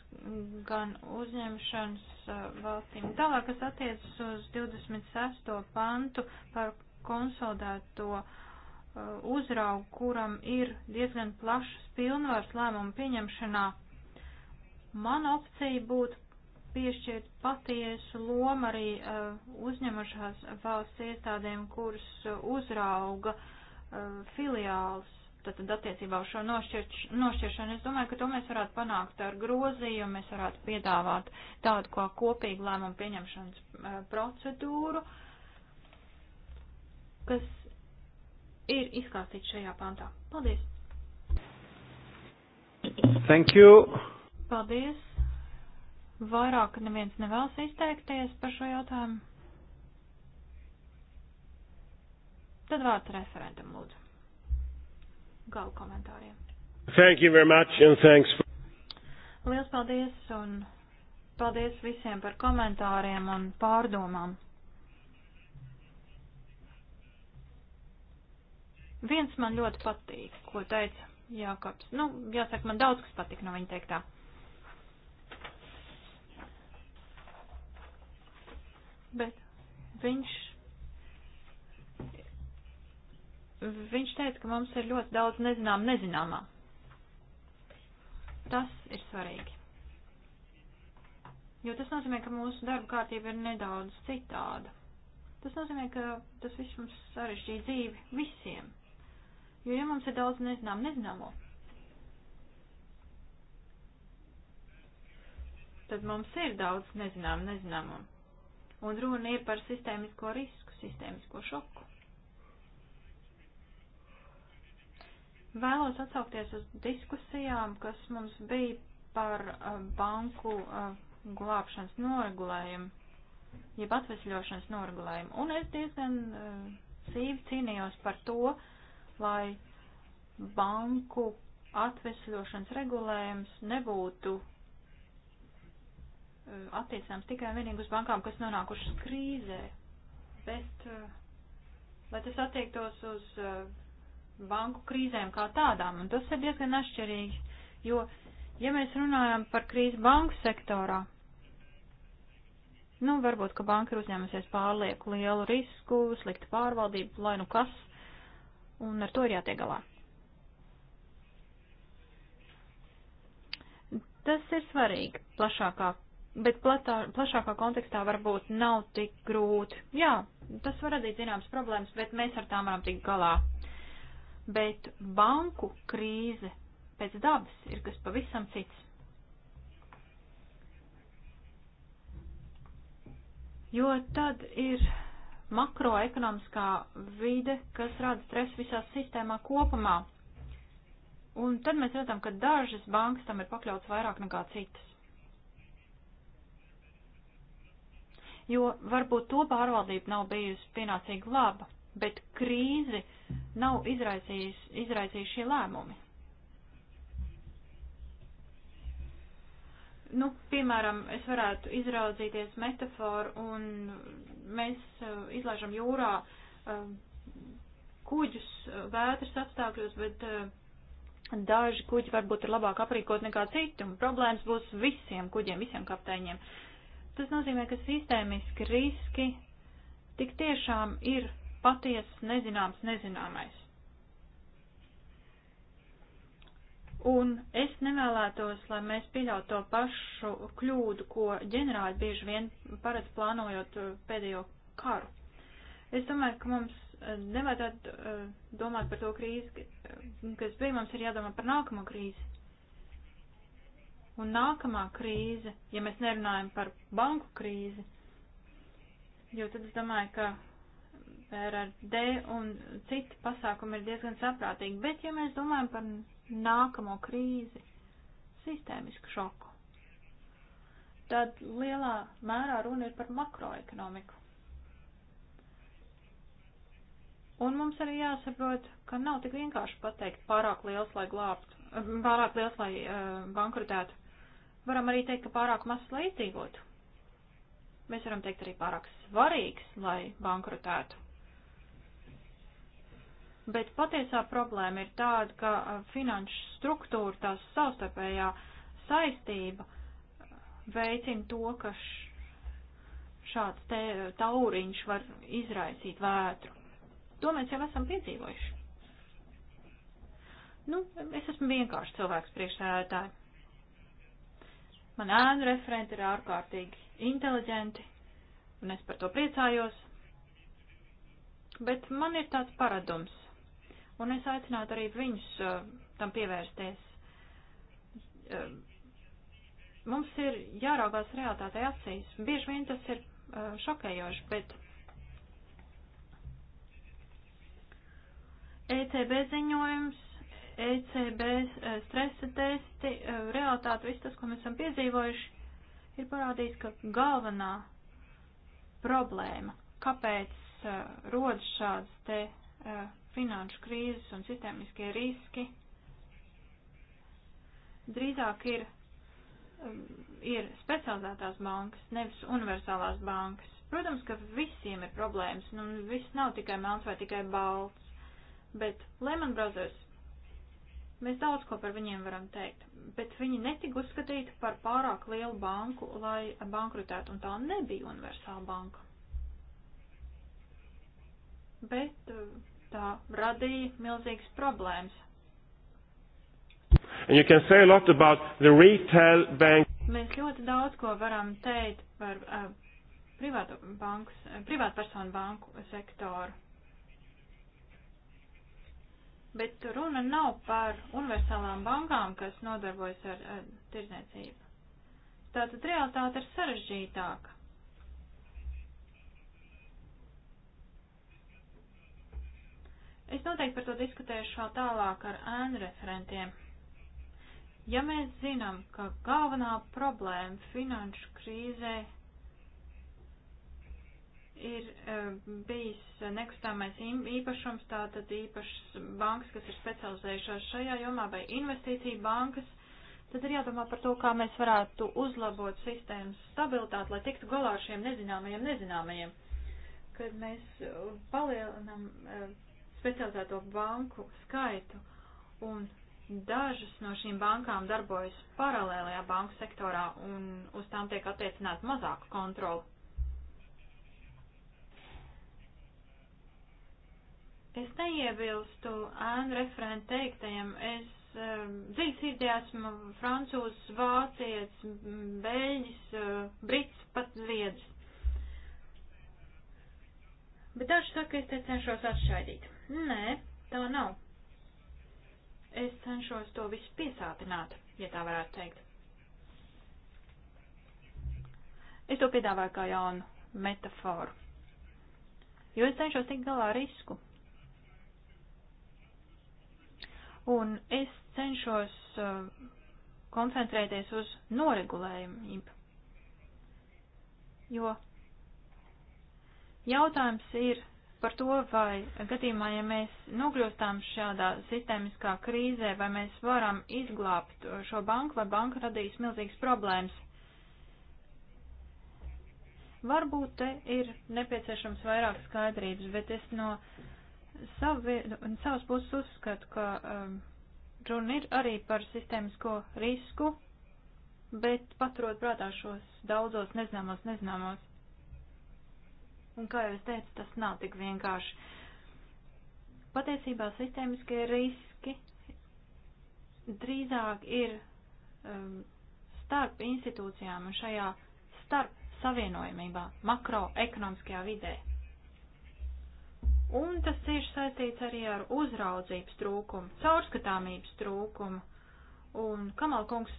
gan uzņemšanas uh, valstīm. Tālāk, kas attiecas uz 26. pantu par konsolidēto uh, uzraugu, kuram ir diezgan plašas pilnvars lēmumu pieņemšanā, man opcija būtu piešķirt patiesu lomu arī uh, uzņemašās valsts iestādēm, kuras uh, uzrauga uh, filiāls. Tātad attiecībā uz šo nošķiršanu es domāju, ka to mēs varētu panākt ar grozījumu, mēs varētu piedāvāt tādu kā kopīgu lēmumu pieņemšanas procedūru, kas ir izklāstīts šajā pantā. Paldies! Thank you! Paldies! Vairāk neviens nevēlas izteikties par šo jautājumu. Tad vārds referentam lūdzu. Galu komentāriem. Thank you very much and thanks for. Liels paldies un paldies visiem par komentāriem un pārdomām. Viens man ļoti patīk, ko teica Jākaps. Nu, jāsaka, man daudz kas patīk no viņa teiktā. bet viņš, viņš teica, ka mums ir ļoti daudz nezinām nezināmā. Tas ir svarīgi. Jo tas nozīmē, ka mūsu darba kārtība ir nedaudz citāda. Tas nozīmē, ka tas viss mums sarežģīja dzīvi visiem. Jo, ja mums ir daudz nezinām, nezināmo, tad mums ir daudz nezinām, nezināmo un runa ir par sistēmisko risku, sistēmisko šoku. Vēlos atsaukties uz diskusijām, kas mums bija par uh, banku uh, glābšanas noregulējumu, jeb atvesļošanas noregulējumu. Un es diezgan uh, sīvi cīnījos par to, lai banku atvesļošanas regulējums nebūtu Eh, attiecināms tikai un vienīgi uz bankām, kas nonākušas krīzē, bet eh, lai tas attiektos uz eh, banku krīzēm kā tādām, un tas ir diezgan atšķirīgi, jo, ja mēs runājam par krīzi banku sektorā, nu, varbūt, ka banka ir uzņēmusies pārlieku lielu risku, sliktu pārvaldību, lai nu kas, un ar to ir jātiek galā. Tas ir svarīgi plašākā bet platā, plašākā kontekstā varbūt nav tik grūti. Jā, tas var radīt zināmas problēmas, bet mēs ar tām varam tikt galā. Bet banku krīze pēc dabas ir kas pavisam cits. Jo tad ir makroekonomiskā vide, kas rada stresu visā sistēmā kopumā. Un tad mēs redzam, ka dažas bankas tam ir pakļauts vairāk nekā citas. jo varbūt to pārvaldība nav bijusi pienācīgi laba, bet krīzi nav izraisījuši šie lēmumi. Nu, piemēram, es varētu izraudzīties metaforu un mēs uh, izlaižam jūrā um, uh, kuģus vētras apstākļos, bet uh, daži kuģi varbūt ir labāk aprīkot nekā citi, un problēmas būs visiem kuģiem, visiem kapteiņiem. Tas nozīmē, ka sistēmiski riski tik tiešām ir patiesas nezināms nezināmais. Un es nevēlētos, lai mēs pieļautu to pašu kļūdu, ko ģenerāļi bieži vien paredz plānojot uh, pēdējo karu. Es domāju, ka mums uh, nevajadzētu uh, domāt par to krīzi, kas bija, mums ir jādomā par nākamo krīzi. Un nākamā krīze, ja mēs nerunājam par banku krīzi, jo tad es domāju, ka RRD un citi pasākumi ir diezgan saprātīgi, bet ja mēs domājam par nākamo krīzi, sistēmisku šoku, tad lielā mērā runa ir par makroekonomiku. Un mums arī jāsaprot, ka nav tik vienkārši pateikt pārāk liels, lai glābtu, pārāk liels, lai uh, eh, bankrotētu. Varam arī teikt, ka pārāk mazs, lai izdzīvotu. Mēs varam teikt arī pārāk svarīgs, lai bankrotētu. Bet patiesā problēma ir tāda, ka finanšu struktūra, tās savstarpējā saistība veicina to, ka šāds te tauriņš var izraisīt vētru. To mēs jau esam piedzīvojuši. Nu, es esmu vienkārši cilvēks priekšsēdētāji. Man ēnu referenti ir ārkārtīgi inteliģenti, un es par to priecājos. Bet man ir tāds paradums, un es aicinātu arī viņus uh, tam pievērsties. Uh, mums ir jāraugās realitātei acīs. Bieži vien tas ir uh, šokējoši, bet ECB ziņojums ECB eh, stresa testi, eh, realitāte, viss tas, ko mēs esam piedzīvojuši, ir parādījis, ka galvenā problēma, kāpēc eh, rodas šādas te finanšu krīzes un sistēmiskie riski, drīzāk ir, ir specializētās bankas, nevis universālās bankas. Protams, ka visiem ir problēmas, un nu, viss nav tikai melns vai tikai balts, bet Lehman Brothers Mēs daudz ko par viņiem varam teikt, bet viņi netika uzskatīti par pārāk lielu banku, lai bankrutētu, un tā nebija universāla banka. Bet eh, tā radīja milzīgas problēmas. Mēs ļoti daudz ko varam teikt par uh, privātu bankas, eh, privātpersonu banku sektoru bet runa nav par universālām bankām, kas nodarbojas ar, ar tirdzniecību. Tātad realitāte ir sarežģītāka. Es noteikti par to diskutēšu vēl tālāk ar ēnu referentiem. Ja mēs zinām, ka galvenā problēma finanšu krīzē ir e, bijis nekustamais īpašums, tātad īpašas bankas, kas ir specializējušās šajā jomā, vai investīcija bankas, tad ir jādomā par to, kā mēs varētu uzlabot sistēmas stabilitāti, lai tiktu galā ar šiem nezināmajiem nezināmajiem. Kad mēs palielinam e, specializēto banku skaitu un dažas no šīm bankām darbojas paralēlajā banku sektorā un uz tām tiek attiecināta mazāka kontrola Es neiebilstu ēnu referentu teiktajam. Es um, dziļi sirdī esmu francūzs, vācietis, beļģis, uh, brits, pat zviedrs. Bet daži saka, es te cenšos atšķaidīt. Nē, tā nav. Es cenšos to visu piesātināt, ja tā varētu teikt. Es to piedāvāju kā jaunu metaforu. Jo es cenšos tikt galā ar risku. un es cenšos uh, koncentrēties uz noregulējumību. Jo jautājums ir par to, vai gadījumā, ja mēs nokļūstām šādā sistēmiskā krīzē, vai mēs varam izglābt šo banku, vai banka radīs milzīgas problēmas. Varbūt te ir nepieciešams vairāk skaidrības, bet es no uh, savi, savas puses uzskatu, ka um, runa ir arī par sistēmisko risku, bet paturot prātā šos daudzos nezināmos nezināmos. Un kā jau es teicu, tas nav tik vienkārši. Patiesībā sistēmiskie riski drīzāk ir um, starp institūcijām un šajā starp savienojumībā, makroekonomiskajā vidē. Un tas cieši saistīts arī ar uzraudzības trūkumu, caurskatāmības trūkumu. Un Kamalkungs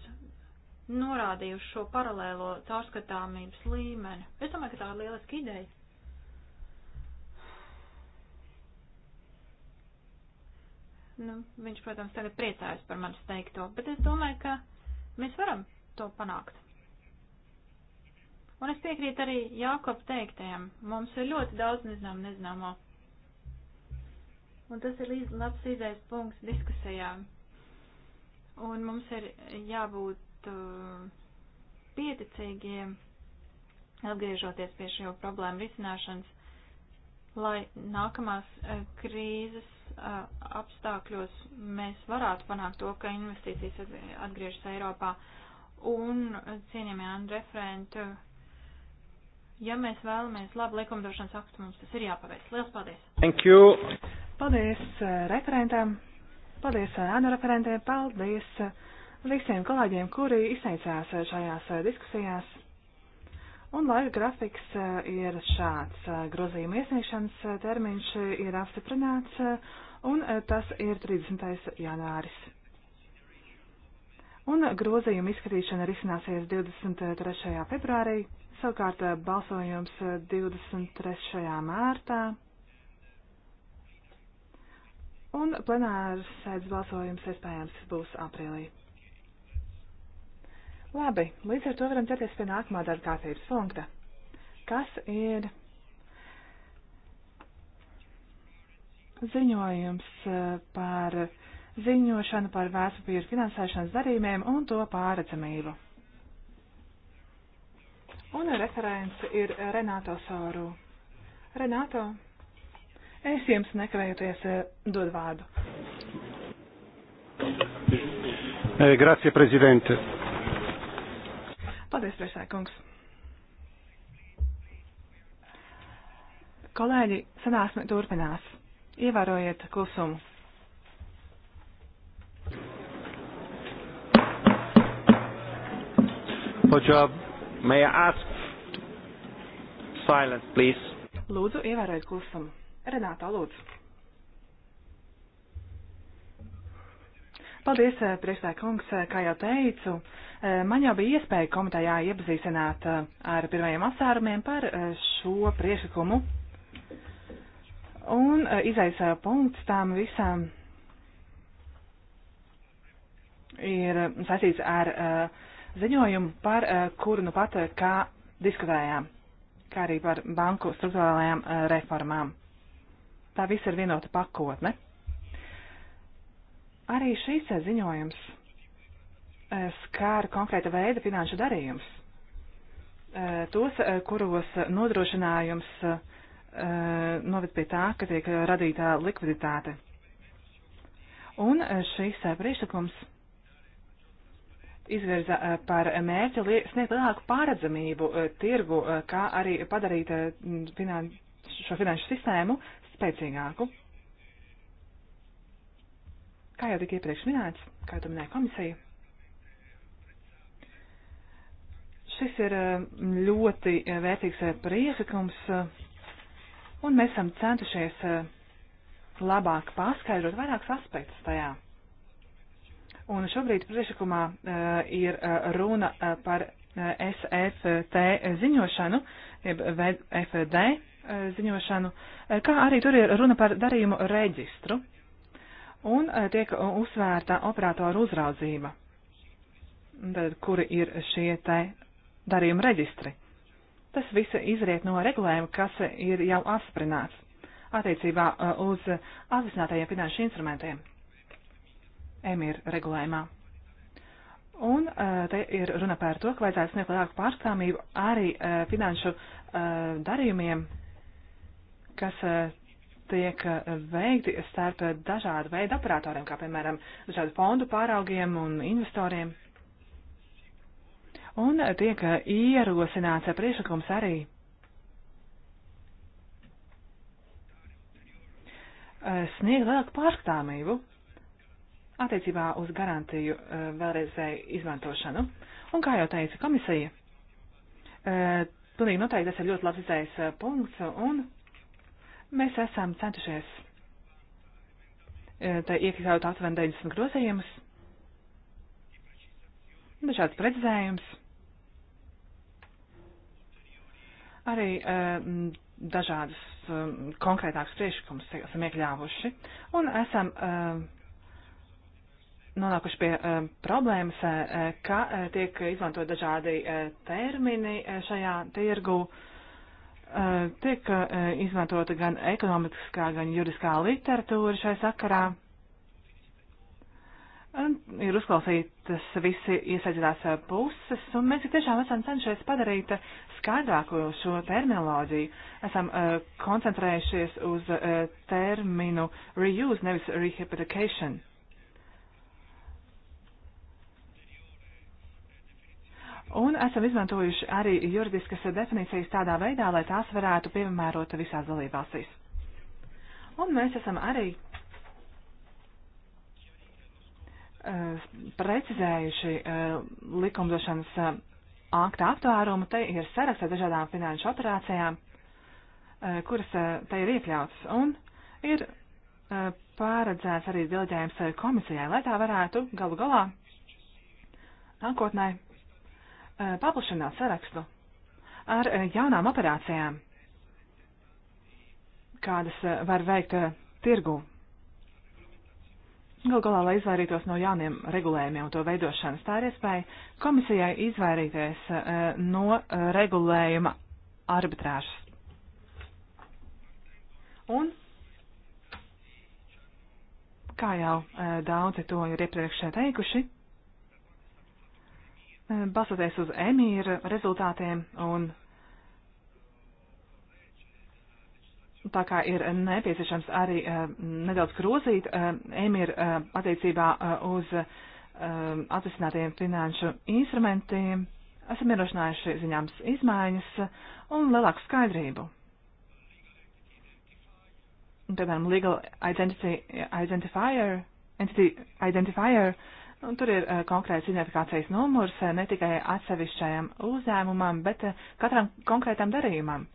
norādīja uz šo paralēlo caurskatāmības līmeni. Es domāju, ka tā ir lieliska ideja. Nu, viņš, protams, tagad priecājas par manis teikto, bet es domāju, ka mēs varam to panākt. Un es piekrītu arī Jākob teiktajam. Mums ir ļoti daudz nezināmu nezināmo. Un tas ir līdz labs izējas punkts diskusijām. Un mums ir jābūt uh, pieticīgiem, atgriežoties pie šo problēmu risināšanas, lai nākamās uh, krīzes uh, apstākļos mēs varētu panākt to, ka investīcijas atgriežas Eiropā. Un, uh, cienījamie Andri referenti, uh, ja mēs vēlamies labu likumdošanas aktu, mums tas ir jāpaveic. Lielas paldies! Thank you! Paldies eh, referentam, paldies eh, ēnu referentiem, paldies eh, visiem kolēģiem, kuri izteicās šajās diskusijās. Un laika grafiks ir šāds. Grozījuma iesniegšanas termiņš ir apstiprināts, un tas ir 30. janāris. Un grozījuma izskatīšana risināsies 23. februārī, savukārt balsojums 23. mārtā un plenāras sēdes balsojums iespējams būs aprīlī. Labi, līdz ar to varam ķerties pie nākamā darba kārtības punkta. Kas ir ziņojums eh, par ziņošanu par vēstupīru finansēšanas darījumiem un to pāredzamību? Un referents ir Renato Soru. Renato. Es jums nekavējoties eh, dod vārdu. Eh, grazie, prezidente. Paldies, priekšsēkungs. Kolēģi, sanāksme turpinās. Ievērojiet klusumu. Pajab, may I ask silence, please? Lūdzu, ievērojiet klusumu. Renāta, lūdzu. Paldies, eh, priekšstāj kungs, eh, kā jau teicu, eh, man jau bija iespēja komitejā iepazīstināt ar pirmajiem apsvērumiem par šo priekšlikumu. Un izaisa punkts tām visām ir mm, saistīts ar ziņojumu, par kuru nu pat kā diskutējām, kā arī par banku struktūrālajām reformām. Tā viss ir vienota pakotne. Arī šīs eh, ziņojums eh, skār konkrēta veida finanšu darījums. Eh, tos, kuros nodrošinājums noved pie tā, ka tiek radītā likviditāte. Un šīs priekšlikums izvirza par mērķi sniegt lielāku pārredzamību tirgu, kā arī padarīt finan šo finanšu sistēmu spēcīgāku. Kā jau tika iepriekš minēts, kā to minēja komisija, šis ir mm, ļoti eh, vērtīgs eh, priekšlikums, eh, un mēs esam centušies labāk paskaidrot vairākus aspektus tajā. Un šobrīd priekšlikumā ir runa par SFT ziņošanu, jeb FD E, ziņošanu, e, kā arī tur ir runa par darījumu reģistru un e, tiek uzsvērta operātoru uzraudzība, tad, kuri ir šie te darījumu reģistri. Tas viss izriet no regulējuma, kas ir jau apsprināts attiecībā uz atvesinātajiem finanšu instrumentiem EMIR regulējumā. Un te ir runa par to, ka vajadzētu sniegt lielāku pārstāvību arī finanšu darījumiem kas e, tiek e, veikti starp dažādu veidu operatoriem, kā piemēram dažādu fondu pāraugiem un investoriem. Un tiek e, ierosināts priekšlikums arī sniegt lielāku pārskatāmību attiecībā uz garantiju vēlreizēju izmantošanu. Un kā jau teica komisija, pilnīgi noteikti tas ir ļoti labs izējas punkts un Mēs esam centušies eh, tā iekļaut aptuveni 90 grozējumus, dažādas precizējums, arī eh, dažādas konkrētākas priekšlikumus esam iekļāvuši un esam eh, nonākuši pie problēmas, ka tiek izmantot dažādi termini šajā tirgu. Te Eh, tiek eh, izmantota gan ekonomiskā, gan juridiskā literatūra šai sakarā. Un ir uzklausītas visi iesaistītās eh, puses, un mēs tiešām esam cenšies padarīt skaidrāku šo terminoloģiju. Esam uh, koncentrējušies uz uh, terminu reuse, nevis rehabilitation. Un esam izmantojuši arī juridiskas definīcijas tādā veidā, lai tās varētu piemērot visās dalībvalstīs. Un mēs esam arī uh, precizējuši uh, likumdošanas uh, akta aptvērumu. Te ir saraksts ar dažādām finanšu operācijām, kuras te ir iekļautas. Un ir pāredzēts arī dilģējums komisijai, lai tā varētu galu galā nākotnē paplašināt sarakstu ar jaunām operācijām, kādas var veikt tirgu. Gal galā, lai izvairītos no jauniem regulējumiem un to veidošanas, tā ir iespēja komisijai izvairīties no regulējuma arbitrāžas. Un, kā jau daudzi to ir iepriekš teikuši, Eh, balstoties uz emīra rezultātiem un tā kā ir nepieciešams arī eh, nedaudz grozīt eh, emīra attiecībā uz atrisinātiem finanšu instrumentiem, esam ierošinājuši ziņāms izmaiņas un lielāku skaidrību. Piemēram, legal identity, identifier, entity identifier, uh, Un tur ir eh, konkrēts identifikācijas numurs eh, ne tikai atsevišķajam uzņēmumam, bet eh, katram konkrētam darījumam,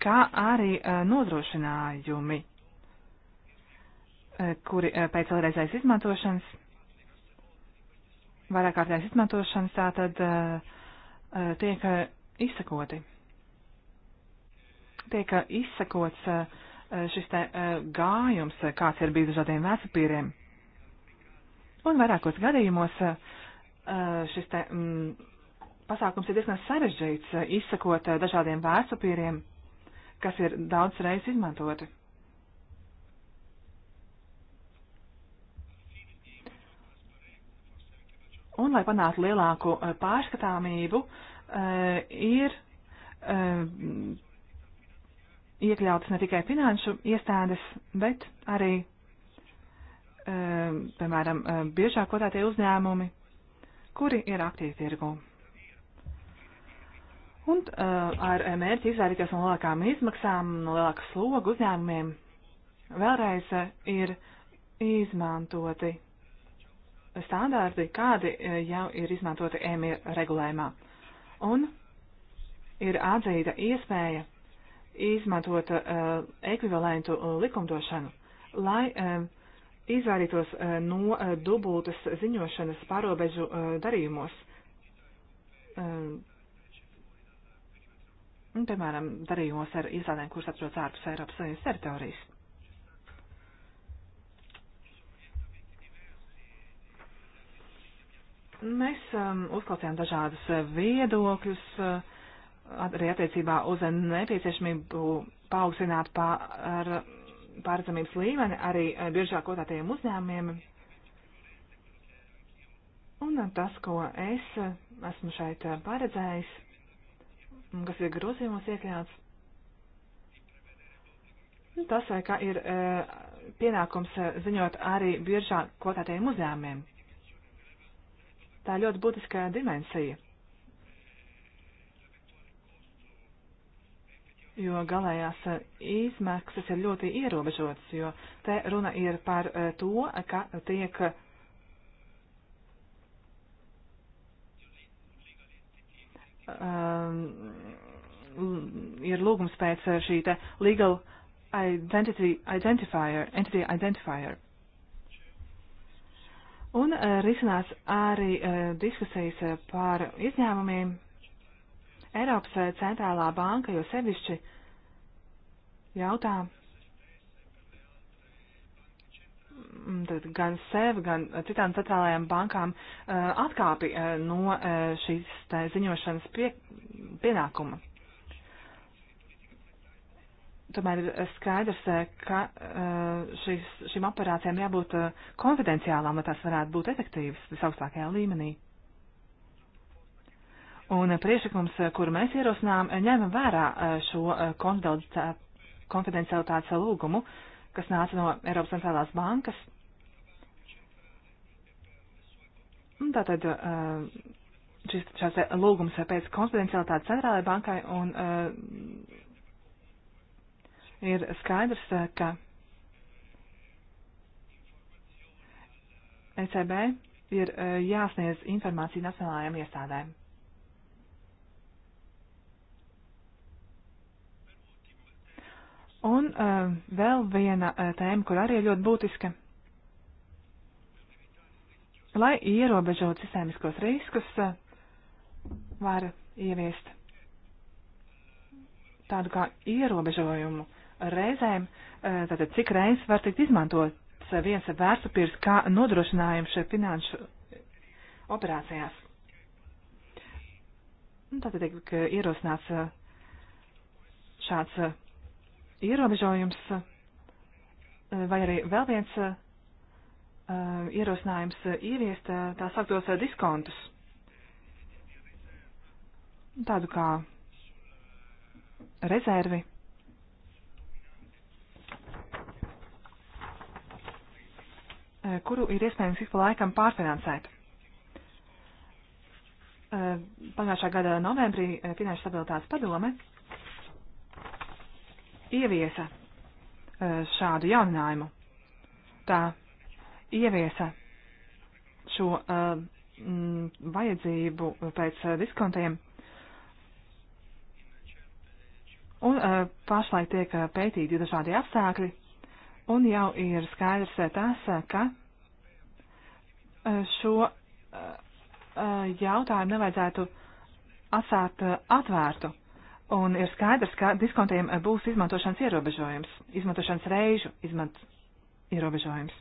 kā arī nodrošinājumi, kuri pēc vēlreizējas izmantošanas, vairākārtējas izmantošanas tātad tiek izsakoti. Tiek izsakots šis te gājums, kāds ir bijis dažādiem vecapīriem. Un vairākos gadījumos eh, eh, šis te, m, mm, pasākums ir diezgan sarežģīts, eh, izsakot dažādiem vērtspapīriem, kas ir daudz reizes izmantoti. Un, lai panātu lielāku pārskatāmību, ir iekļautas ne tikai finanšu iestādes, bet arī Ehm, piemēram, ehm, biežāk kotētie uzņēmumi, kuri ir aktīvi tirgū. Un ehm, ar mērķi izvairīties no lielākām izmaksām, no lielākas slogu uzņēmumiem, vēlreiz eh, ir izmantoti standārti, kādi eh, jau ir izmantoti EMIR regulējumā. Un ir atzīta iespēja izmantot uh, ekvivalentu likumdošanu, lai uh, izvairītos eh, no eh, dubultas ziņošanas pārobežu eh, darījumos. Piemēram, darījumos ar iestādēm, kuras atrodas ārpus Eiropas Savienības teritorijas. Mēs um, uzklausījām dažādus viedokļus uh, arī attiecībā uz nepieciešamību paaugstināt pār. Uh, pārzemības līmeni arī eh, biežāk kotētajiem uzņēmumiem. Un eh, tas, ko es eh, esmu šeit paredzējis, kas ir grozījumos iekļauts, tas, ka ir pienākums ziņot arī biežāk kotētajiem uzņēmumiem. Tā ir ļoti būtiska dimensija jo galējās eh, izmaksas ir ļoti ierobežotas, jo te runa ir par eh, to, ka tiek um, ir lūgums pēc eh, šī te legal identity identifier, entity identifier. Un uh, risinās arī uh, diskusijas par izņēmumiem, Eiropas eh, centrālā banka jo sevišķi jautā mm, gan sev, gan citām centrālajām bankām eh, atkāpi eh, no šīs ziņošanas pie, pienākuma. Tomēr ir skaidrs, ka šis, šīm operācijām jābūt konfidenciālām, lai tās varētu būt efektīvas visaugstākajā līmenī. Un priešakums, eh, kuru mēs ierosinām, eh, ņem vērā eh, šo konfidencialitātes lūgumu, kas nāca no Eiropas centrālās bankas. Un tātad šis šāds lūgums pēc konfidencialitātes centrālajai bankai un ir skaidrs, ka ECB ir jāsniedz informācija nacionālajām iestādēm. Un uh, vēl viena uh, tēma, kur arī ir ļoti būtiska. Lai ierobežotu sistēmiskos riskus, uh, var ieviest tādu kā ierobežojumu reizēm, uh, tātad cik reizes var tikt izmantots uh, viens vērtspapīrs kā nodrošinājums šai finanšu operācijās. Un tātad tiek uh, ierosināts uh, šāds uh, ierobežojums eh, vai arī vēl viens eh, ierosinājums eh, ieviest tā sauktos diskontus. Tādu kā rezervi. kuru ir iespējams ik pa laikam pārfinansēt. Pagājušā gada novembrī Finanšu stabilitātes padome ieviesa e, šādu jauninājumu. Tā ieviesa šo e, vajadzību pēc e, diskontiem. Un pašlaik tiek pētīti dažādi apstākļi, un jau ir skaidrs tas, ka šo jautājumu nevajadzētu atstāt atvērtu. Un ir skaidrs, ka diskontiem būs izmantošanas ierobežojums, izmantošanas reižu izmant ierobežojums.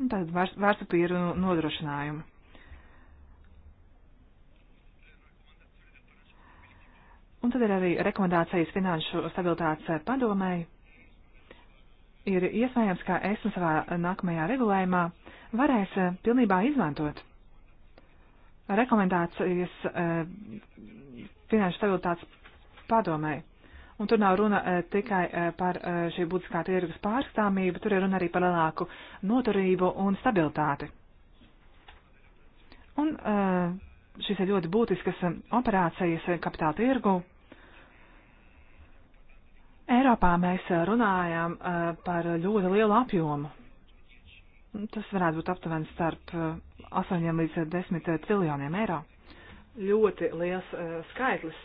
Un tad vērtspapīru nodrošinājumu. Un tad ir arī rekomendācijas finanšu stabilitātes padomēji. Ir iespējams, ka es un savā nākamajā regulējumā varēs pilnībā izmantot rekomendācijas e, finanšu stabilitātes padomē. Un tur nav runa e, tikai e, par šī būtiskā tirgus pārstāvību, tur ir runa arī par lielāku noturību un stabilitāti. Un šīs ir ļoti būtiskas operācijas kapitāla tirgu. Eiropā mēs runājam par ļoti lielu apjomu. Tas varētu būt aptuveni starp 8 līdz 10 triljoniem eiro. Ļoti liels uh, skaitlis.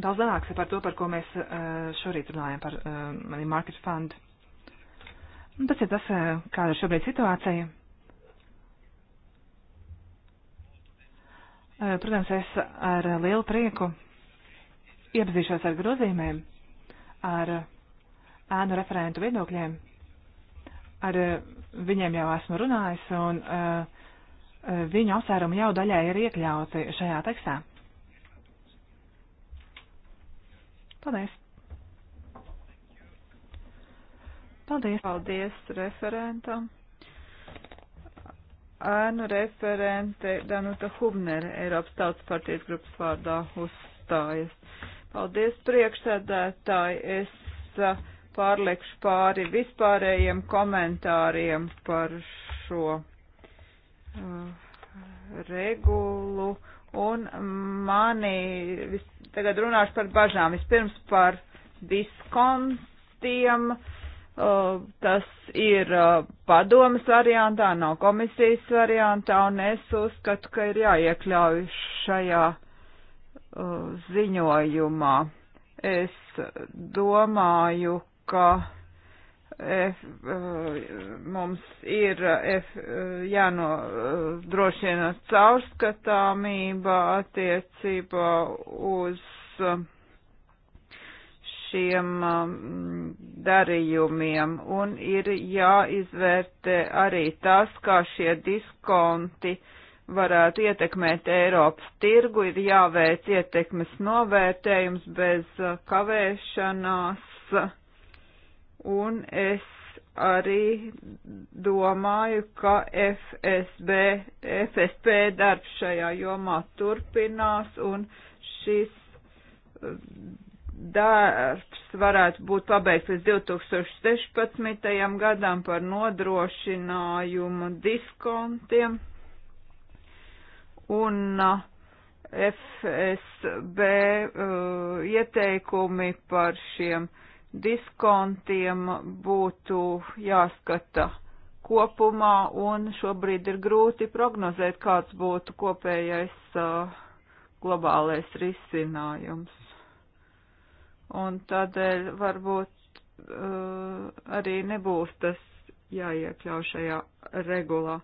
Daudz lielāks par to, par ko mēs uh, šorīt runājam, par uh, market fund. Un tas ir tas, uh, kāda ir šobrīd situācija. Uh, protams, es ar lielu prieku iepazīšos ar grozījumiem, ar ēnu referentu viedokļiem, ar uh, viņiem jau esmu runājis, un uh, viņu apsvērumi jau daļai ir iekļauti šajā tekstā. Paldies! Paldies! Paldies referentam! Ēnu referente Danuta Hubnere, Eiropas Tautas partijas grupas vārdā uzstājas. Paldies priekšsēdētāji! Es uh, pārliekšu pāri vispārējiem komentāriem par šo uh, regulu. Un mani, vis, tagad runāšu par bažām. Vispirms par diskontiem. Uh, tas ir uh, padomas variantā, nav komisijas variantā, un es uzskatu, ka ir jāiekļauj šajā uh, ziņojumā. Es domāju, ka F, eh, eh, mums ir F, eh, jānodrošina caurskatāmība attiecībā uz šiem mm, darījumiem un ir jāizvērtē arī tas, kā šie diskonti varētu ietekmēt Eiropas tirgu, ir jāveic ietekmes novērtējums bez kavēšanās un es arī domāju, ka FSB, FSP darbs šajā jomā turpinās un šis uh, darbs varētu būt pabeigts līdz 2016. gadam par nodrošinājumu diskontiem un uh, FSB uh, ieteikumi par šiem uh, diskontiem būtu jāskata kopumā, un šobrīd ir grūti prognozēt, kāds būtu kopējais uh, globālais risinājums. Un tādēļ varbūt uh, arī nebūs tas jāiekļau šajā regulā.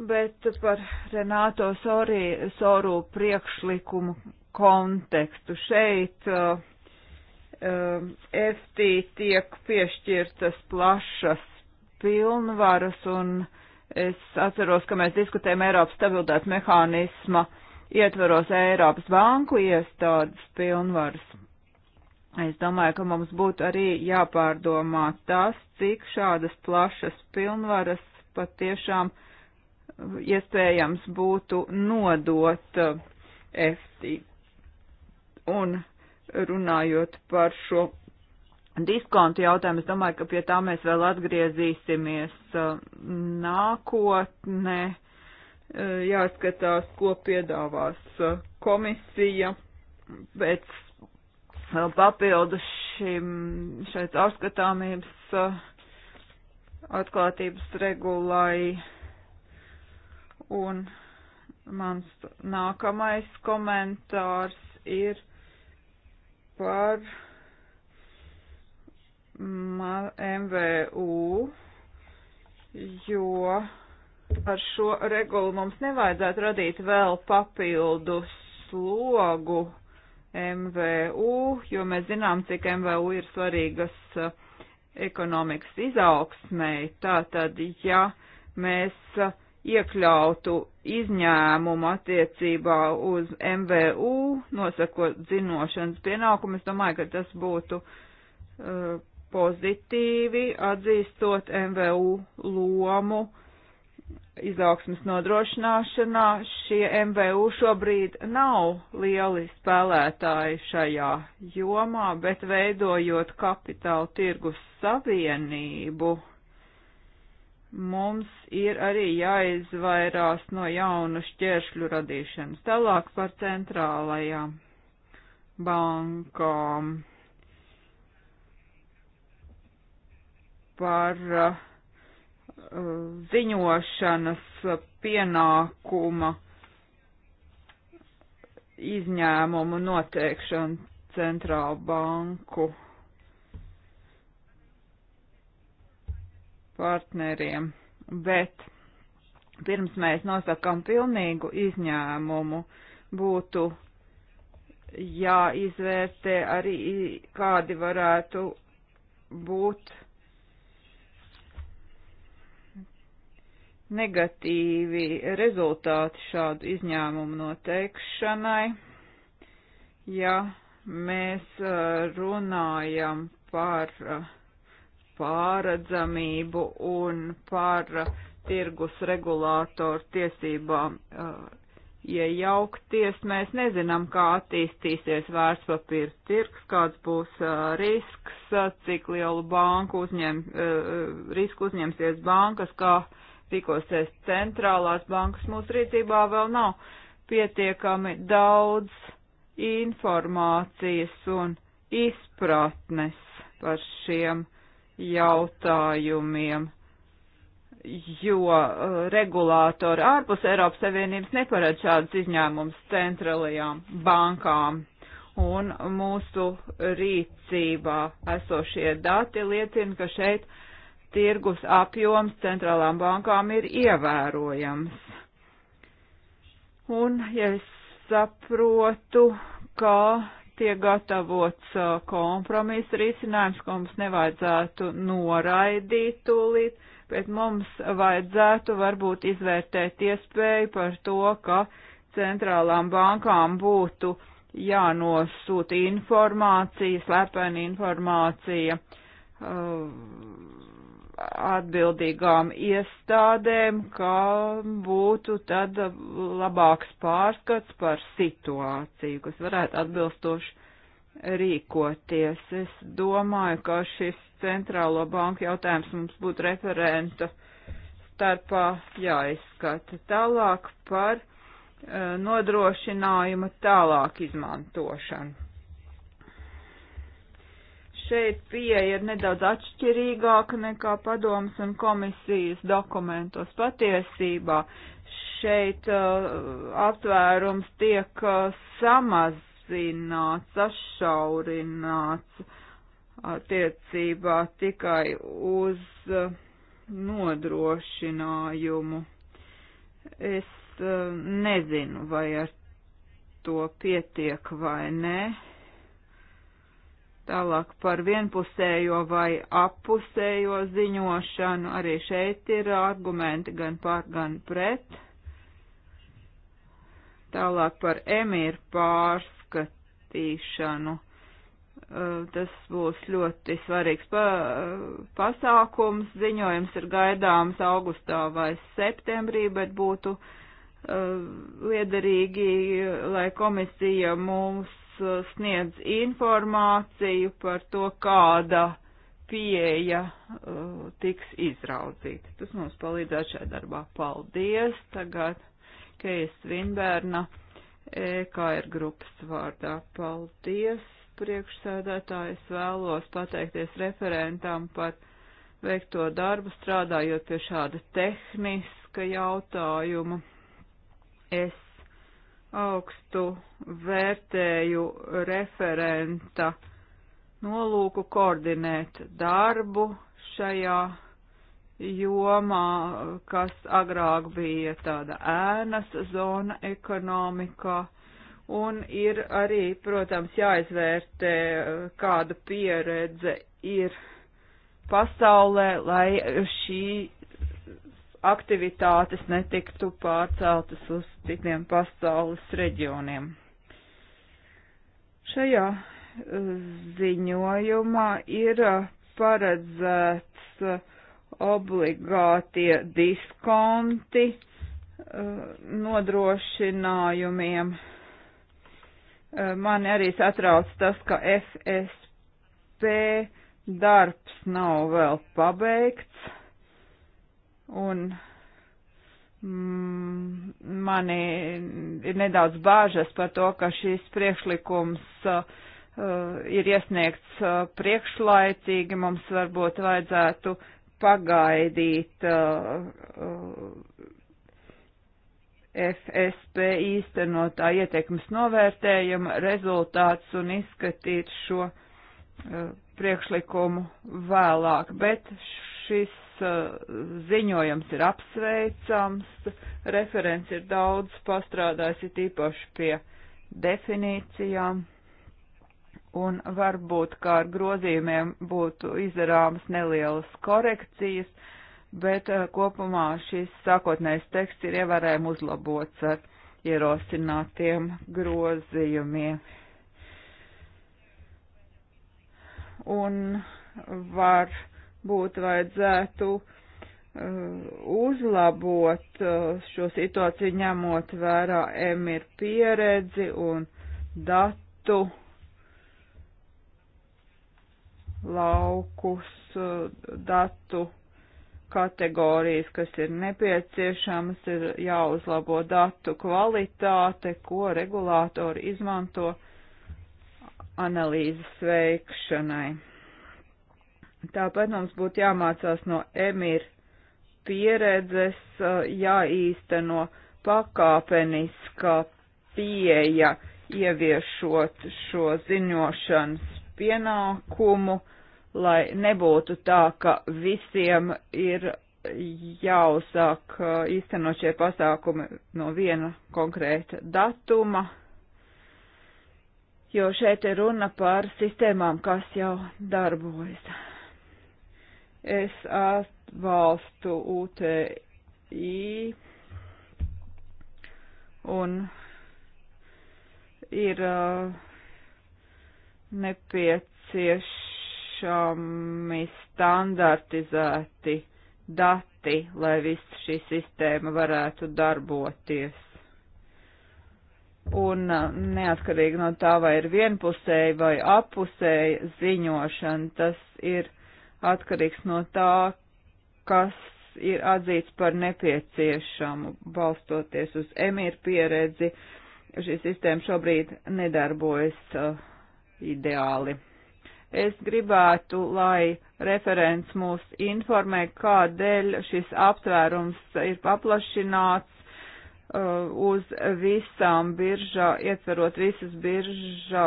Bet par Renāto Sorī, Soru priekšlikumu kontekstu šeit uh, Um, FT tiek piešķirtas plašas pilnvaras un es atceros, ka mēs diskutējam Eiropas stabilitātes mehānisma ietvaros Eiropas banku iestādes pilnvaras. Es domāju, ka mums būtu arī jāpārdomā tas, cik šādas plašas pilnvaras patiešām iespējams būtu nodot uh, FT. Un runājot par šo diskontu jautājumu, es domāju, ka pie tā mēs vēl atgriezīsimies uh, nākotnē. Uh, jāskatās, ko piedāvās uh, komisija pēc papildus šim šai caurskatāmības atklātības regulai. Un mans nākamais komentārs ir par MVU, mm, jo ar šo regulu mums nevajadzētu radīt vēl papildu slogu MVU, jo mēs zinām, cik MVU ir svarīgas eh, ekonomikas izaugsmēji. Tātad, ja mēs uh, iekļautu izņēmumu attiecībā uz MVU, nosakot zinošanas pienākumu. Es domāju, ka tas būtu uh, pozitīvi atzīstot MVU lomu izaugsmas nodrošināšanā. Šie MVU šobrīd nav lieli spēlētāji šajā jomā, bet veidojot kapitāla tirgus savienību mums ir arī jāizvairās no jaunu šķēršļu radīšanas. Tālāk par centrālajām bankām. Par uh, ziņošanas pienākuma izņēmumu noteikšanu centrālu banku partneriem. Bet pirms mēs nosakām pilnīgu izņēmumu, būtu jāizvērtē arī, kādi varētu būt negatīvi rezultāti šādu izņēmumu noteikšanai. Ja mēs eh, runājam par uh, pāredzamību un par tirgus regulātoru tiesībām uh, iejaukties. Ja mēs nezinām, kā attīstīsies vērtspapīra tirgs, kāds būs uh, risks, cik lielu banku uzņem, uh, risku uzņemsies bankas, kā rīkosies centrālās bankas. Mūsu rīcībā vēl nav pietiekami daudz informācijas un izpratnes par šiem jautājumiem, jo uh, regulātori ārpus Eiropas Savienības neparedz šādas izņēmumus centralajām bankām. Un mūsu rīcībā esošie dati liecina, ka šeit tirgus apjoms centrālām bankām ir ievērojams. Un, ja es saprotu, ka tiek gatavots uh, kompromisa risinājums, ko mums nevajadzētu noraidīt tūlīt, bet mums vajadzētu varbūt izvērtēt iespēju par to, ka centrālām bankām būtu jānosūta informācija, slepena informācija uh, atbildīgām iestādēm, kā būtu tad labāks pārskats par situāciju, kas varētu atbilstoši rīkoties. Es domāju, ka šis centrālo banku jautājums mums būtu referenta starpā jāizskata tālāk par eh, nodrošinājuma tālāk izmantošanu šeit pieeja ir nedaudz atšķirīgāka nekā padomas un komisijas dokumentos. Patiesībā šeit uh, aptvērums tiek uh, samazināts, sašaurināts attiecībā tikai uz uh, nodrošinājumu. Es uh, nezinu, vai ar to pietiek vai nē. Ne Tālāk par vienpusējo vai appusējo ziņošanu arī šeit ir argumenti gan par, gan pret. Tālāk par emīru pārskatīšanu. Uh, tas būs ļoti svarīgs pa, pasākums. Ziņojums ir gaidāms augustā vai septembrī, bet būtu uh, liederīgi, lai komisija mums Uh, sniedz informāciju par to, kāda pieeja uh, tiks izraudzīta. Tas mums palīdzēs šajā darbā. Paldies! Tagad Kejas Vinbērna, EKR grupas vārdā. Paldies! Priekšsēdētājs vēlos pateikties referentam par veikto darbu, strādājot pie šāda tehniska jautājuma. Es augstu vērtēju referenta nolūku koordinēt darbu šajā jomā, kas agrāk bija tāda ēnas zona ekonomikā, un ir arī, protams, jāizvērtē, kāda pieredze ir pasaulē, lai šī aktivitātes netiktu pārceltas uz citiem pasaules reģioniem. Šajā eh, ziņojumā ir eh, paredzēts eh, obligātie diskonti nodrošinājumiem. Mani arī satrauc tas, ka FSP darbs nav vēl pabeigts Un mm, mani ir nedaudz bāžas par to, ka šis priekšlikums uh, uh ir iesniegts uh, priekšlaicīgi. Mums varbūt vajadzētu pagaidīt uh, uh FSP īstenotā ietekmes novērtējuma rezultāts un izskatīt šo uh, priekšlikumu vēlāk, bet šis Eh, ziņojums ir apsveicams, referents ir daudz pastrādājis, ir īpaši pie definīcijām, un varbūt kā ar grozījumiem būtu izdarāmas nelielas korekcijas, bet eh, kopumā šis sākotnējs teksts ir ievērējami uzlabots ar ierosinātiem grozījumiem. Un var būtu vajadzētu uh, uzlabot uh, šo situāciju, ņemot vērā emir pieredzi un datu laukus, uh, datu kategorijas, kas ir nepieciešamas, ir jāuzlabo datu kvalitāte, ko regulātori izmanto analīzes veikšanai Tāpat mums būtu jāmācās no emīra pieredzes, jāīsteno pakāpeniskā pieeja, ieviešot šo ziņošanas pienākumu, lai nebūtu tā, ka visiem ir jāuzsāk īstenot šie pasākumi no viena konkrēta datuma, jo šeit ir runa par sistēmām, kas jau darbojas. Es atbalstu UTI un ir uh, nepieciešami standartizēti dati, lai viss šī sistēma varētu darboties un uh, neatkarīgi no tā, vai ir vienpusēji vai appusēji ziņošana, tas ir atkarīgs no tā, kas ir atzīts par nepieciešamu, balstoties uz emīru pieredzi. Šī sistēma šobrīd nedarbojas uh, ideāli. Es gribētu, lai referents mūs informē, kādēļ šis aptvērums ir paplašināts uh, uz visām biržā, ietverot visas biržā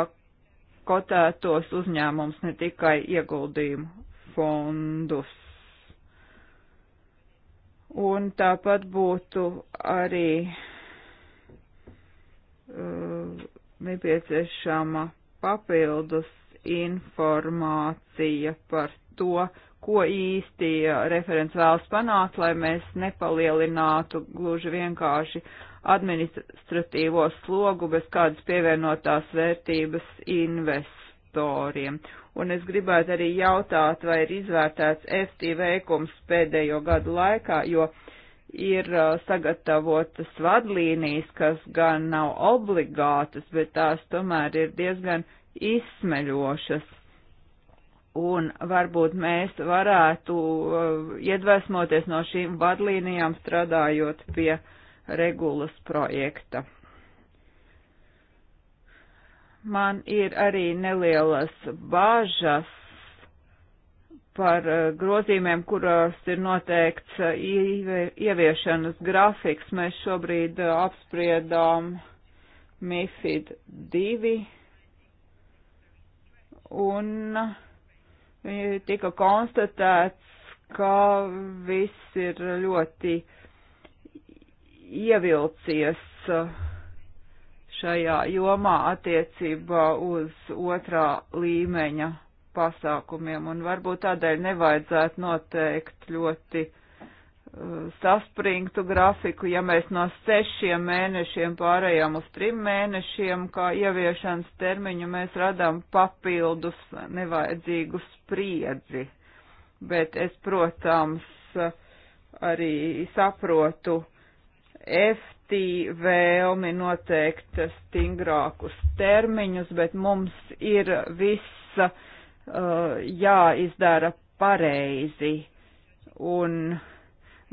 kotētos uzņēmums, ne tikai ieguldījumu fondus. Un tāpat būtu arī uh, nepieciešama papildus informācija par to, ko īsti referents vēlas panākt, lai mēs nepalielinātu gluži vienkārši administratīvo slogu bez kādas pievienotās vērtības investoriem un es gribētu arī jautāt, vai ir izvērtēts FT veikums pēdējo gadu laikā, jo ir uh, sagatavotas vadlīnijas, kas gan nav obligātas, bet tās tomēr ir diezgan izsmeļošas. Un varbūt mēs varētu uh, iedvesmoties no šīm vadlīnijām strādājot pie regulas projekta man ir arī nelielas bažas par eh, grozījumiem, kuros ir noteikts eh, ieviešanas grafiks. Mēs šobrīd eh, apspriedām MIFID 2 un tika konstatēts, ka viss ir ļoti ievilcies uh, šajā jomā attiecībā uz otrā līmeņa pasākumiem, un varbūt tādēļ nevajadzētu noteikt ļoti uh, saspringtu grafiku, ja mēs no sešiem mēnešiem pārējām uz trim mēnešiem, kā ieviešanas termiņu mēs radām papildus nevajadzīgu spriedzi. Bet es, protams, arī saprotu F valstī vēlmi noteikt stingrākus termiņus, bet mums ir viss uh, jāizdara pareizi un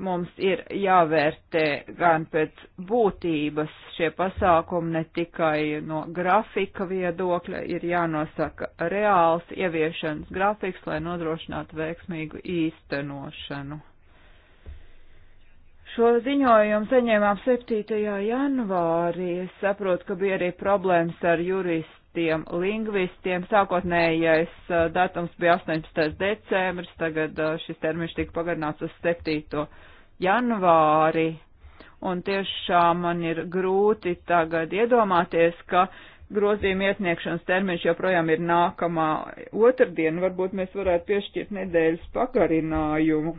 mums ir jāvērtē gan pēc būtības šie pasākumi ne tikai no grafika viedokļa, ir jānosaka reāls ieviešanas grafiks, lai nodrošinātu veiksmīgu īstenošanu. Šo ziņojumu saņēmām 7. janvārī. Es saprotu, ka bija arī problēmas ar juristiem, lingvistiem. Sākotnējais datums bija 18. decembris, tagad šis termiņš tika pagarināts uz 7. janvāri. Un tiešām man ir grūti tagad iedomāties, ka grozījuma iesniegšanas termiņš joprojām ir nākamā otrdiena. Varbūt mēs varētu piešķirt nedēļas pagarinājumu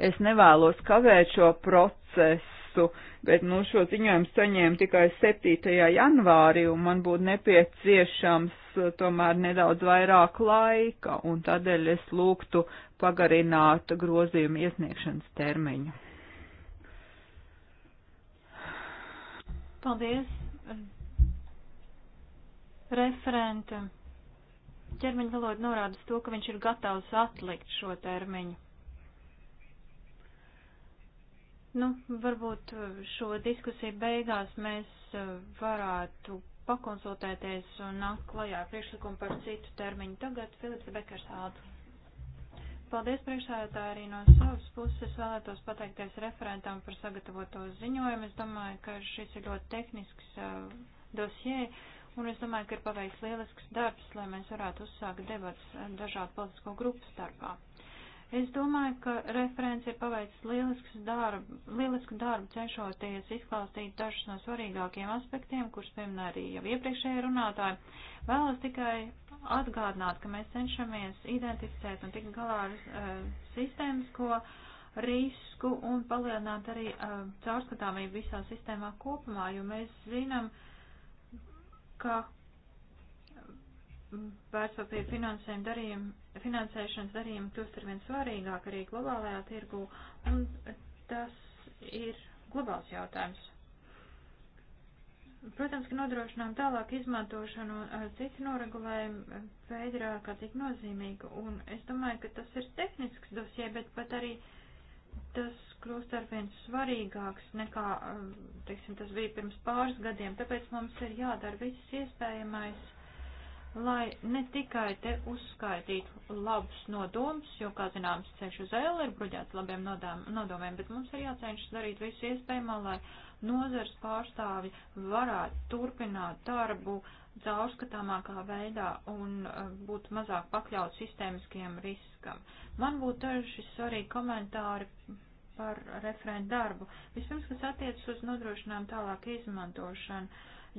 Es nevēlos kavēt šo procesu, bet nu, šo ziņojumu saņēmu tikai 7. janvārī, un man būtu nepieciešams uh, tomēr nedaudz vairāk laika, un tādēļ es lūgtu pagarināt grozījumu iesniegšanas termiņu. Paldies, referenta. Ķermeņa valoda norāda to, ka viņš ir gatavs atlikt šo termiņu. Nu, varbūt eh, šo diskusiju beigās mēs eh, varētu pakonsultēties un nākt klajā priekšlikumu par citu termiņu. Tagad Filips Bekers ādu. Paldies priekšsēdētāji arī no savas puses. Vēlētos pateikties referentam par sagatavoto ziņojumu. Es domāju, ka šis ir ļoti tehnisks uh, dosie, un es domāju, ka ir paveikts lielisks darbs, lai mēs varētu uzsākt debats dažādu politisko grupu starpā. Es domāju, ka referents ir paveicis lielisku darbu, lielisku darbu cenšoties izklāstīt dažus no svarīgākiem aspektiem, kurus pieminēja arī jau iepriekšējie runātāji. Vēlos tikai atgādināt, ka mēs cenšamies identificēt un tikt galā ar uh, eh, sistēmas, ko risku un palielināt arī uh, caurskatāmību visā sistēmā kopumā, jo mēs zinām, ka vērtspapīra finansēšanas darījumi kļūst arvien svarīgāk arī globālajā tirgu, un tas ir globāls jautājums. Protams, ka nodrošinām tālāk izmantošanu citu noregulējumu veidu ir ārkārtīgi nozīmīga, un es domāju, ka tas ir tehnisks dosie, bet pat arī tas kļūst arvien svarīgāks nekā, teiksim, tas bija pirms pāris gadiem, tāpēc mums ir jādara viss iespējamais lai ne tikai te uzskaitītu labus nodomus, jo, kā zināms, ceļš uz ēlu ir bruģēts labiem nodām, nodomiem, bet mums ir jācenšas darīt visu iespējamo, lai nozars pārstāvi varētu turpināt darbu caurskatāmākā veidā un eh, būt mazāk pakļaut sistēmiskiem riskam. Man būtu daži svarīgi komentāri par referentu darbu. Vispirms, kas attiecas uz nodrošinājumu tālāk izmantošanu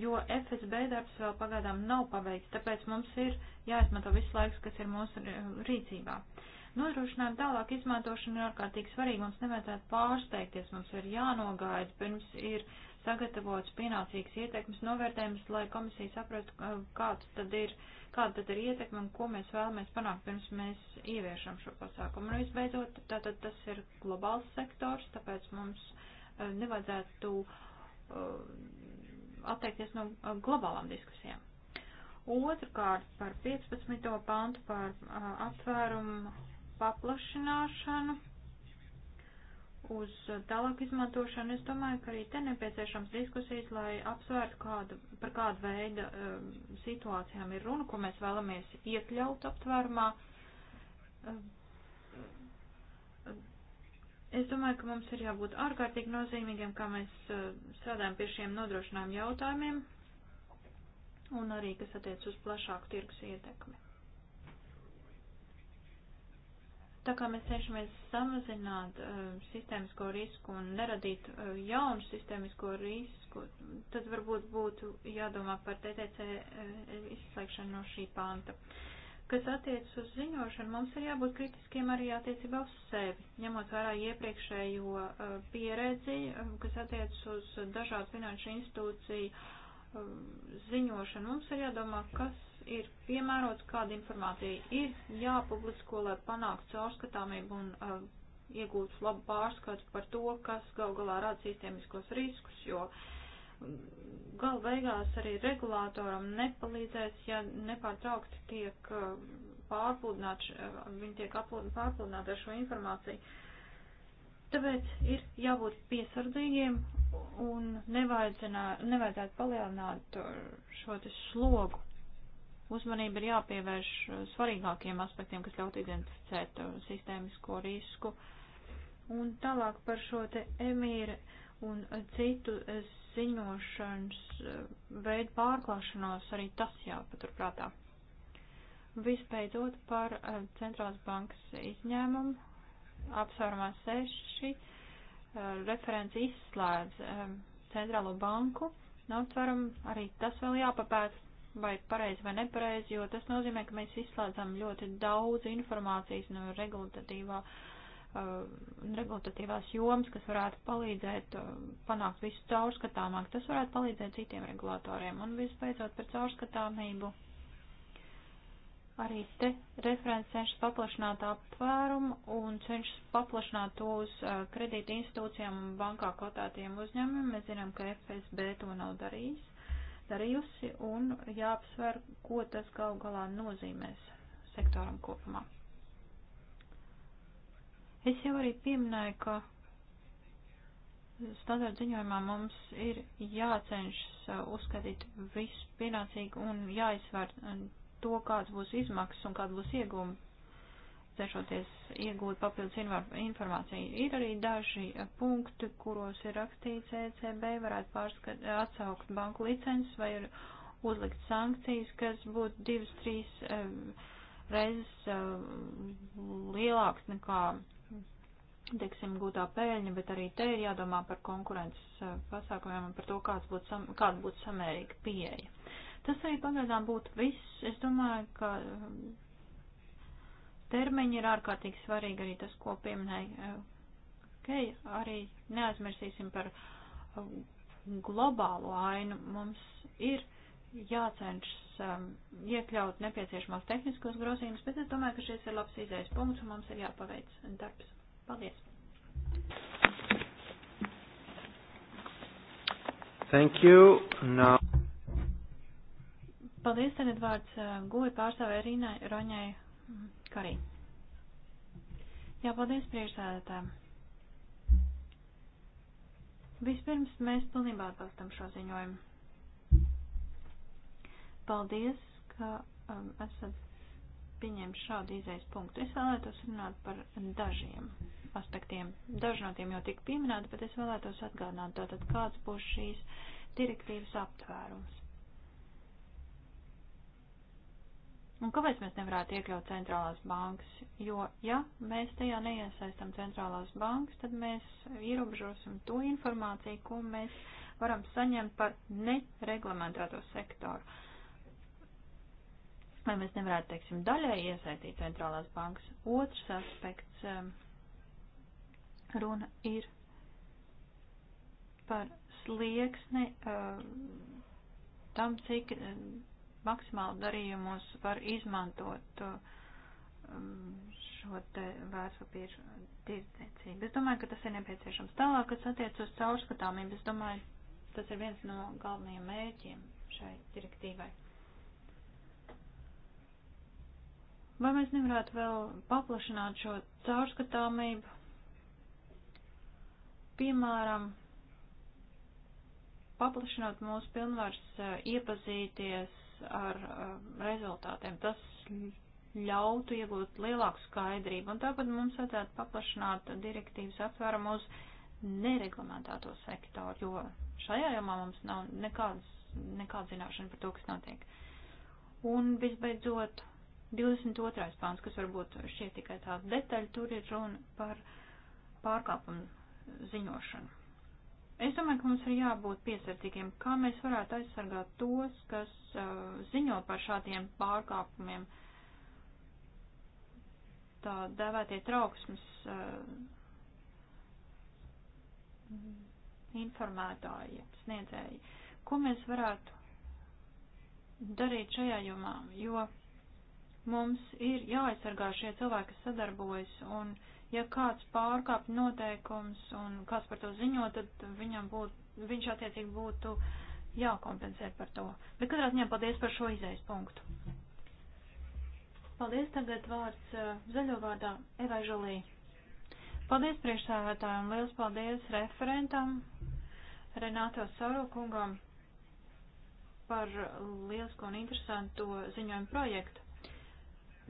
jo FSB darbs vēl pagaidām nav paveikts, tāpēc mums ir jāizmanto viss laiks, kas ir mūsu rīcībā. Nodrošināt tālāk izmantošanu ir ārkārtīgi svarīgi, mums nevajadzētu pārsteigties, mums ir jānogaida, pirms ir sagatavots pienācīgs ietekmes novērtējums, lai komisija saprastu, kāds tad ir, kāda tad ir ietekme un ko mēs vēlamies panākt, pirms mēs ieviešam šo pasākumu. Un visbeidzot, tātad tas ir globāls sektors, tāpēc mums eh, nevajadzētu uh, atteikties no uh, globālām diskusijām. Otrkārt par 15. pantu par uh, aptvērumu paplašināšanu uz uh, tālāku izmantošanu. Es domāju, ka arī te nepieciešams diskusijas, lai apsvērtu, kādu, par kādu veidu um, situācijām ir runa, ko mēs vēlamies iekļaut aptvērumā. Um, Es domāju, ka mums ir jābūt ārkārtīgi nozīmīgiem, kā mēs eh, strādājam pie šiem nodrošinājumu jautājumiem un arī, kas attiec uz plašāku tirgus ietekmi. Tā kā mēs cenšamies samazināt uh, sistēmisko risku un neradīt uh, jaunu sistēmisko risku, tad varbūt būtu jādomā par TTC uh, izslēgšanu no šī panta. Uh, Kas attiecas uz ziņošanu, mums ir jābūt kritiskiem arī attiecībā uz sevi, ņemot vērā iepriekšējo uh, pieredzi, um, kas attiecas uz dažādu finanšu institūciju um, ziņošanu. Mums ir jādomā, kas ir piemērots, kāda informācija ir jāpublisko, lai panāktu caurskatāmību un uh, iegūtu labu pārskatu par to, kas gal galā rada sistēmiskos riskus, jo uh, gal beigās arī regulātoram nepalīdzēs, ja nepārtraukti tiek uh, pārpludināts, uh, viņi tiek pārpludināti ar šo informāciju. Tāpēc ir jābūt piesardzīgiem un nevajadzētu palielināt uh, šo slogu. Uzmanība ir jāpievērš svarīgākiem aspektiem, kas ļaut identificēt sistēmisko risku. Un tālāk par šo te emīru un citu ziņošanas eh, veidu pārklāšanos, arī tas jāpaturprātā. Vispēdot par eh, centrālās bankas izņēmumu, apsvērumā seši eh, referenci izslēdz centrālo banku, nav nu, ceram, arī tas vēl jāpapēta, vai pareizi vai nepareizi, jo tas nozīmē, ka mēs izslēdzam ļoti daudz informācijas no regulatīvā uh, Um, regulatīvās jomas, kas varētu palīdzēt um, panākt visu caurskatāmāk. Tas varētu palīdzēt citiem regulatoriem. Un visbeidzot par caurskatāmību. Arī te referents cenšas paplašināt apvērumu un cenšas paplašināt to uz uh, kredīti institūcijām un bankā kotētiem uzņēmumiem. Mēs zinām, ka FSB to nav darījis, darījusi un jāapsver, ko tas gal galā nozīmēs sektoram kopumā. Es jau arī pieminēju, ka standarta ziņojumā mums ir jācenšas uh, uzskatīt visu pienācīgi un jāizsver uh, to, kāds būs izmaksas un kāda būs ieguma, cenšoties iegūt papildus informāciju. Ir arī daži uh, punkti, kuros ir rakstīts ECB, varētu pārskat, atsaukt banku licences vai ir uzlikt sankcijas, kas būtu divas, trīs reizes lielāks nekā teiksim, gūtā pēļņa, bet arī te ir jādomā par konkurences eh, pasākumiem un par to, kāds būtu, sam, kāda būtu samērīga pieeja. Tas arī pagaidām būtu viss. Es domāju, ka eh, termiņi ir ārkārtīgi svarīgi arī tas, ko pieminēja eh, Keja. Okay, arī neaizmirsīsim par globālo ainu. Mums ir jācenšas um, iekļaut nepieciešamos tehniskos grozījumus, bet es domāju, ka šis ir labs izējas punkts un mums ir jāpaveic darbs. Paldies! Thank you. Now... Paldies, tagad vārds uh, goja pārstāvē Rīnai Roņai Karī. Jā, paldies priekšsēdētājiem. Vispirms mēs pilnībā atbalstam šo ziņojumu. Paldies, ka um, esat pieņemt šādu izējas punktu. Es vēlētos runāt par dažiem aspektiem. Daži no tiem jau tika pieminēti, bet es vēlētos atgādināt tātad, kāds būs šīs direktīvas aptvērums. Un kāpēc mēs nevarētu iekļaut centrālās bankas? Jo, ja mēs tajā neiesaistam centrālās bankas, tad mēs ierobežosim to informāciju, ko mēs varam saņemt par nereglamentēto sektoru vai mēs nevarētu, teiksim, daļai iesaistīt centrālās bankas. Otrs aspekts um, runa ir par slieksni uh, tam, cik um, maksimāli darījumos var izmantot uh, um, šo te vērtspapīru tirdzniecību. Es domāju, ka tas ir nepieciešams. Tālāk, kas attiec uz caurskatāmību, es domāju, tas ir viens no galvenajiem mērķiem šai direktīvai. Vai mēs nevarētu vēl paplašināt šo caurskatāmību? Piemēram, paplašinot mūsu pilnvars iepazīties ar rezultātiem. Tas ļautu iegūt lielāku skaidrību, un tāpat mums vajadzētu paplašināt direktīvas aptvērumu uz nereglamentēto sektoru, jo šajā jomā mums nav nekādas, nekāda zināšana par to, kas notiek. Un visbeidzot, 22. pāns, kas varbūt šķiet tikai tāda detaļa, tur ir runa par pārkāpumu ziņošanu. Es domāju, ka mums ir jābūt piesardzīgiem, kā mēs varētu aizsargāt tos, kas uh, ziņo par šādiem pārkāpumiem. Tā dēvētie trauksmes uh, informētāji, sniedzēji. Ko mēs varētu darīt šajā jomā? Jo, jo Mums ir jāaizsargā šie cilvēki, kas sadarbojas, un ja kāds pārkāpj noteikums un kāds par to ziņo, tad viņam būtu, viņš attiecīgi būtu jākompensē par to. Bet katrā ziņā paldies par šo izējas punktu. Paldies tagad vārds uh, zaļo vārdā Evai Žalī. Paldies priekšsēvētājiem, liels paldies referentam Renāto Saru kungam par lielisko un interesantu ziņojumu projektu.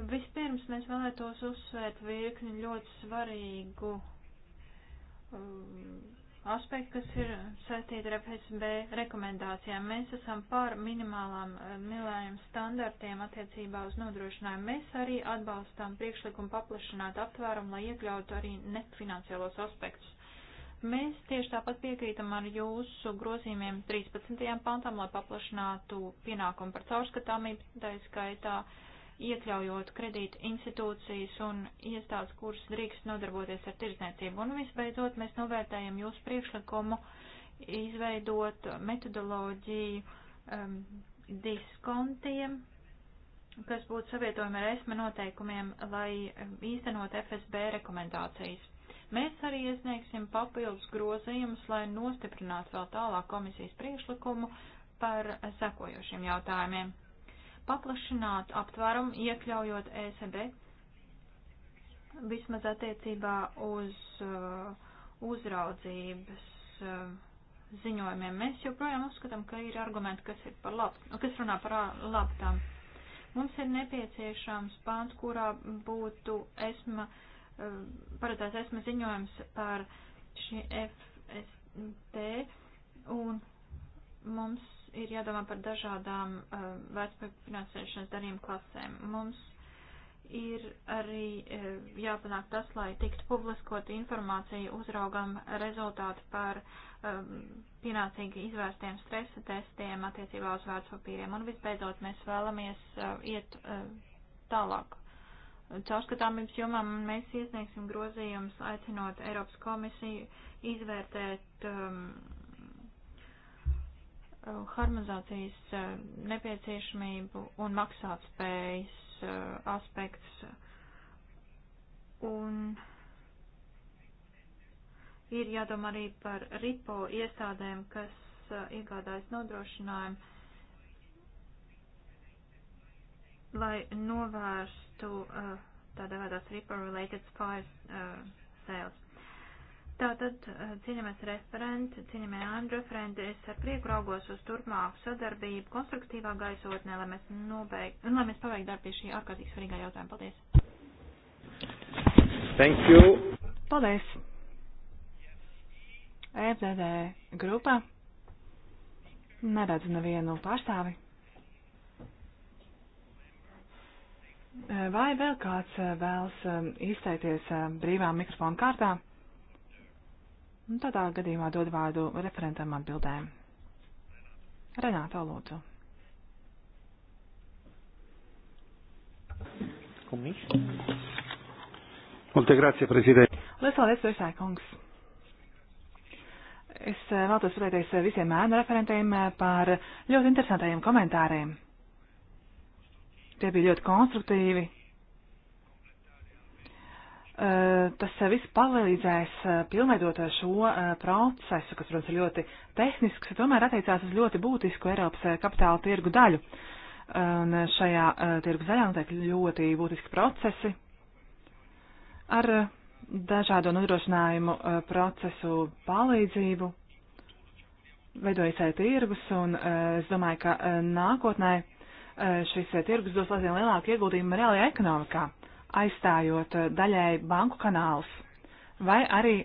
Vispirms mēs vēlētos uzsvērt virkni ļoti svarīgu um, aspektu, kas ir saistīti ar FSB rekomendācijām. Mēs esam par minimālām eh, minimālajiem standartiem attiecībā uz nodrošinājumu. Mēs arī atbalstām priekšlikumu paplašināt aptvērumu, lai iekļautu arī nefinanciālos aspektus. Mēs tieši tāpat piekrītam ar jūsu grozījumiem 13. pantam, lai paplašinātu pienākumu par caurskatāmību, tā skaitā. Uh, iekļaujot kredīta institūcijas un iestādes, kuras drīkst nodarboties ar tirdzniecību. Un visbeidzot, mēs novērtējam jūsu priekšlikumu izveidot metodoloģiju um, diskontiem, kas būtu savietojami ar ESMA noteikumiem, lai um, īstenot FSB rekomendācijas. Mēs arī iesniegsim papildus grozījumus, lai nostiprinātu vēl tālāk komisijas priekšlikumu par sekojošiem jautājumiem paplašināt aptvērumu, iekļaujot ESB vismaz attiecībā uz uh, uzraudzības uh, ziņojumiem. Mēs joprojām uzskatām, ka ir argumenti, kas, ir par lab, kas runā par uh, labtām. Mums ir nepieciešams pāns, kurā būtu esma, paredzēts esma ziņojums par šī FST, un mums ir jādomā par dažādām uh, eh, vērtspēku finansēšanas darījumu klasēm. Mums ir arī uh, jāpanāk tas, lai tiktu publiskot informāciju uzraugam rezultātu par um, pienācīgi izvērstiem stresa testiem attiecībā uz vērtspapīriem. Un visbeidzot, mēs vēlamies uh, iet uh, tālāk. Caurskatāmības jomā mēs iesniegsim grozījumus, aicinot Eiropas komisiju izvērtēt um, Uh, harmonizācijas uh, nepieciešamību un maksātspējas uh, aspekts. Un ir jādomā arī par RIPO iestādēm, kas iegādājas nodrošinājumu, lai novērstu tādā veidā RIPO related fire sales. Tātad, eh, cienījamais referenti, cienījamie Andra referenti, es ar prieku raugos uz turpmāku sadarbību konstruktīvā gaisotnē, lai mēs, nobeig, lai mēs paveiktu darbu pie šī ārkārtīgi svarīgā jautājuma. Paldies! Thank you! Paldies! EFDD grupa neredz nevienu pārstāvi. Eh, vai vēl kāds eh, vēlas izteikties brīvā mikrofona kārtā? Un tādā gadījumā dod vārdu referentam atbildēm. Renāta, lūdzu. Molte grazie, prezident. Lielas paldies, priekšsēdētāj, kungs. Es eh, vēlos pateikties eh, visiem ēnu referentiem eh, par ļoti interesantajiem komentāriem. Tie bija ļoti konstruktīvi Eh, tas eh, viss palīdzēs eh, pilnveidot šo procesu, kas, protams, ir ļoti tehnisks, tomēr attiecās uz ļoti būtisku Eiropas kapitāla tirgu daļu. Un šajā tirgu daļā notiek ļoti būtiski procesi ar dažādo nodrošinājumu procesu palīdzību. Veidojas arī tirgus, un es domāju, ka nākotnē šis tirgus dos aizvien lielāku ieguldījumu reālajā ekonomikā aizstājot eh, daļai banku kanālus, vai arī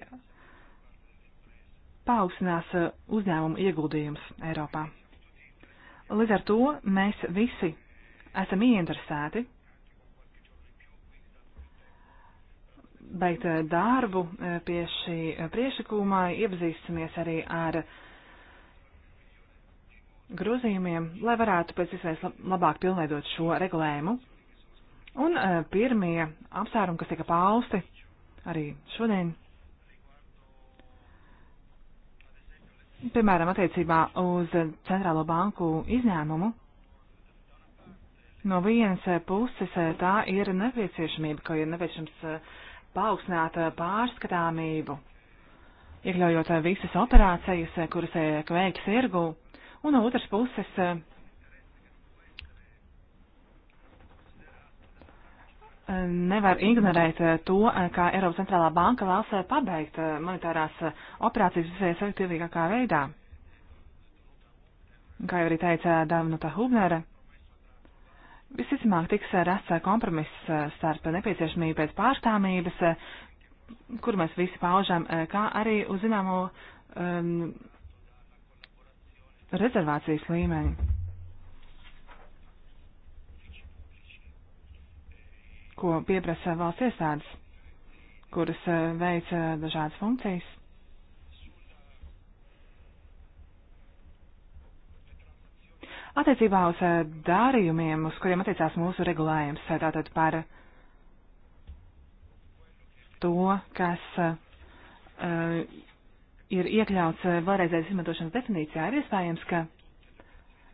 paaugstinās eh, uzņēmumu ieguldījums Eiropā. Līdz ar to mēs visi esam ieinteresēti beigt eh, darbu pie šī priešakūmā, iepazīstamies arī ar grozījumiem, lai varētu pēc iespējas labāk pilnveidot šo regulējumu. Un eh, pirmie apsvērumi, kas tika pausti arī šodien, piemēram, attiecībā uz centrālo banku izņēmumu, no vienas eh, puses eh, tā ir nepieciešamība, ka ir nepieciešams paaugstināt pārskatāmību, iekļaujot visas operācijas, kuras veikts irgu, un no otras puses nevar ignorēt eh, to, eh, kā Eiropas centrālā banka vēlas eh, pabeigt monetārās operācijas visefektīvākā veidā. Kā jau arī teica Dāvinota Hubnere, visticamāk tiks rasts kompromiss starp nepieciešamību pēc pārstāmības, kur mēs visi paužam, kā arī uz zināmo um, rezervācijas līmeni. ko pieprasa valsts iestādes, kuras eh, veica eh, dažādas funkcijas. Attiecībā uz eh, dārījumiem, uz kuriem attiecās mūsu regulējums, tātad par to, kas uh, ir iekļauts vēlreizējas izmantošanas definīcijā, ir iespējams, ka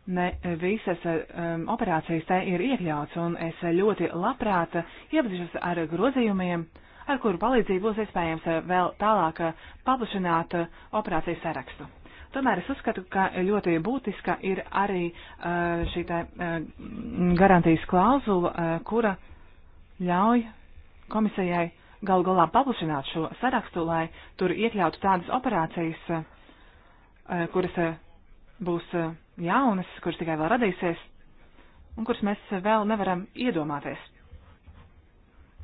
ne visas um, operācijas te ir iekļauts, un es ļoti labprāt iepazīšos ar grozījumiem, ar kuru palīdzību būs iespējams vēl tālāk paplašināt operāciju sarakstu. Tomēr es uzskatu, ka ļoti būtiska ir arī uh, šī tā, uh, garantijas klauzula, uh, kura ļauj komisijai gal galā paplašināt šo sarakstu, lai tur iekļautu tādas operācijas, uh, kuras uh, būs eh, jaunas, kuras tikai vēl radīsies, un kuras mēs vēl nevaram iedomāties,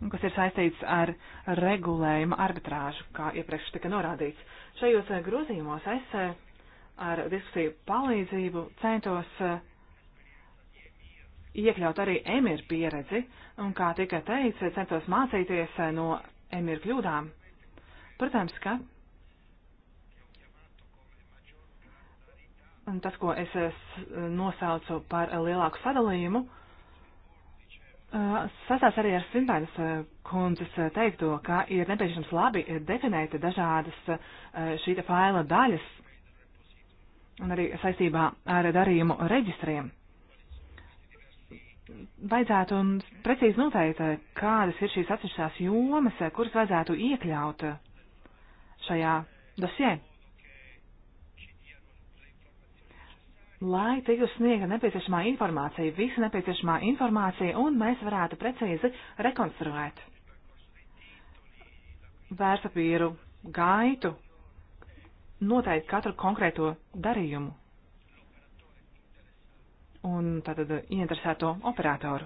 un kas ir saistīts ar regulējuma arbitrāžu, kā iepriekš tika norādīts. Šajos eh, grozījumos es eh, ar diskusiju palīdzību centos iekļaut arī emīru pieredzi, un, kā tika teikts, centos mācīties no emīru kļūdām. Protams, ka tas, ko es nosaucu par lielāku sadalījumu, sasās arī ar Svinbērnas kundzes teikto, ka ir nepieciešams labi definēt dažādas šīta faila daļas un arī saistībā ar darījumu reģistriem. Vajadzētu un precīzi noteikt, kādas ir šīs atsevišķās jomas, kuras vajadzētu iekļaut šajā dosē. lai tiktu sniegta nepieciešamā informācija, visa nepieciešamā informācija, un mēs varētu precīzi rekonstruēt vērtspapīru gaitu, noteikt katru konkrēto darījumu un tātad ieinteresēto operatoru.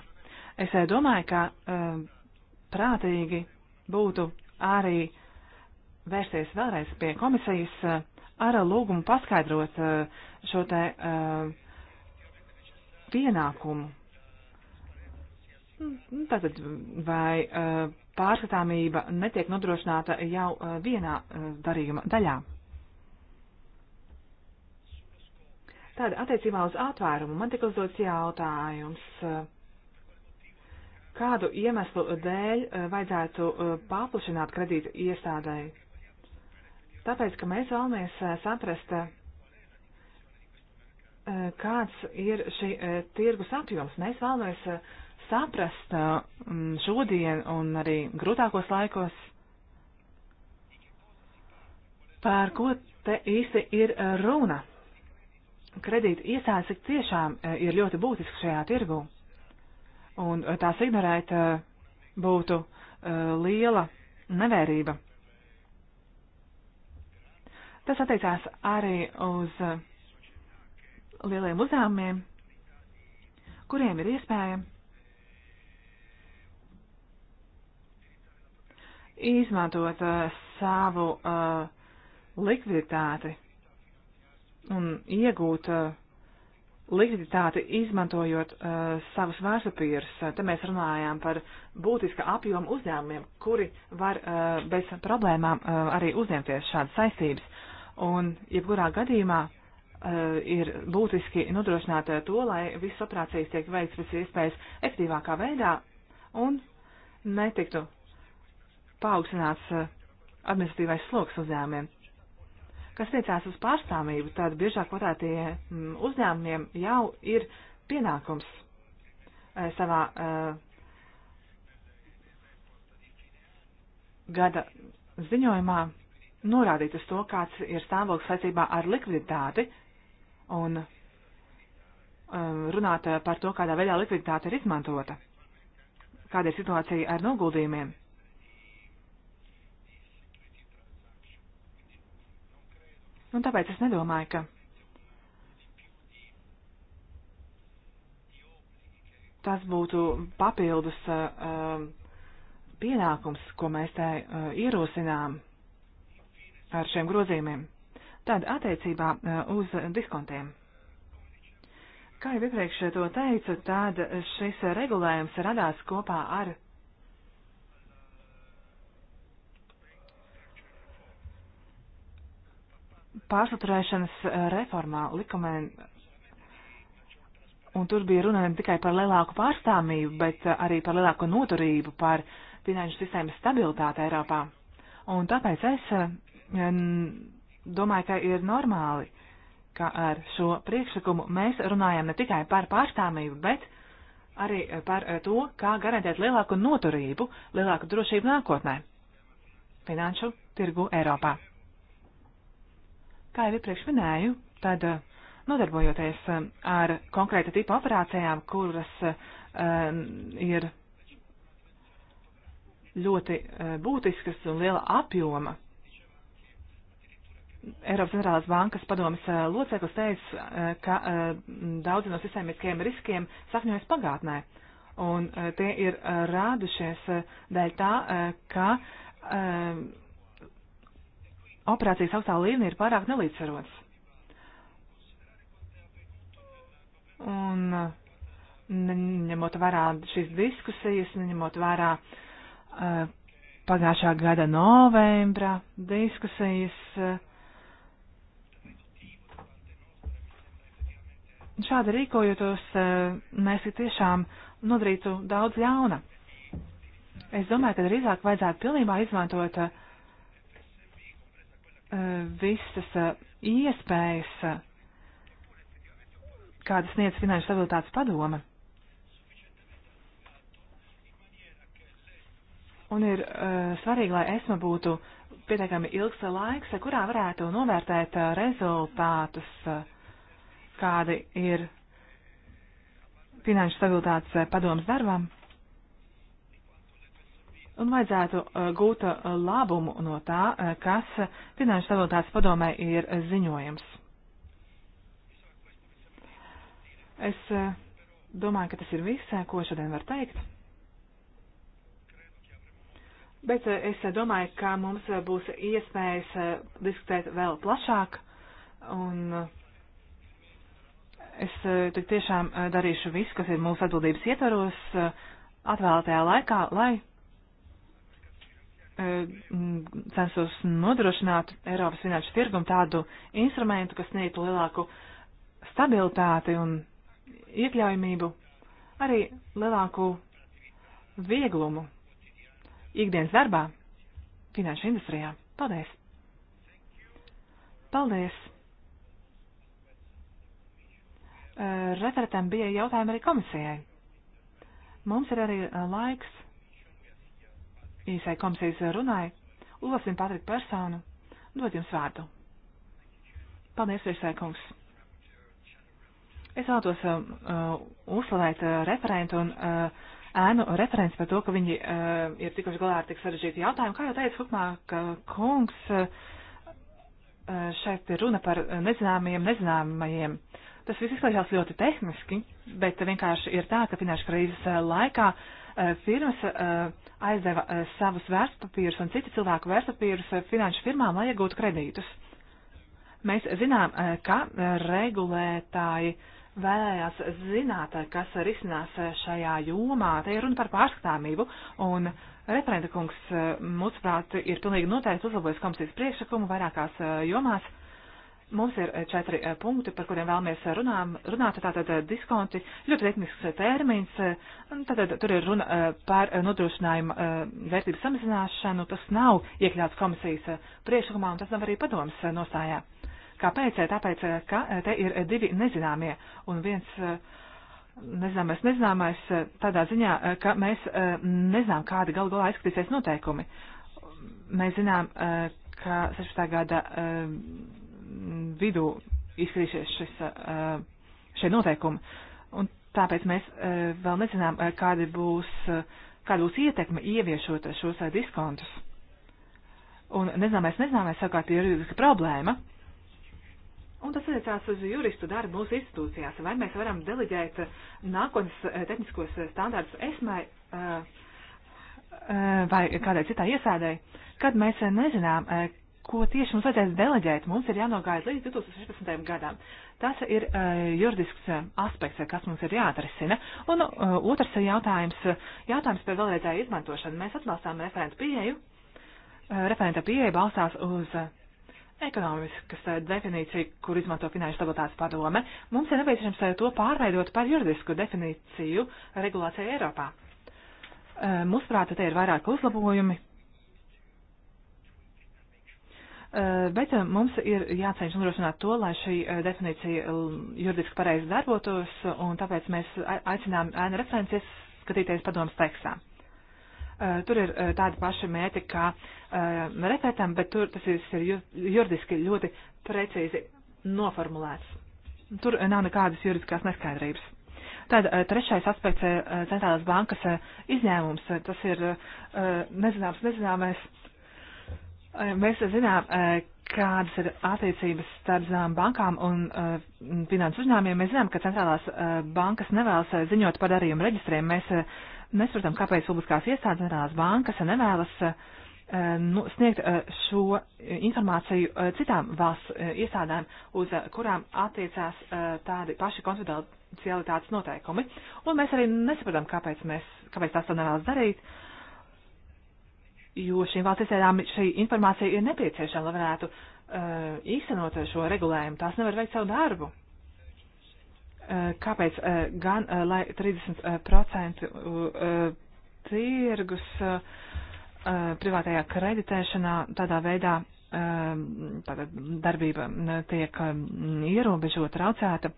Es eh, domāju, ka um, prātīgi būtu arī vērsties vēlreiz pie komisijas uh, ar lūgumu paskaidrot eh, šo te eh, pienākumu. Nu, tātad, vai eh, pārskatāmība netiek nodrošināta jau vienā darījuma daļā? Tāda attiecībā uz atvērumu man tika uzdots jautājums, kādu iemeslu dēļ vajadzētu paplašināt kredīta iestādēji Tāpēc, ka mēs vēlamies eh, saprast, eh, eh, kāds ir šī tirgus apjoms. Mēs vēlamies saprast šodien un arī grūtākos laikos, par ko te īsti ir runa. Kredīta iestādes tiešām ir ļoti būtisks šajā tirgu, un tās ignorēt būtu liela nevērība. Tas attiecās arī uz lieliem uzņēmumiem, kuriem ir iespēja izmantot uh, savu uh, likviditāti un iegūt uh, likviditāti izmantojot uh, savus vārsapīrus. Uh, te mēs runājām par būtiska apjomu uzņēmumiem, kuri var uh, bez problēmām uh, arī uzņemties šādas saistības. Un, jebkurā gadījumā, eh, ir būtiski nodrošināt eh, to, lai visas operācijas tiek veikts pēc iespējas efektīvākā veidā un netiktu paaugstināts eh, administratīvais sloks uzņēmumiem. Kas tiecās uz pārstāvību, tad biežāk patētie mm, uzņēmumiem jau ir pienākums savā uh, gada ziņojumā norādīt uz to, kāds ir stāvoklis saistībā ar likviditāti un uh, runāt par to, kādā veidā likviditāte ir izmantota, kāda ir situācija ar noguldījumiem. Un tāpēc es nedomāju, ka tas būtu papildus uh, uh pienākums, ko mēs te uh, ierosinām ar šiem grozījumiem. Tad attiecībā e, uz diskontiem. Kā jau iepriekš to teicu, tad šis regulējums radās kopā ar pārsaturēšanas e, reformā likumēm. Un tur bija runa ne tikai par lielāku pārstāvību, bet e, arī par lielāku noturību, par finanšu sistēmas stabilitāti Eiropā. Un tāpēc es domāju, ka ir normāli, ka ar šo priekšlikumu mēs runājam ne tikai par pārstāvību, bet arī par to, kā garantēt lielāku noturību, lielāku drošību nākotnē finanšu tirgu Eiropā. Kā jau iepriekš minēju, tad eh, nodarbojoties eh, ar konkrēta tipa operācijām, kuras um, ir ļoti eh, būtiskas un liela apjoma, Eiropas centrālās bankas padomas eh, loceklis teica, eh, ka eh, daudzi no sistēmiskajiem riskiem sakņojas pagātnē. Un tie ir rādušies dēļ tā, ka operācijas augstā līnija ir pārāk nelīdzsvarots. Un neņemot vērā šīs diskusijas, neņemot vērā pagājušā gada novembra diskusijas, Šādi rīkojotos, e, mēs tiešām nodarītu daudz ļauna. Es domāju, ka drīzāk vajadzētu pilnībā izmantot e, visas e, iespējas, kādas sniedz finanšu stabilitātes padome. Un ir uh, svarīgi, lai esma būtu pietiekami ilgs laiks, kurā varētu novērtēt rezultātus. Uh, kādi ir finanšu stabilitātes eh, padomas darbam. Un vajadzētu eh, gūt eh, labumu no tā, kas finanšu stabilitātes padomē ir ziņojams. Es domāju, ka tas ir viss, ko šodien var teikt. Bet es domāju, ka mums būs iespējas diskutēt vēl plašāk un Es eh, tik tiešām eh, darīšu visu, kas ir mūsu atbildības ietvaros eh, atvēlētajā laikā, lai censos nodrošināt Eiropas finanšu tirgumu tādu instrumentu, kas sniegtu lielāku stabilitāti un iekļaujamību, arī lielāku vieglumu ikdienas darbā finanšu industrijā. Paldies! Paldies! Eh, referentam bija jautājumi arī komisijai. Mums ir arī eh, laiks īsai komisijas runai. Uzlasim Patriku personu. Dod jums vārdu. Paldies, virsaikungs. Es vēlētos uh, uzslavēt uh, referentu un uh, ēnu referents par to, ka viņi uh, ir tikuši galā ar tik sarežģītu jautājumu. Kā jau teica Hukmāka kungs, uh, šeit ir runa par nezināmiem, nezināmajiem. Uh, Tas viss izklausās ļoti tehniski, bet vienkārši ir tā, ka finanšu krīzes eh, laikā eh, firmas eh, aizdeva savus vērtspapīrus un citu cilvēku vērtspapīrus finanšu firmām, lai iegūtu kredītus. Mēs zinām, ka regulētāji vēlējās zināt, kas risinās šajā jomā. Te ir runa par pārskatāmību, un referenta kungs, mūsuprāt, ir pilnīgi noteikti uzlabojis komisijas priekšlikumu vairākās jomās. Uh, Mums ir eh, četri eh, punkti, par kuriem vēlamies eh, runām, runāt. Tātad diskonti, ļoti tehnisks termins. Tātad tur ir runa par nodrošinājuma vērtības samazināšanu. Tas nav iekļauts komisijas priekšlikumā un tas nav arī padomas nostājā. Kāpēc? Tāpēc, ka te ir divi nezināmie un viens nezināmais nezināmais tādā ziņā, ka mēs nezinām, kādi gal galā izskatīsies noteikumi. Mēs zinām, ka 16. gada vidū izskatīsies šis, eh, šie noteikumi. Un tāpēc mēs eh, vēl nezinām, eh, kāda būs, kāda būs ietekme ieviešot šos diskontus. Un nezinām, mēs nezinām, vai savukārt ir juridiska problēma. Un tas attiecās uz juristu darbu mūsu institūcijās. Vai mēs varam deleģēt nākotnes tehniskos standārtus esmai vai kādai citai iesādai, kad mēs nezinām, ko tieši mums vajadzēs deleģēt, mums ir jānogāja līdz 2016. gadam. Tas ir uh, juridisks e, aspekts, kas mums ir jāatrisina. Un uh, otrs jautājums, jautājums par vēlreizēju izmantošanu. Mēs atbalstām referentu pieeju. Uh, referenta pieeja balstās uz uh, ekonomiskas uh, definīciju, kur izmanto Finanšu stabilitātes padome. Mums ir nepieciešams uh, to pārveidot par juridisku definīciju regulācijai Eiropā. Uh, mūsuprāt, te ir vairāk uzlabojumi, Eh, bet eh, mums ir jāceņš nodrošināt to, lai šī eh, definīcija juridiski pareizi darbotos, un tāpēc mēs aicinām ēnu references skatīties padomas tekstā. Tur ir tādi paši mēti kā referentam, bet tur tas ir juridiski ļoti precīzi noformulēts. Tur nav nekādas juridiskās neskaidrības. Tad trešais aspekts - centrālās bankas izņēmums. Tas ir nezināms, nezināmais Eh, mēs zinām, eh, kādas ir attiecības starp zinām bankām un uh, eh, finansu uzņēmumiem. Mēs zinām, ka centrālās uh, bankas nevēlas uh, ziņot par darījumu reģistriem. Mēs uh, nesaprotam, kāpēc publiskās iestādes centrālās bankas uh, nevēlas uh, nu, sniegt uh, šo informāciju uh, citām valsts uh, iestādēm, uz uh, kurām attiecās uh, tādi paši konfidencialitātes noteikumi. Un mēs arī nesaprotam, kāpēc, mēs, kāpēc tās to nevēlas darīt. Uh, jo šīm valsts iestādām šī informācija ir nepieciešama, lai varētu uh, īstenot šo regulējumu. Tās nevar veikt savu darbu. Uh, kāpēc uh, gan, uh, lai 30% uh, uh, tirgus uh, uh, privātajā kreditēšanā tādā veidā um, uh, tāda darbība tiek uh, ierobežota, traucēta?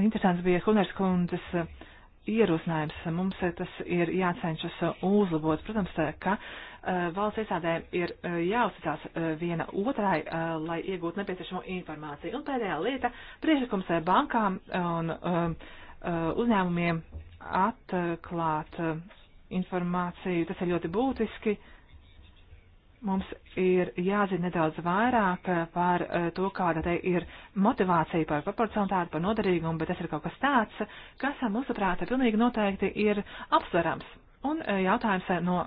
Interesants bija Huners kundzes. Uh, ierosinājums. Mums eh, tas ir jācenšas eh, uzlabot. Protams, eh, ka valsts iestādēm ir jāuzticās viena otrai, lai iegūtu nepieciešamo informāciju. Un pēdējā lieta - priekšlikums bankām un uzņēmumiem atklāt informāciju. Tas ir ļoti būtiski. Mums ir jāzina nedaudz vairāk eh, par eh, to, kāda te ir motivācija par proporcionātāti, par noderīgumu, bet tas ir kaut kas tāds, kas, eh, mūsuprāt, pilnīgi noteikti ir apsverams. Un jautājums no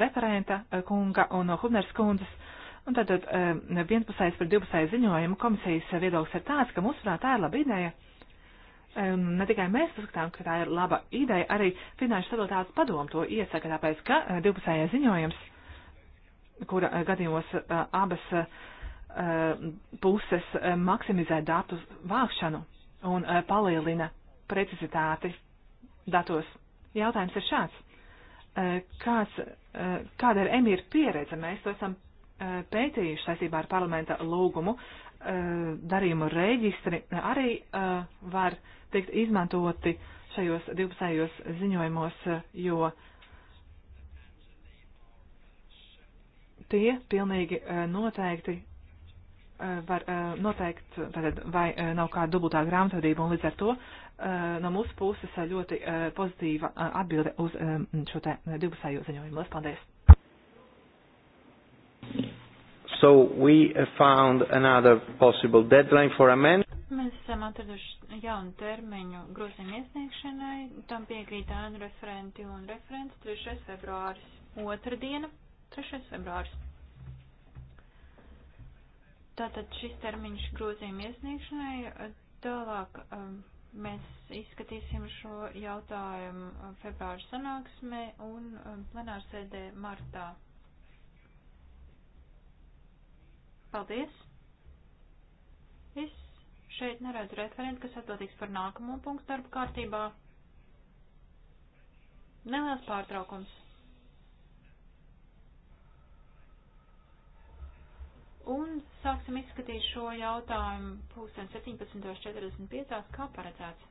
referenta kunga un no Hubners kundzes. Un tad, tad vienpusējs par divpusēju ziņojumu komisijas viedoklis ir tāds, ka mūsuprāt tā ir laba ideja. Ne tikai mēs uzskatām, ka tā ir laba ideja, arī Finanšu stabilitātes padomu to iesaka, tāpēc, ka divpusējais ziņojums kura eh, gadījumos eh, abas eh, puses maksimizē datu vākšanu un palielina precizitāti datos. Jautājums ir šāds. Kāds, kāda ir emīra pieredze? Mēs to esam pētījuši saistībā ar parlamenta lūgumu. Darījumu reģistri arī var tikt izmantoti šajos divpusējos ziņojumos, jo uh, tie pilnīgi eh, noteikti eh, var eh, noteikt, tātad, vai nav kāda dubultā grāmatvedība, un līdz ar to no mūsu puses ļoti pozitīva atbilde uz šo te divpusējo ziņojumu. Lielas paldies! So we found another possible deadline for amendment. Mēs esam atraduši jaunu termiņu grozījuma iesniegšanai. Tam piekrīt ēnu referenti un referents 3. februāris otrdiena. 3. februāris. Tātad šis termiņš grozījuma iesniegšanai. Tālāk um, mēs izskatīsim šo jautājumu um, februāra sanāksmē un um, plenārsēdē martā. Paldies! Es šeit neredzu referentu, kas atbildīgs par nākamo punktu darba kārtībā. Neliels pārtraukums. Un sāksim izskatīt šo jautājumu pulksten 17.45, kā paredzēts.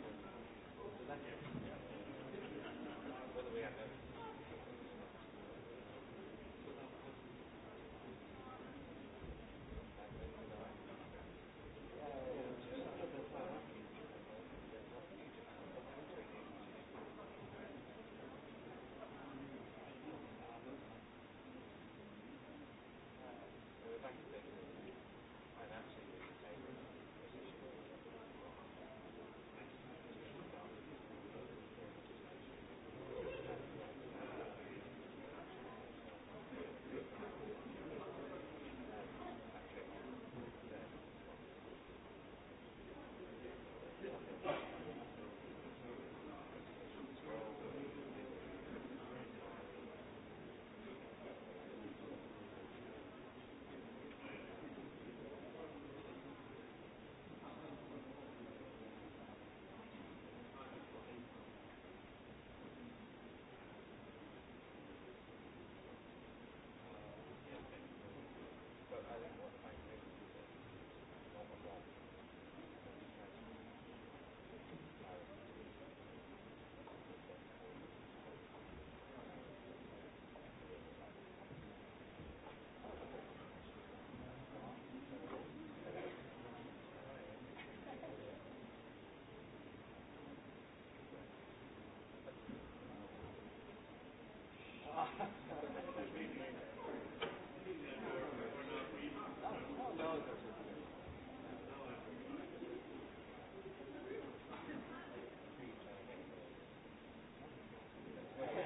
Thank you.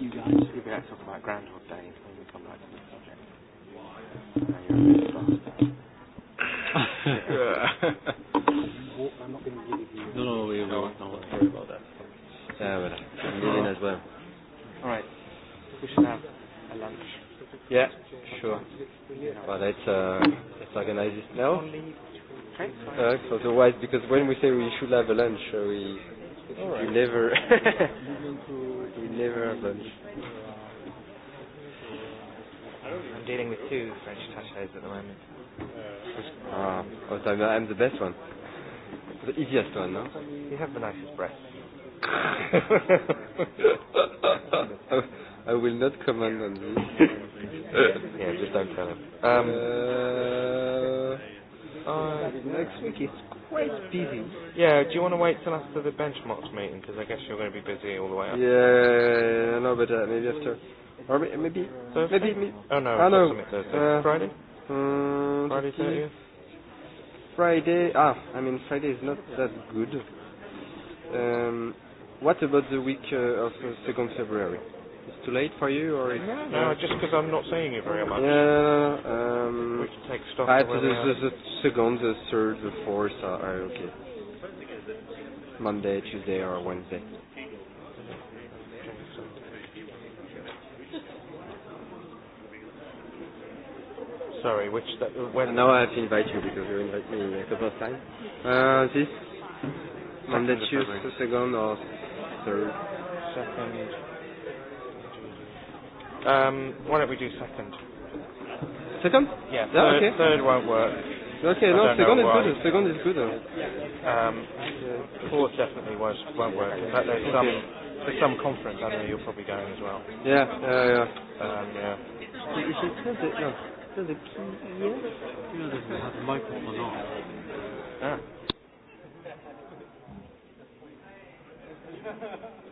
you guys. You'll be like talking about Groundhog Day when we come back to this subject. I'm not going to give you. No, no, we won't. No, don't worry about that. Yeah, well, I'm leaving as well. All right. We should have a lunch. Yeah, sure. But let's, uh, let's organize it now. Uh, otherwise, because when we say we should have a lunch, uh, we, All right. we never. liver lunch. I'm dealing with two French attachés at the moment. Ah, oh, so I'm the best one. The easiest one, no? You have the nicest breath. I will not comment on this. yeah, just don't tell him. Um, uh, uh, next week is always busy. Yeah, do you want to wait till after the benchmarks meeting? Because I guess you're going to be busy all the way up. Yeah, no, but uh, maybe after. Or maybe. Thursday? Maybe, maybe. Oh, no. Oh, no. Thursday. Uh, Friday? Um, Friday 30th? Friday. Ah, I mean, Friday is not that good. Um, what about the week uh, of uh, 2nd February? It's too late for you, or it's, uh, no? No, uh, just because I'm not saying it very much. Yeah. Um, we can take stock. Ah, the, the, the second, the third, the fourth are, uh, are okay. Monday, Tuesday, or Wednesday. Sorry, which that, when? Now I have to invite you because you invite me a couple of times. Uh, this Monday, Tuesday, second or third. Second. Um, why don't we do second? Second? Yeah. yeah third, okay. Third won't work. Okay, I no, second is why. good. Second is good. Um, yeah. Fourth definitely was, won't work. In fact, there's okay. some there's some conference. I know you're probably going as well. Yeah, yeah, yeah. Um, yeah. Is it the, no, the key here? You know, doesn't have the microphone on. Ah.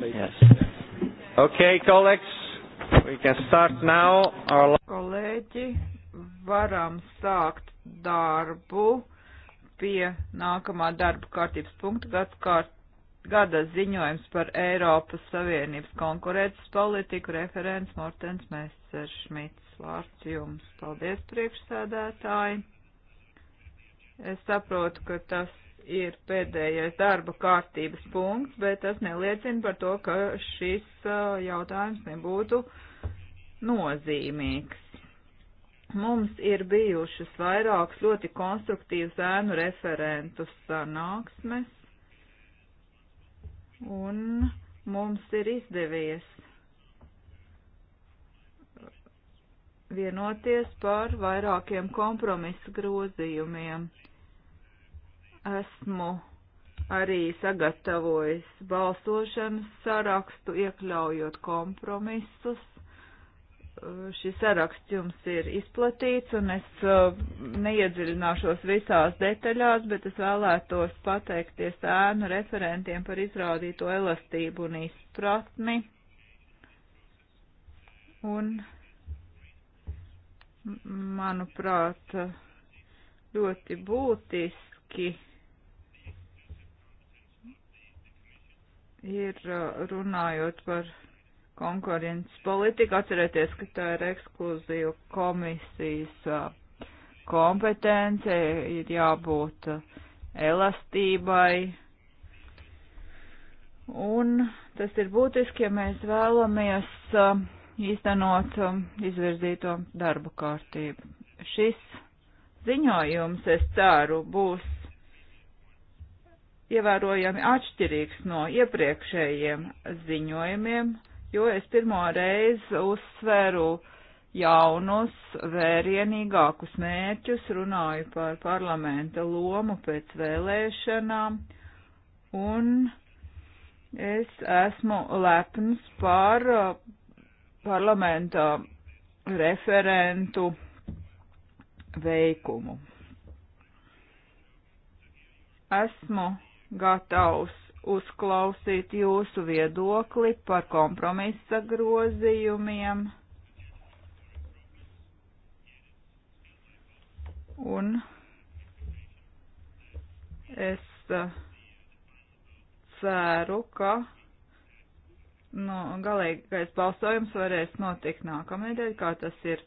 Yes. Okay, colleagues, we can start now our... Kolēģi, varam sākt darbu pie nākamā darba kārtības punkta gads kārt, gada ziņojums par Eiropas Savienības konkurētas politiku referents Mortens Messeršmits. Vārds jums. Paldies, priekšsēdētāji. Es saprotu, ka tas ir pēdējais darba kārtības punkts, bet tas neliecina par to, ka šis jautājums nebūtu nozīmīgs. Mums ir bijušas vairākas ļoti konstruktīvas ēnu referentu sanāksmes, un mums ir izdevies vienoties par vairākiem kompromisu grozījumiem. Esmu arī sagatavojis balsošanas sarakstu, iekļaujot kompromisus. Uh, šis saraksts jums ir izplatīts, un es uh, neiedziļināšos visās detaļās, bet es vēlētos pateikties ēnu referentiem par izrādīto elastību un izpratni. Un, manuprāt, ļoti būtiski ir uh, runājot par konkurences politiku, atcerieties, ka tā ir ekskluzīva komisijas uh, kompetence, ir jābūt uh, elastībai. Un tas ir būtiski, ja mēs vēlamies īstenot um, izvirzīto darba kārtību. Šis ziņojums, es ceru, būs ievērojami atšķirīgs no iepriekšējiem ziņojumiem, jo es pirmo reizi uzsveru jaunus, vērienīgākus mērķus, runāju par parlamenta lomu pēc vēlēšanām, un es esmu lepns par uh, parlamenta referentu veikumu. Esmu gatavs uzklausīt jūsu viedokli par kompromisa grozījumiem. Un es eh, ceru, ka nu, galīgais balsojums varēs notikt nākamnedēļ, kā tas ir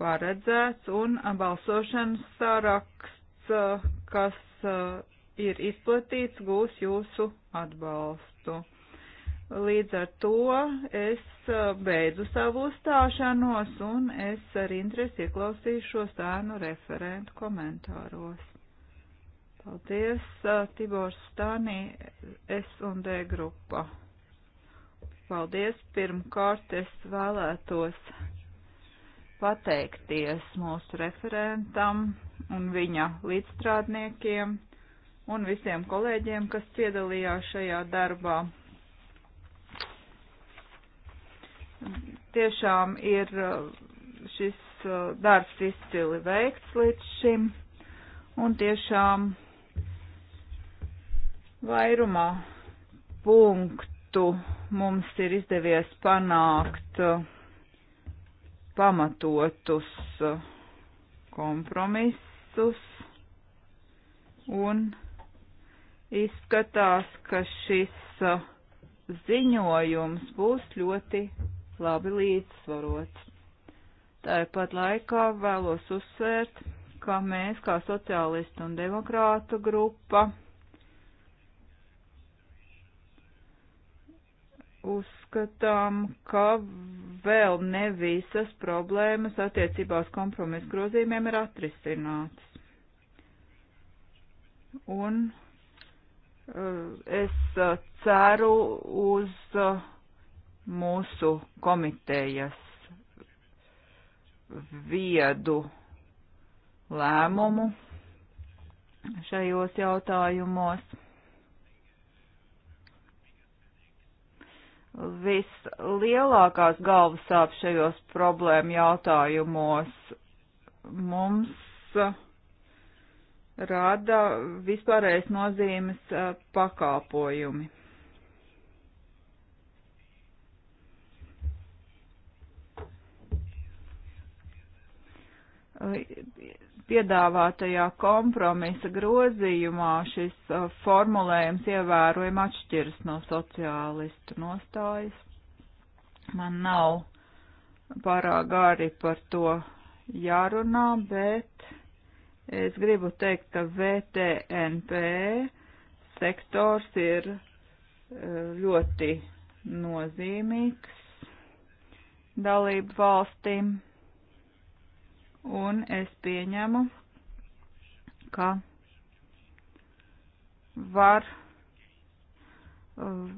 paredzēts, un balsošanas saraksts, eh, kas eh, ir izplatīts, gūs jūsu atbalstu. Līdz ar to es uh, beidzu savu uzstāšanos un es ar interesi ieklausīšos ēnu referentu komentāros. Paldies, uh, Tibors Stānī, S&D grupa. Paldies, pirmkārt es vēlētos pateikties mūsu referentam un viņa līdzstrādniekiem un visiem kolēģiem, kas piedalījās šajā darbā. Tiešām ir uh, šis uh, darbs izcili veikts līdz šim, un tiešām vairumā punktu mums ir izdevies panākt uh, pamatotus kompromisus un Izskatās, ka šis uh, ziņojums būs ļoti labi līdzsvarots. Tāpat laikā vēlos uzsvērt, ka mēs, kā sociālistu un demokrātu grupa, uzskatām, ka vēl ne visas problēmas attiecībās kompromisu grozījumiem ir atrisinātas. Un es uh, ceru uz uh, mūsu komitejas viedu lēmumu šajos jautājumos. Vislielākās galvas sāp šajos problēmu jautājumos mums uh, rada vispārējais nozīmes pakalpojumi. Piedāvātajā kompromisa grozījumā šis formulējums ievērojami atšķiras no sociālistu nostājas. Man nav pārāk gari par to jārunā, bet uh, Es gribu teikt, ka VTNP sektors ir eh, ļoti nozīmīgs dalību valstīm, un es pieņemu, ka var eh,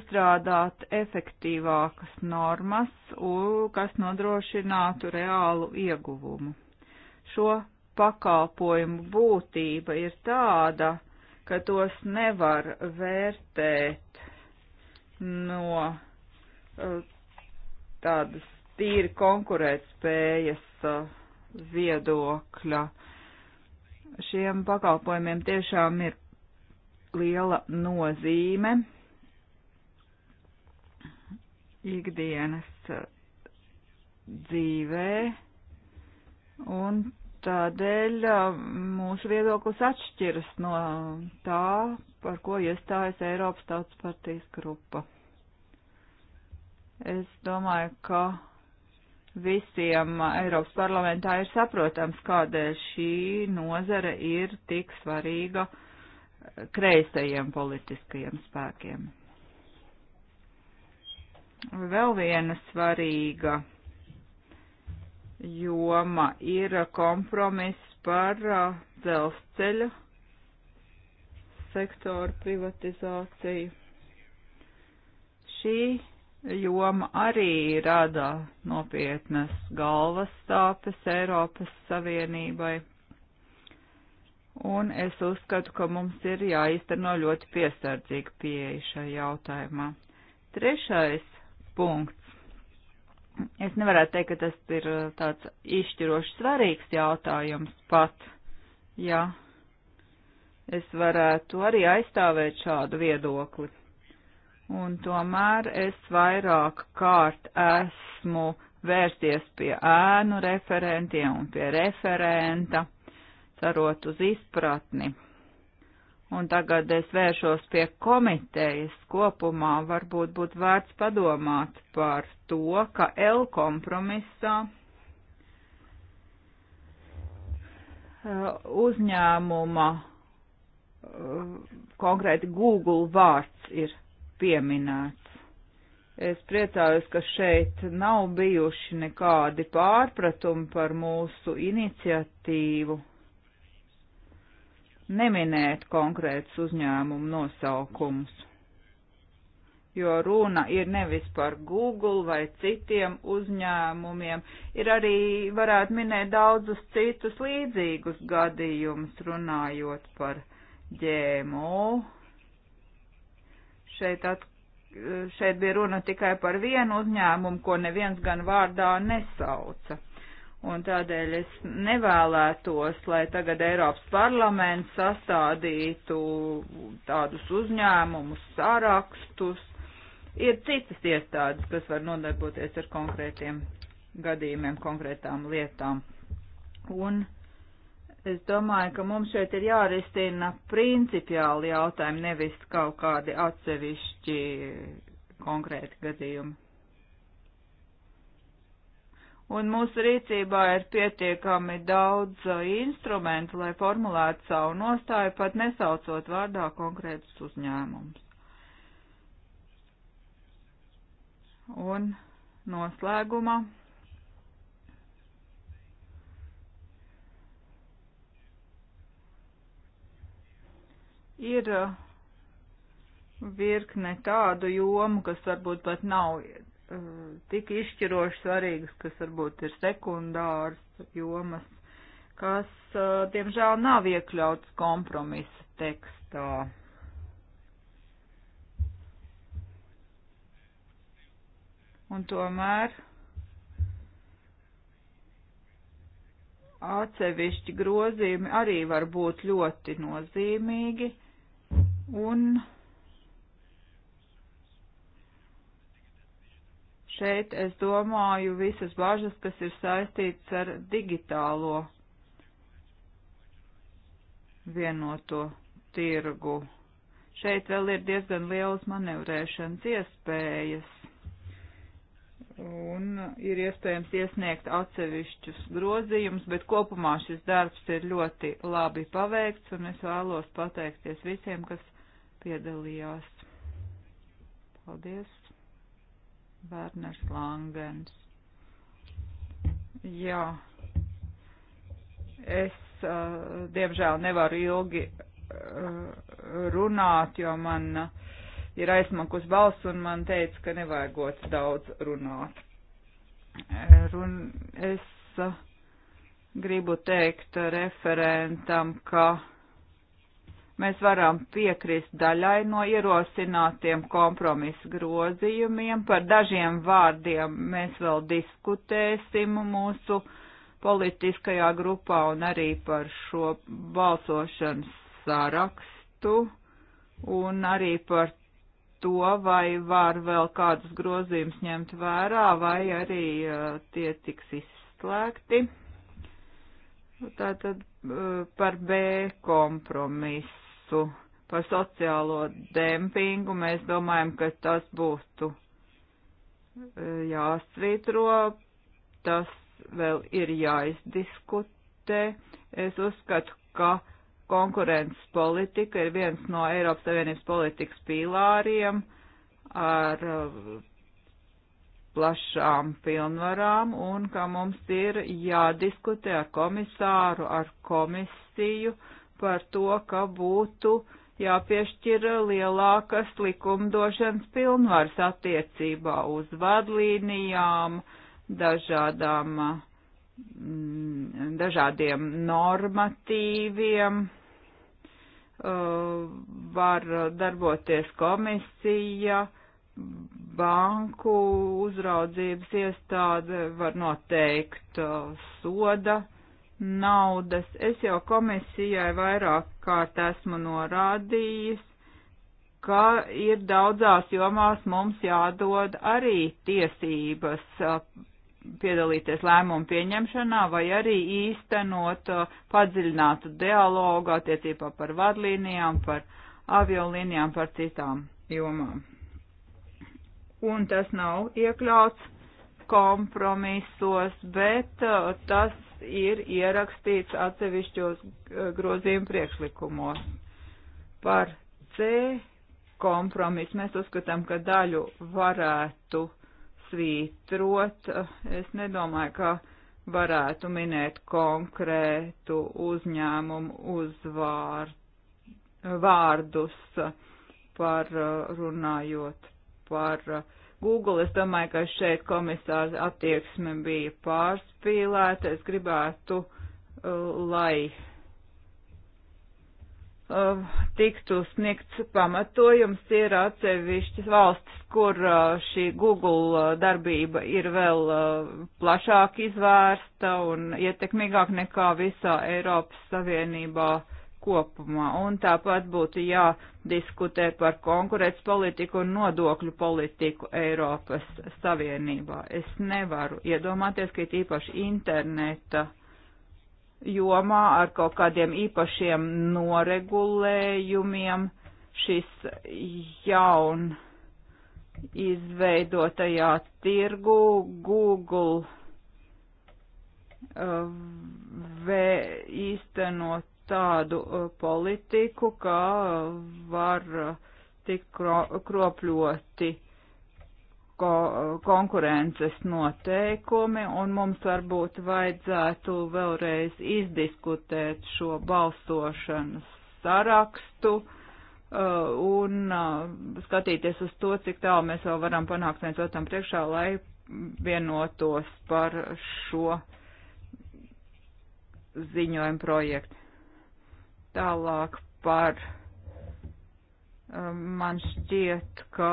izstrādāt efektīvākas normas, kas nodrošinātu reālu ieguvumu. Šo pakalpojumu būtība ir tāda, ka tos nevar vērtēt no e, tādas tīri konkurētspējas e, viedokļa. Šiem pakalpojumiem tiešām ir liela nozīme ikdienas e, dzīvē un tādēļ um, mūsu viedoklis atšķiras no tā, par ko iestājas Eiropas tautas partijas grupa. Es domāju, ka visiem Eiropas parlamentā ir saprotams, kādēļ šī nozara ir tik svarīga kreisajiem politiskajiem spēkiem. Vēl viena svarīga joma ir kompromiss par uh, dzelzceļa sektoru privatizāciju. Šī joma arī rada nopietnas galvas sāpes Eiropas Savienībai. Un es uzskatu, ka mums ir jāizteno ļoti piesardzīga pieeja šajā jautājumā. Trešais punkts Es nevarētu teikt, ka tas ir uh, tāds izšķiroši svarīgs jautājums pat, ja es varētu arī aizstāvēt šādu viedokli. Un tomēr es vairāk kārt esmu vērsties pie ēnu referentiem un pie referenta, cerot uz izpratni Un tagad es vēršos pie komitejas kopumā, varbūt būtu vērts padomāt par to, ka L kompromisā eh, uzņēmuma eh, konkrēti Google vārds ir pieminēts. Es priecājos, ka šeit nav bijuši nekādi pārpratumi par mūsu iniciatīvu neminēt konkrētus uzņēmumu nosaukumus, jo runa ir nevis par Google vai citiem uzņēmumiem, ir arī varētu minēt daudzus citus līdzīgus gadījumus runājot par ģēmo. Šeit atkal šeit bija runa tikai par vienu uzņēmumu, ko neviens gan vārdā nesauca un tādēļ es nevēlētos, lai tagad Eiropas parlaments sastādītu tādus uzņēmumus, sārakstus. Ir citas iestādes, kas var nodarboties ar konkrētiem gadījumiem, konkrētām lietām. Un es domāju, ka mums šeit ir jārisina principiāli jautājumi, nevis kaut kādi atsevišķi konkrēti gadījumi un mūsu rīcībā ir pietiekami daudz uh, instrumentu, lai formulētu savu nostāju, pat nesaucot vārdā konkrētus uzņēmumus. Un noslēgumā. Ir uh, virkne tādu jomu, kas varbūt pat nav Eh, tik izšķiroši svarīgas, kas varbūt ir sekundārs jomas, kas, eh, diemžēl, nav iekļauts kompromisa tekstā. Un tomēr atsevišķi grozījumi arī var būt ļoti nozīmīgi un Šeit es domāju visas bažas, kas ir saistītas ar digitālo vienoto tirgu. Šeit vēl ir diezgan lielas manevrēšanas iespējas un ir iespējams iesniegt atsevišķus grozījumus, bet kopumā šis darbs ir ļoti labi paveikts, un es vēlos pateikties visiem, kas piedalījās. Paldies! Vērners Langens. Jā, es, uh, diemžēl, nevaru ilgi uh, runāt, jo man uh, ir aizmakus balss un man teica, ka nevajagot daudz runāt. Run, es gribu teikt referentam, ka Mēs varam piekrist daļai no ierosinātiem kompromisu grozījumiem. Par dažiem vārdiem mēs vēl diskutēsim mūsu politiskajā grupā un arī par šo balsošanas sarakstu un arī par to, vai var vēl kādus grozījumus ņemt vērā, vai arī uh, tie tiks izslēgti. Tātad uh, par B kompromisu maksu par sociālo dempingu. Mēs domājam, ka tas būtu e, jāsvītro, tas vēl ir jāizdiskutē. Es uzskatu, ka konkurences politika ir viens no Eiropas Savienības politikas pīlāriem ar e, plašām pilnvarām un ka mums ir jādiskutē ar komisāru, ar komisiju, uh, par to, ka būtu jāpiešķir lielākas likumdošanas pilnvaras attiecībā uz vadlīnijām, dažādām, mm, dažādiem normatīviem. Uh, var darboties komisija, banku uzraudzības iestāde, var noteikt uh, soda naudas. Es jau komisijai vairāk kārt esmu norādījis, ka ir daudzās jomās mums jādod arī tiesības piedalīties lēmumu pieņemšanā vai arī īstenot padziļinātu dialogu attiecībā par vadlīnijām, par aviolīnijām, par citām jomām. Un tas nav iekļauts kompromisos, bet tas ir ierakstīts atsevišķos eh, grozījuma priekšlikumos. Par C kompromisu mēs uzskatām, ka daļu varētu svītrot. Es nedomāju, ka varētu minēt konkrētu uzņēmumu uzvār, vārdus par eh, runājot par uh, Google. Es domāju, ka šeit komisārs attieksme bija pārspīlēta. Es gribētu, uh, lai uh, tiktu sniegts pamatojums ir atsevišķas valstis, kur uh, šī Google darbība ir vēl plašāk izvērsta un ietekmīgāk nekā visā Eiropas Savienībā kopumā. Un tāpat būtu jādiskutē par konkurētas politiku un nodokļu politiku Eiropas Savienībā. Es nevaru iedomāties, ka ir īpaši interneta jomā ar kaut kādiem īpašiem noregulējumiem šis jaun izveidotajā tirgu Google uh, vē, īstenot tādu uh, politiku, kā uh, var uh, tik kropļoti ko, konkurences noteikumi, un mums varbūt vajadzētu vēlreiz izdiskutēt šo balsošanas sarakstu un skatīties uz to, cik tālu mēs vēl varam panākt viens otram priekšā, lai vienotos par šo ziņojumu projektu. Tālāk par um, man šķiet, ka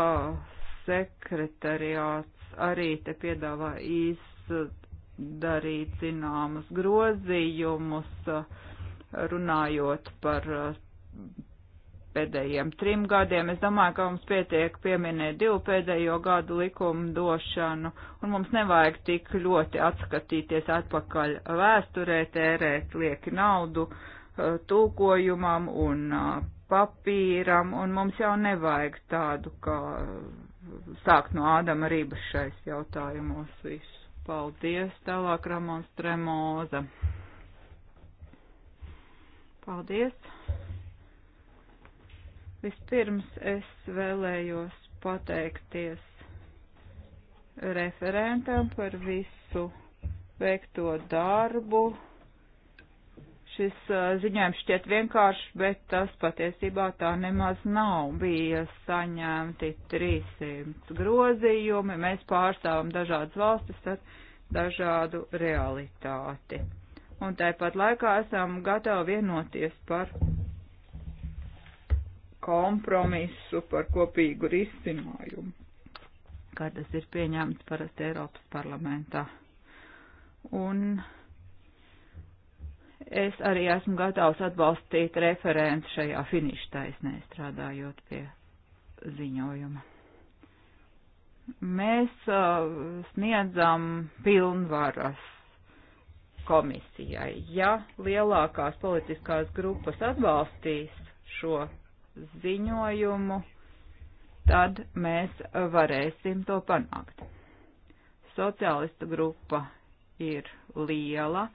sekretariāts arī te piedāvā izdarīt zināmas grozījumus, runājot par uh, pēdējiem trim gadiem. Es domāju, ka mums pietiek pieminēt divu pēdējo gadu likumu došanu, un mums nevajag tik ļoti atskatīties atpakaļ vēsturē, tērēt lieki naudu. Uh, Eh, tūkojumam un eh, papīram, un mums jau nevajag tādu, kā eh, sākt no Ādama Rības šais jautājumos visu. Paldies, tālāk Ramons Tremoza. Paldies. Vispirms es vēlējos pateikties referentam par visu veikto darbu Šis ziņojums šķiet vienkāršs, bet tas patiesībā tā nemaz nav. Bija saņemti 300 grozījumi, mēs pārstāvam dažādas valstis ar dažādu realitāti. Un tāpat laikā esam gatavi vienoties par kompromisu, par kopīgu risinājumu, kā tas ir pieņemts parasti Eiropas parlamentā. Un Es arī esmu gatavs atbalstīt referentu šajā finiša taisnē, strādājot pie ziņojuma. Mēs uh, sniedzam pilnvaras komisijai. Ja lielākās politiskās grupas atbalstīs šo ziņojumu, tad mēs varēsim to panākt. Sociālistu grupa ir liela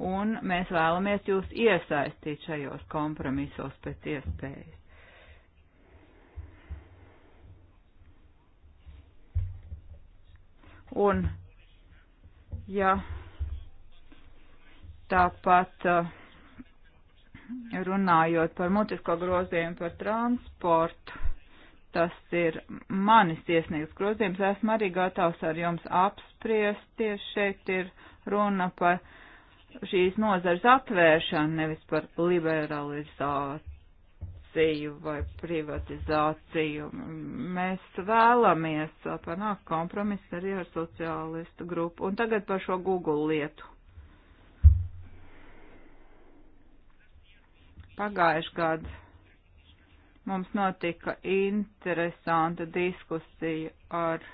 un mēs vēlamies jūs iesaistīt šajos kompromisos pēc iespējas. Un, ja tāpat eh, runājot par mutisko grozījumu par transportu, tas ir manis iesniegts grozījums, esmu arī gatavs ar jums apspriest, tieši šeit ir runa par uh, šīs nozars atvēršanu, nevis par liberalizāciju vai privatizāciju. Mēs vēlamies panākt kompromisu arī ar sociālistu grupu. Un tagad par šo Google lietu. Pagājuši gadu mums notika interesanta diskusija ar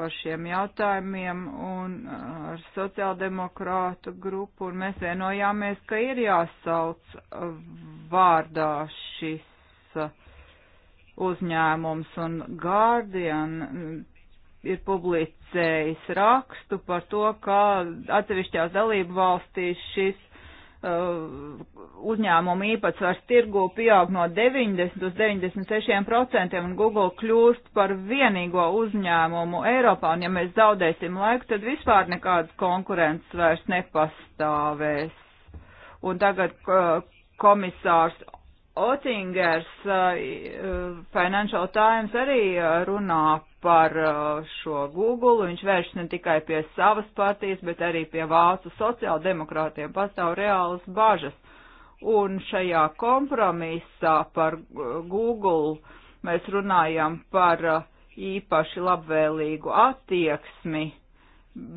par šiem jautājumiem un ar sociāldemokrātu grupu, un mēs vienojāmies, ka ir jāsauc vārdā šis uh, uzņēmums, un Guardian mm, ir publicējis rakstu par to, kā atsevišķās dalību valstīs šis Uh, uzņēmumu īpatsvars tirgu pieaug no 90 uz 96% un Google kļūst par vienīgo uzņēmumu Eiropā, un ja mēs zaudēsim laiku, tad vispār nekādas konkurences vairs nepastāvēs. Un tagad uh, komisārs Otingers uh, uh, Financial Times arī uh, runā par šo Google. Viņš vēršas ne tikai pie savas partijas, bet arī pie vācu sociāldemokrātiem. Pastāv reālas bažas. Un šajā kompromisā par Google mēs runājam par īpaši labvēlīgu attieksmi,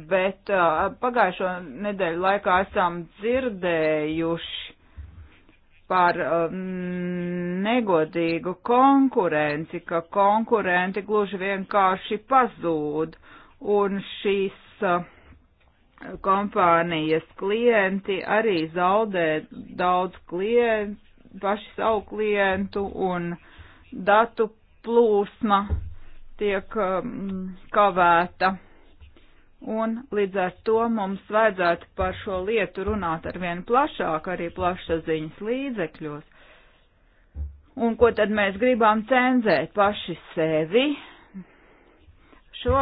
bet pagājušo nedēļu laikā esam dzirdējuši par um, negodīgu konkurenci, ka konkurenti gluži vienkārši pazūd un šīs uh, kompānijas klienti arī zaudē daudz klientu, paši savu klientu un datu plūsma tiek um, kavēta Un līdz ar to mums vajadzētu par šo lietu runāt ar vienu plašāk, arī plašsaziņas līdzekļos. Un ko tad mēs gribam cenzēt paši sevi? Šo,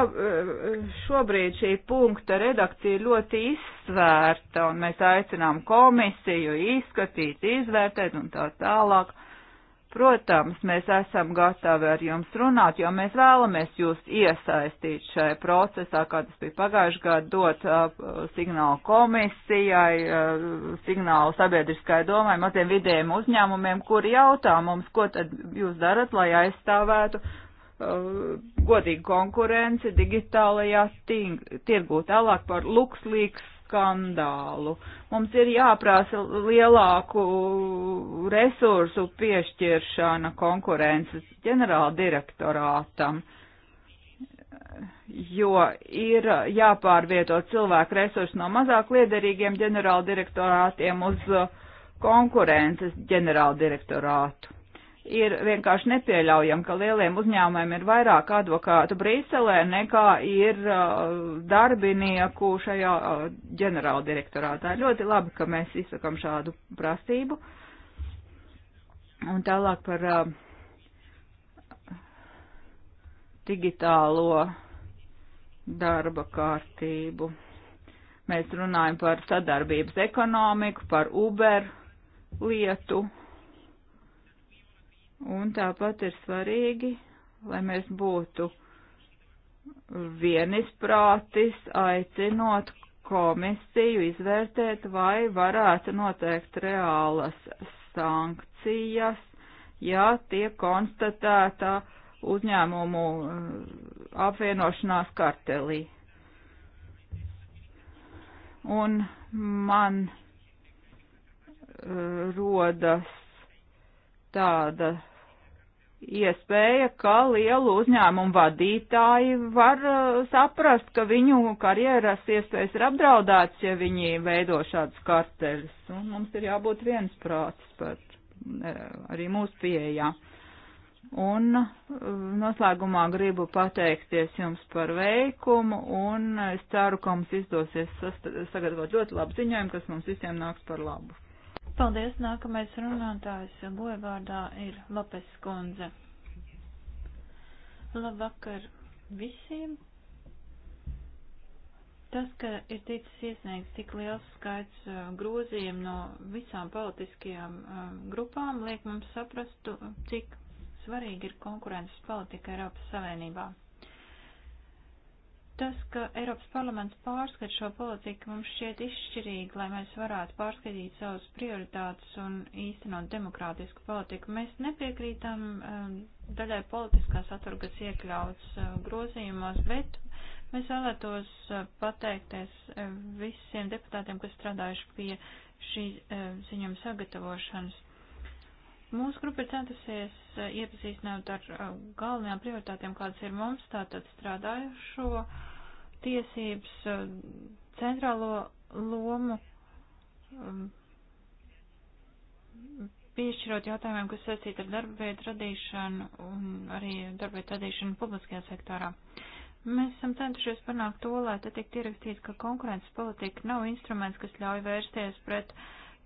šobrīd šī punkta redakcija ir ļoti izsvērta, un mēs aicinām komisiju izskatīt, izvērtēt un tā tālāk. Uh, Protams, mēs esam gatavi ar jums runāt, jo mēs vēlamies jūs iesaistīt šajā procesā, kā tas bija pagājuši gadu, dot uh, signālu komisijai, uh, signālu sabiedriskai domai, maziem vidējiem uzņēmumiem, kuri jautā mums, ko tad jūs darat, lai aizstāvētu uh, godīgu konkurenci digitālajā tirgū. Tālāk par LuxLeaks skandālu. Mums ir jāprasa lielāku resursu piešķiršana konkurences ģenerāla direktorātam, jo ir jāpārvieto cilvēku resursu no mazāk liederīgiem ģenerāla direktorātiem uz konkurences ģenerāla direktorātu ir vienkārši nepieļaujami, ka lieliem uzņēmumiem ir vairāk advokātu Brīselē nekā ir uh, darbinieku šajā uh, ģenerāla direktorātā. Ļoti labi, ka mēs izsakam šādu prasību. Un tālāk par uh, digitālo darba kārtību. Mēs runājam par sadarbības ekonomiku, par Uber lietu Un tāpat ir svarīgi, lai mēs būtu vienisprātis, aicinot komisiju izvērtēt, vai varētu noteikt reālas sankcijas, ja tiek konstatēta uzņēmumu eh, apvienošanās kartelī. Un man eh, rodas tāda iespēja, ka lielu uzņēmumu vadītāji var uh, saprast, ka viņu karjeras iespējas ir apdraudētas, ja viņi veido šādas karteļas. Un mums ir jābūt viensprātis par arī mūsu pieejā. Un uh, noslēgumā gribu pateikties jums par veikumu, un es ceru, ka mums izdosies sagatavot ļoti labu ziņojumu, kas mums visiem nāks par labu. Paldies, nākamais runātājs Goevārdā ir Lopes Kundze. Labvakar visiem. Tas, ka ir ticis iesniegts tik liels skaits grozījumu no visām politiskajām grupām, liek mums saprastu, cik svarīgi ir konkurences politika Eiropas Savienībā. Tas, ka Eiropas parlaments pārskat šo politiku, mums šķiet izšķirīgi, lai mēs varētu pārskatīt savus prioritātus un īstenot demokrātisku politiku. Mēs nepiekrītam um, daļai politiskā satura, kas iekļauts uh, grozījumos, bet mēs vēlētos uh, pateikties uh, visiem deputātiem, kas strādājuši pie šī uh, ziņojuma sagatavošanas. Mūsu grupa ir centusies uh, iepazīstināt ar uh, galvenajām prioritātēm, kādas ir mums, tātad strādājušo tiesības, eh, centrālo lomu um, piešķirot jautājumiem, kas saistīti ar darba vietu radīšanu un arī darba vietu radīšanu publiskajā sektorā. Mēs esam centušies panākt to, lai te tiek ierakstīts, ka konkurences politika nav instruments, kas ļauj vērsties pret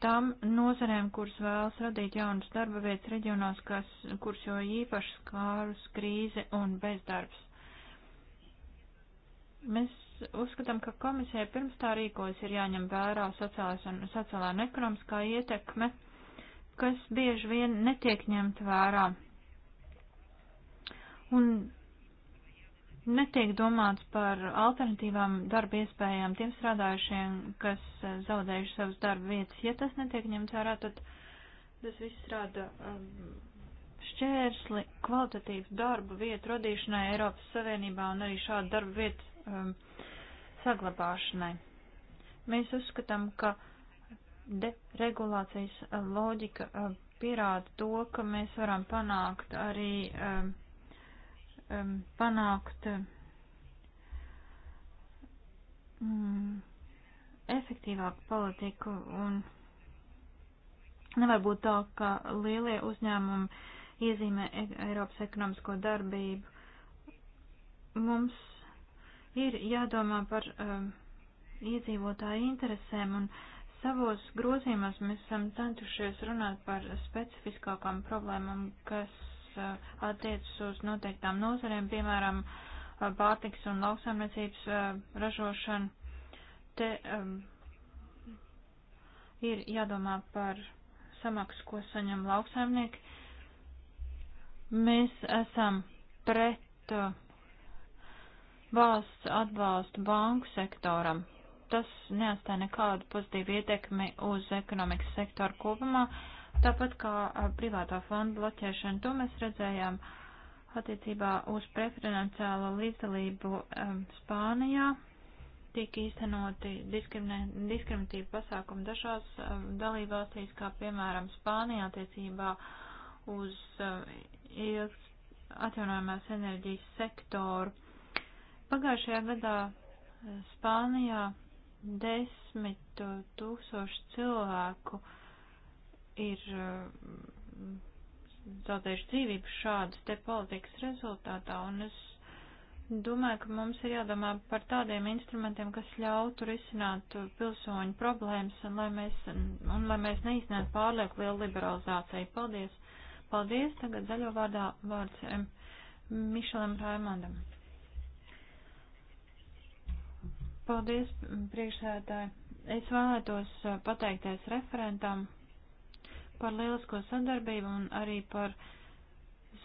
tām nozarēm, kuras vēlas radīt jaunas darba vietas reģionos, kas, kuras jau īpaši skārus krīze un bezdarbs. Mēs uzskatām, ka komisija pirms tā rīkojas ir jāņem vērā sociālās un sociālā un ekonomiskā ietekme, kas bieži vien netiek ņemta vērā. Un netiek domāts par alternatīvām darba iespējām tiem strādājušiem, kas eh, zaudējuši savus darba vietas. Ja tas netiek ņemts vērā, tad tas viss rada um, šķērsli kvalitatīvu darba vietu radīšanai Eiropas Savienībā un arī šādu darba vietu um, saglabāšanai. Mēs uzskatām, ka deregulācijas uh, loģika um, pierāda to, ka mēs varam panākt arī um, um, panākt um, efektīvāku politiku un nevar būt tā, ka lielie uzņēmumi iezīmē e-, Eiropas ekonomisko darbību. Mums ir jādomā par um, iedzīvotāju interesēm, un savos grozījumos mēs esam centušies runāt par specifiskākām problēmām, kas uh, attiecas uz noteiktām nozarēm, piemēram, uh, pārtiks un lauksaimniecības uh, ražošanu. Te um, ir jādomā par samaksu, ko saņem lauksaimnieki. Mēs esam pret. Uh, valsts atbalstu banku sektoram. Tas neatstāja nekādu pozitīvu ietekmi uz ekonomikas sektoru kopumā, tāpat kā privātā fonda bloķēšana. To mēs redzējām attiecībā uz preferenciālo līdzdalību um, Spānijā. Tiek īstenoti diskriminatīvi pasākumi dažās um, dalībvalstīs, kā piemēram Spānijā attiecībā uz um, atjaunojumās enerģijas sektoru Pagājušajā gadā eh, Spānijā desmit eh, tūkstoši cilvēku ir eh, zaudējuši dzīvību šādas te politikas rezultātā, un es domāju, ka mums ir jādomā par tādiem instrumentiem, kas ļautu risināt pilsoņu problēmas, un lai mēs, un lai mēs neiznētu pārlieku lielu liberalizāciju. Paldies! Paldies! Tagad zaļo vārdā vārds Mišelam Raimondam. Paldies, priekšsēdētāji. Es vēlētos uh, pateikties referentam par lielisko sadarbību un arī par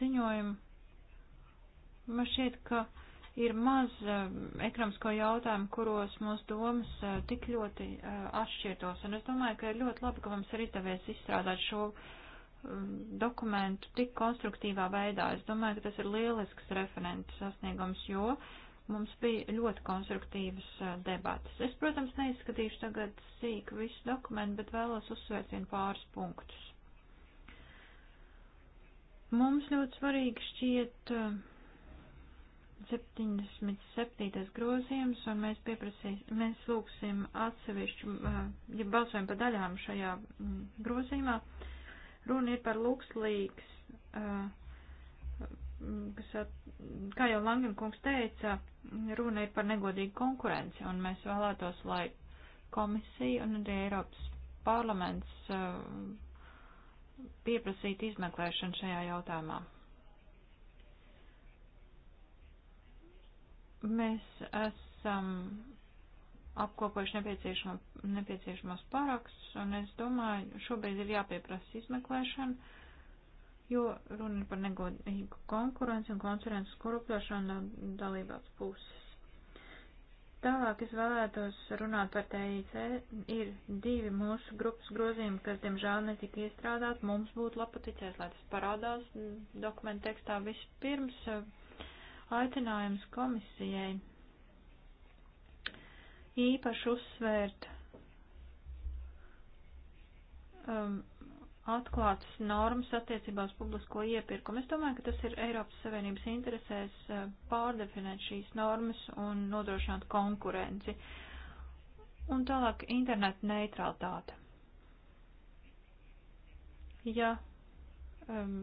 ziņojumu. Man šķiet, ka ir maz uh, ekonomisko jautājumu, kuros mūsu domas uh, tik ļoti atšķirtos. Un es domāju, ka ir ļoti labi, ka mums ir izdevies izstrādāt šo um, dokumentu tik konstruktīvā veidā. Es domāju, ka tas ir lielisks referents sasniegums, jo Mums bija ļoti konstruktīvas debatas. Es, protams, neizskatīšu tagad sīk visu dokumentu, bet vēlos uzsvērt vien pāris punktus. Mums ļoti svarīgi šķiet 77. grozījums, un mēs pieprasīsim, mēs lūksim atsevišķu, ja balsojam pa daļām šajā grozījumā. Runa ir par lūkslīgs uh, kas, kā jau Langen kungs teica, runa ir par negodīgu konkurenci, un mēs vēlētos, lai komisija un arī Eiropas parlaments eh, pieprasītu izmeklēšanu šajā jautājumā. Mēs esam apkopojuši nepieciešamo, nepieciešamos parakstus, un es domāju, šobrīd ir jāpieprasa izmeklēšana jo runa ir par negodīgu konkurenci un konkurences korupēšanu no dalībās puses. Tālāk es vēlētos runāt par TIC. Ir divi mūsu grupas grozījumi, kas, diemžēl, netika iestrādāt. Mums būtu lapaticies, lai tas parādās dokumentu tekstā. Vispirms eh, aicinājums komisijai īpaši uzsvērt um, atklātas normas attiecībā uz publisko iepirkumu. Es domāju, ka tas ir Eiropas Savienības interesēs eh, pārdefinēt šīs normas un nodrošināt konkurenci. Un tālāk interneta neutralitāte. Ja um,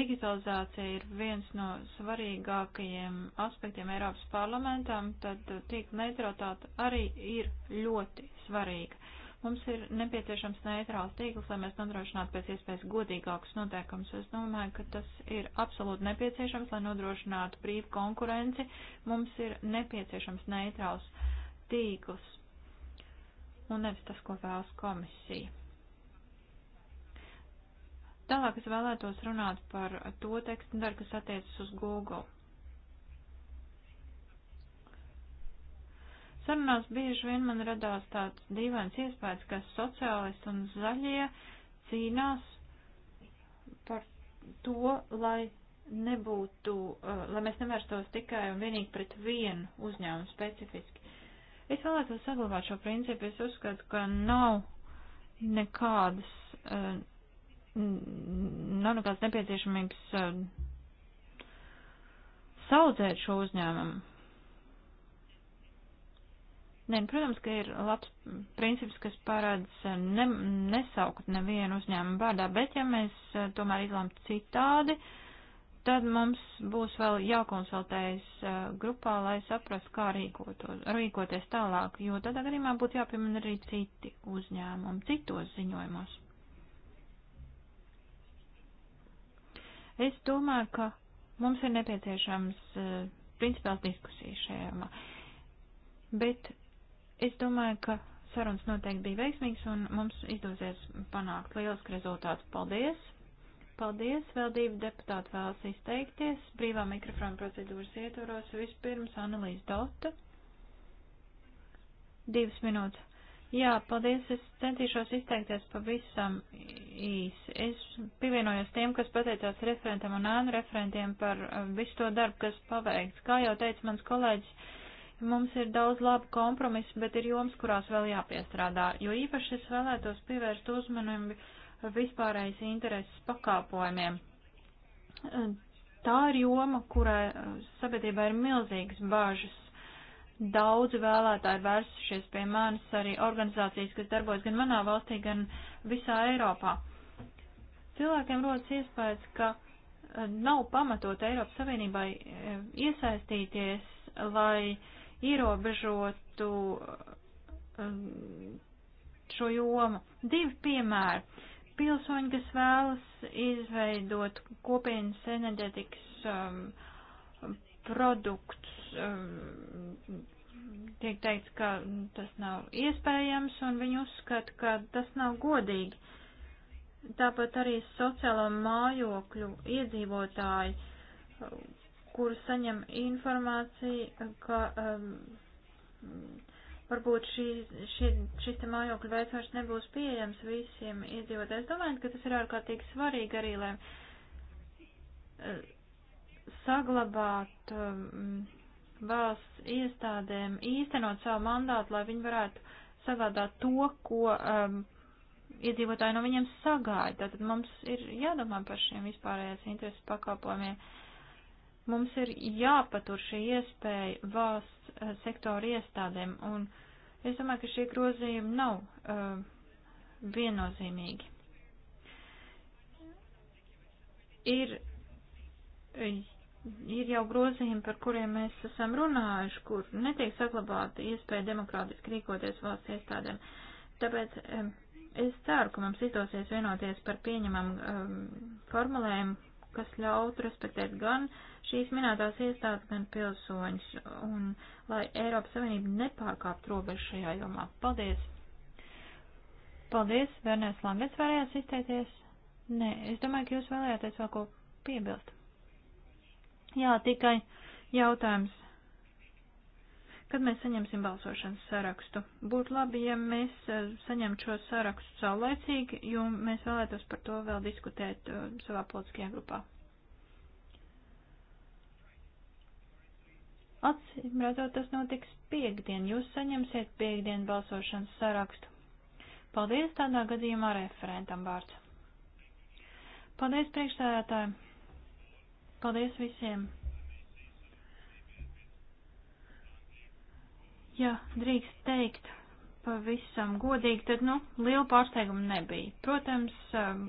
digitalizācija ir viens no svarīgākajiem aspektiem Eiropas parlamentam, tad tīkla neutralitāte arī ir ļoti svarīga. Uh, Mums ir nepieciešams neitrāls tīkls, lai mēs nodrošinātu pēc iespējas godīgākus noteikumus. Es domāju, ka tas ir absolūti nepieciešams, lai nodrošinātu brīvu konkurenci. Mums ir nepieciešams neitrāls tīkls un nevis tas, ko vēlas komisija. Tālāk es vēlētos runāt par to tekstu daļu, kas attiecas uz Google. Sarunās bieži vien man radās tāds dīvains iespējas, ka sociālisti un zaļie cīnās par to, lai nebūtu, uh, lai mēs nevērstos tikai un vienīgi pret vienu uzņēmumu specifiski. Es vēlētos saglabāt šo principu. Es uzskatu, ka nav nekādas, uh, nav nekādas nepieciešamības uh, saudzēt šo uzņēmumu Nē, protams, ka ir labs princips, kas parāds eh, ne, nesaukt nevienu uzņēmumu vārdā, bet ja mēs eh, tomēr izlēmtu citādi, tad mums būs vēl jākonsultējas eh, grupā, lai saprastu, kā rīkotos, rīkoties tālāk, jo tad gadījumā būtu jāpiemina arī citi uzņēmumi, citos ziņojumos. Es domāju, ka mums ir nepieciešams principāls diskusijas šajā jomā. Bet Es domāju, ka sarunas noteikti bija veiksmīgas un mums izdosies panākt lielisku rezultātu. Paldies! Paldies! Vēl divi deputāti vēlas izteikties. Brīvā mikrofona procedūras ietvaros vispirms Annelīze Dota. Divas minūtes. Jā, paldies. Es centīšos izteikties pavisam īsi. Es pievienojos tiem, kas pateicās referentam un ānu referentiem par visu to darbu, kas paveikts. Kā jau teica mans kolēģis, Mums ir daudz labu kompromisu, bet ir joms, kurās vēl jāpiestrādā, jo īpaši es vēlētos pievērst uzmanību vispārējais intereses pakāpojumiem. Tā ir joma, kurai eh, sabiedrībā ir milzīgas bāžas. Daudzi vēlētāji vērsušies pie manis arī organizācijas, kas darbojas gan manā valstī, gan visā Eiropā. Cilvēkiem rodas iespējas, ka eh, nav pamatot Eiropas Savienībai eh, iesaistīties, lai uh, ierobežotu um, šo jomu. Divi piemēri. Pilsoņi, kas vēlas izveidot kopienas enerģetikas um, produkts, um, tiek teikt, ka tas nav iespējams un viņi uzskata, ka tas nav godīgi. Tāpat arī sociālo mājokļu iedzīvotāji um, kuru saņem informāciju, ka um, varbūt šī, šie, šis te mājokļu veids vairs nebūs pieejams visiem iedzīvotājiem. Es domāju, ka tas ir ārkārtīgi svarīgi arī, lai uh, saglabāt um, valsts iestādēm, īstenot savu mandātu, lai viņi varētu sagādāt to, ko um, iedzīvotāji no viņiem sagaida. Tad mums ir jādomā par šiem vispārējās intereses pakalpojumiem. Uh, Mums ir jāpatur šī iespēja valsts eh, sektora iestādēm, un es domāju, ka šie grozījumi nav uh, viennozīmīgi. Ir, ir jau grozījumi, par kuriem mēs esam runājuši, kur netiek saglabāta iespēja demokrātiski rīkoties valsts iestādēm. Tāpēc um, es ceru, ka mums izdosies vienoties par pieņemamu um, formulējumu, kas ļautu respektēt gan šīs minētās iestādes, gan pilsoņus, un lai Eiropas Savienība nepārkāptu robežu šajā jomā. Paldies! Paldies, Vērnēs Langas, varējās izteikties? Nē, es domāju, ka jūs vēlējāties vēl ko piebilst. Jā, tikai jautājums kad mēs saņemsim balsošanas sarakstu. Būtu labi, ja mēs eh, saņemtu šo sarakstu saulēcīgi, jo mēs vēlētos par to vēl diskutēt eh, savā politiskajā grupā. Atcīm redzot, tas notiks piekdien. Jūs saņemsiet piekdien balsošanas sarakstu. Paldies tādā gadījumā referentam vārds. Paldies priekšsēdētājiem. Paldies visiem. Ja drīkst teikt pavisam godīgi, tad, nu, liela pārsteiguma nebija. Protams, um,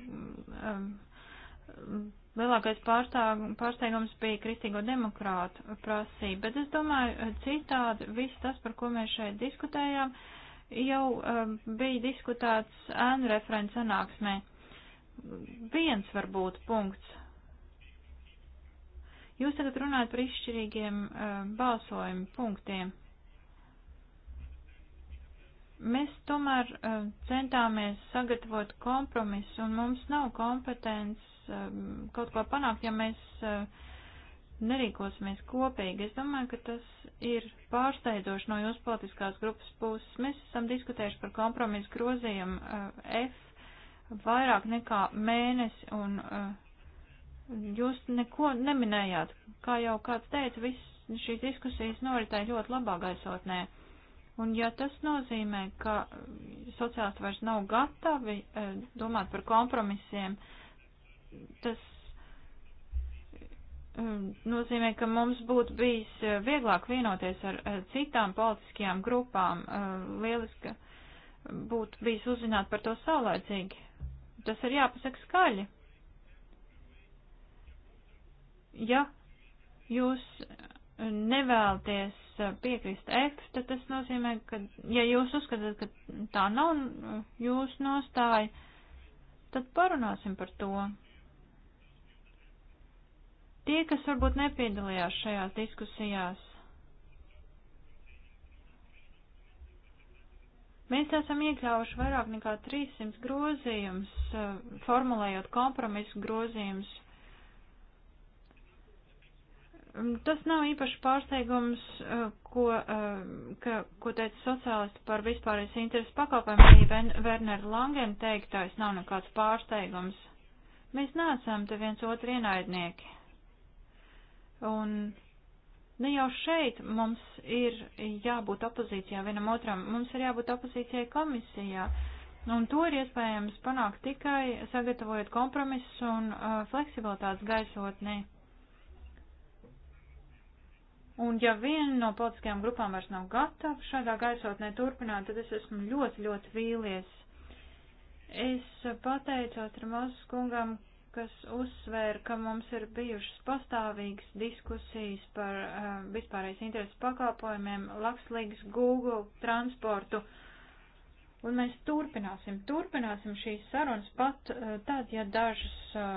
um, lielākais pārsteigums bija kristīgo demokrātu prasība, bet es domāju, eh, citādi viss tas, par ko mēs šeit diskutējām, jau um, bija diskutēts ēnu referents sanāksmē. Viens varbūt punkts. Jūs tagad runājat par izšķirīgiem uh, balsojumu punktiem. Mēs tomēr uh, centāmies sagatavot kompromisu, un mums nav kompetence uh, kaut ko panākt, ja mēs uh, nerīkosimies kopīgi. Es domāju, ka tas ir pārsteidzoši no jūsu politiskās grupas puses. Mēs esam diskutējuši par kompromisu grozījumu uh, F vairāk nekā mēnesi, un uh, jūs neko neminējāt. Kā jau kāds teica, viss šīs diskusijas noritēja ļoti labā gaisotnē. Uh, Un ja tas nozīmē, ka sociālisti vairs nav gatavi eh, domāt par kompromisiem, tas eh, nozīmē, ka mums būtu bijis eh, vieglāk vienoties ar citām politiskajām grupām. Lieliski būtu bijis uzzināt par to saulēcīgi. Tas ir jāpasaka skaļi. Ja jūs nevēlties Eh, piekrist ekstu, tad tas nozīmē, ka, ja jūs uzskatāt, ka tā nav eh, jūsu nostāja, tad parunāsim par to. Tie, kas varbūt nepiedalījās šajās diskusijās, Mēs esam iekļāvuši vairāk nekā 300 grozījumus, eh, formulējot kompromisu grozījumus, Mm, tas nav īpaši pārsteigums, eh, ko, eh, ka, ko teica sociālisti par vispārējais interesu pakalpojumu. Arī Werner Langen teiktais nav nekāds pārsteigums. Mēs neesam te viens otru ienaidnieki. Un ne jau šeit mums ir jābūt opozīcijā vienam otram, mums ir jābūt opozīcijai komisijā. Un to ir iespējams panākt tikai sagatavojot kompromisus un uh, fleksibilitātes gaisotnē. Ne Un ja viena no politiskajām grupām vairs nav gatava šādā gaisotnē turpināt, tad es esmu ļoti, ļoti vīlies. Es pateicos Ramosas kungam, kas uzsvēra, ka mums ir bijušas pastāvīgas diskusijas par uh, vispārējais interesu pakāpojumiem, lakslīgas Google transportu. Un mēs turpināsim, turpināsim šīs sarunas pat uh, tad, ja dažas uh,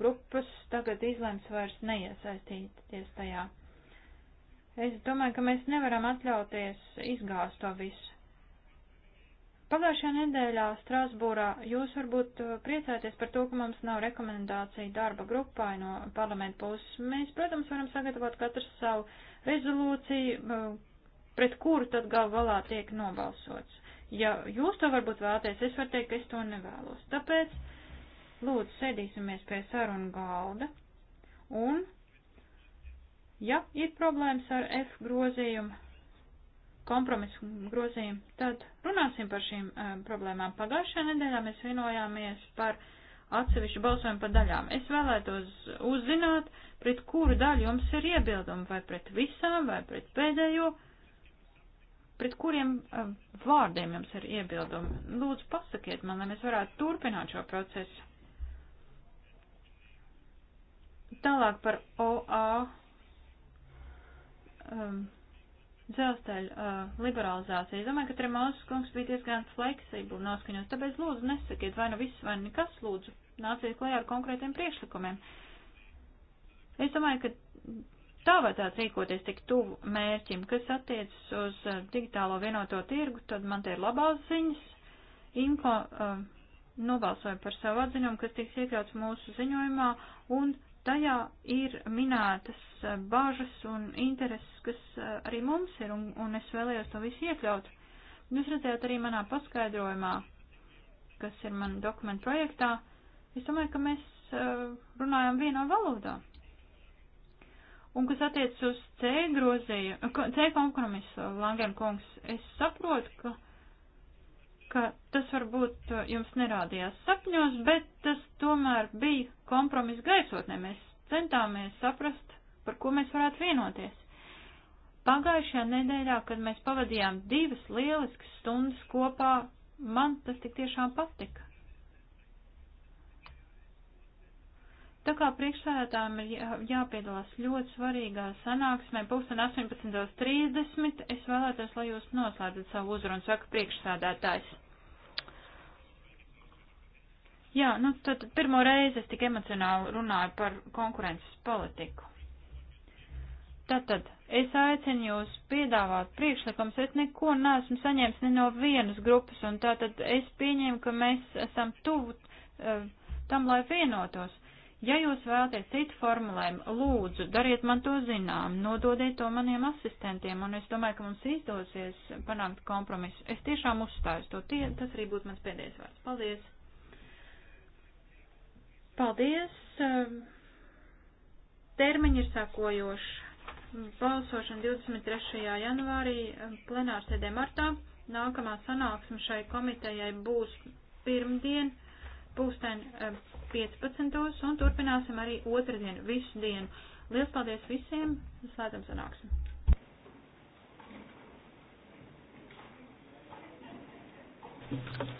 grupas tagad izlems vairs neiesaistīties tajā. Es domāju, ka mēs nevaram atļauties izgāzt to visu. Pagājušajā nedēļā Strasbūrā jūs varbūt uh, priecāties par to, ka mums nav rekomendācija darba grupai no parlamenta puses. Mēs, protams, varam sagatavot katrs savu rezolūciju, uh, pret kuru tad gal galā tiek nobalsots. Ja jūs to varbūt vēlaties, es varu teikt, ka es to nevēlos. Tāpēc, lūdzu, sēdīsimies pie sarunu galda un Ja ir problēmas ar F grozījumu, kompromisu grozījumu, tad runāsim par šīm uh, problēmām. Pagājušajā nedēļā mēs vienojāmies par atsevišķu balsojumu par daļām. Es vēlētos uzzināt, pret kuru daļu jums ir iebildumi, vai pret visām, vai pret pēdējo, pret kuriem uh, vārdiem jums ir iebildumi. Lūdzu, pasakiet man, lai mēs varētu turpināt šo procesu. Tālāk par OA um, dzelzceļa uh, liberalizācija. Es domāju, ka Tremāzes kungs bija diezgan fleksibli noskaņots, tāpēc lūdzu nesakiet vai nu viss vai nekas, lūdzu nāciet klajā ar konkrētiem priekšlikumiem. Es domāju, ka tā vajadzētu rīkoties tik tuvu mērķim, kas attiecas uz uh, digitālo vienoto tirgu, tad man te ir labās ziņas. Inko uh, nobalsoja par savu atzinumu, kas tiks iekļauts mūsu ziņojumā, un Tajā ir minētas eh, bažas un intereses, kas eh, arī mums ir, un, un es vēlējos to visu iekļaut. Jūs redzējāt arī manā paskaidrojumā, kas ir man dokumentu projektā. Es domāju, ka mēs eh, runājam vienā valodā. Un kas attiec uz C grozīju, C kompromisu, Langen kungs, es saprotu, ka ka tas varbūt uh, jums nerādījās sapņos, bet tas tomēr bija kompromiss gaisotnē. Mēs centāmies saprast, par ko mēs varētu vienoties. Pagājušajā nedēļā, kad mēs pavadījām divas lieliskas stundas kopā, man tas tik tiešām patika. Tā kā priekšsēdētājiem ir jāpiedalās ļoti svarīgā sanāksmē, pulksten 18.30, es vēlētos, lai jūs noslēdzat savu uzrunu, saka priekšsēdētājs. Jā, nu tad pirmo reizi es tik emocionāli runāju par konkurences politiku. Tātad es aicinu jūs piedāvāt priekšlikums, es neko neesmu saņēmis ne no vienas grupas, un tātad es pieņēmu, ka mēs esam tuvu uh, tam, lai vienotos. Uh, Ja jūs vēlaties citu formulējumu, lūdzu, dariet man to zinām, nododiet to maniem asistentiem, un es domāju, ka mums izdosies panākt kompromisu. Es tiešām uzstāju to, tie, tas arī būtu mans pēdējais vārds. Paldies! Paldies! Um, termiņi ir sakojoši. Balsošana 23. janvāri, um, plenārsēdē martā. Nākamā sanāksme šai komitejai būs pirmdien pūksteni 15. Eh, un turpināsim arī otrdien, visu dienu. Lielas paldies visiem, slēdzam sanāksim. Thank you.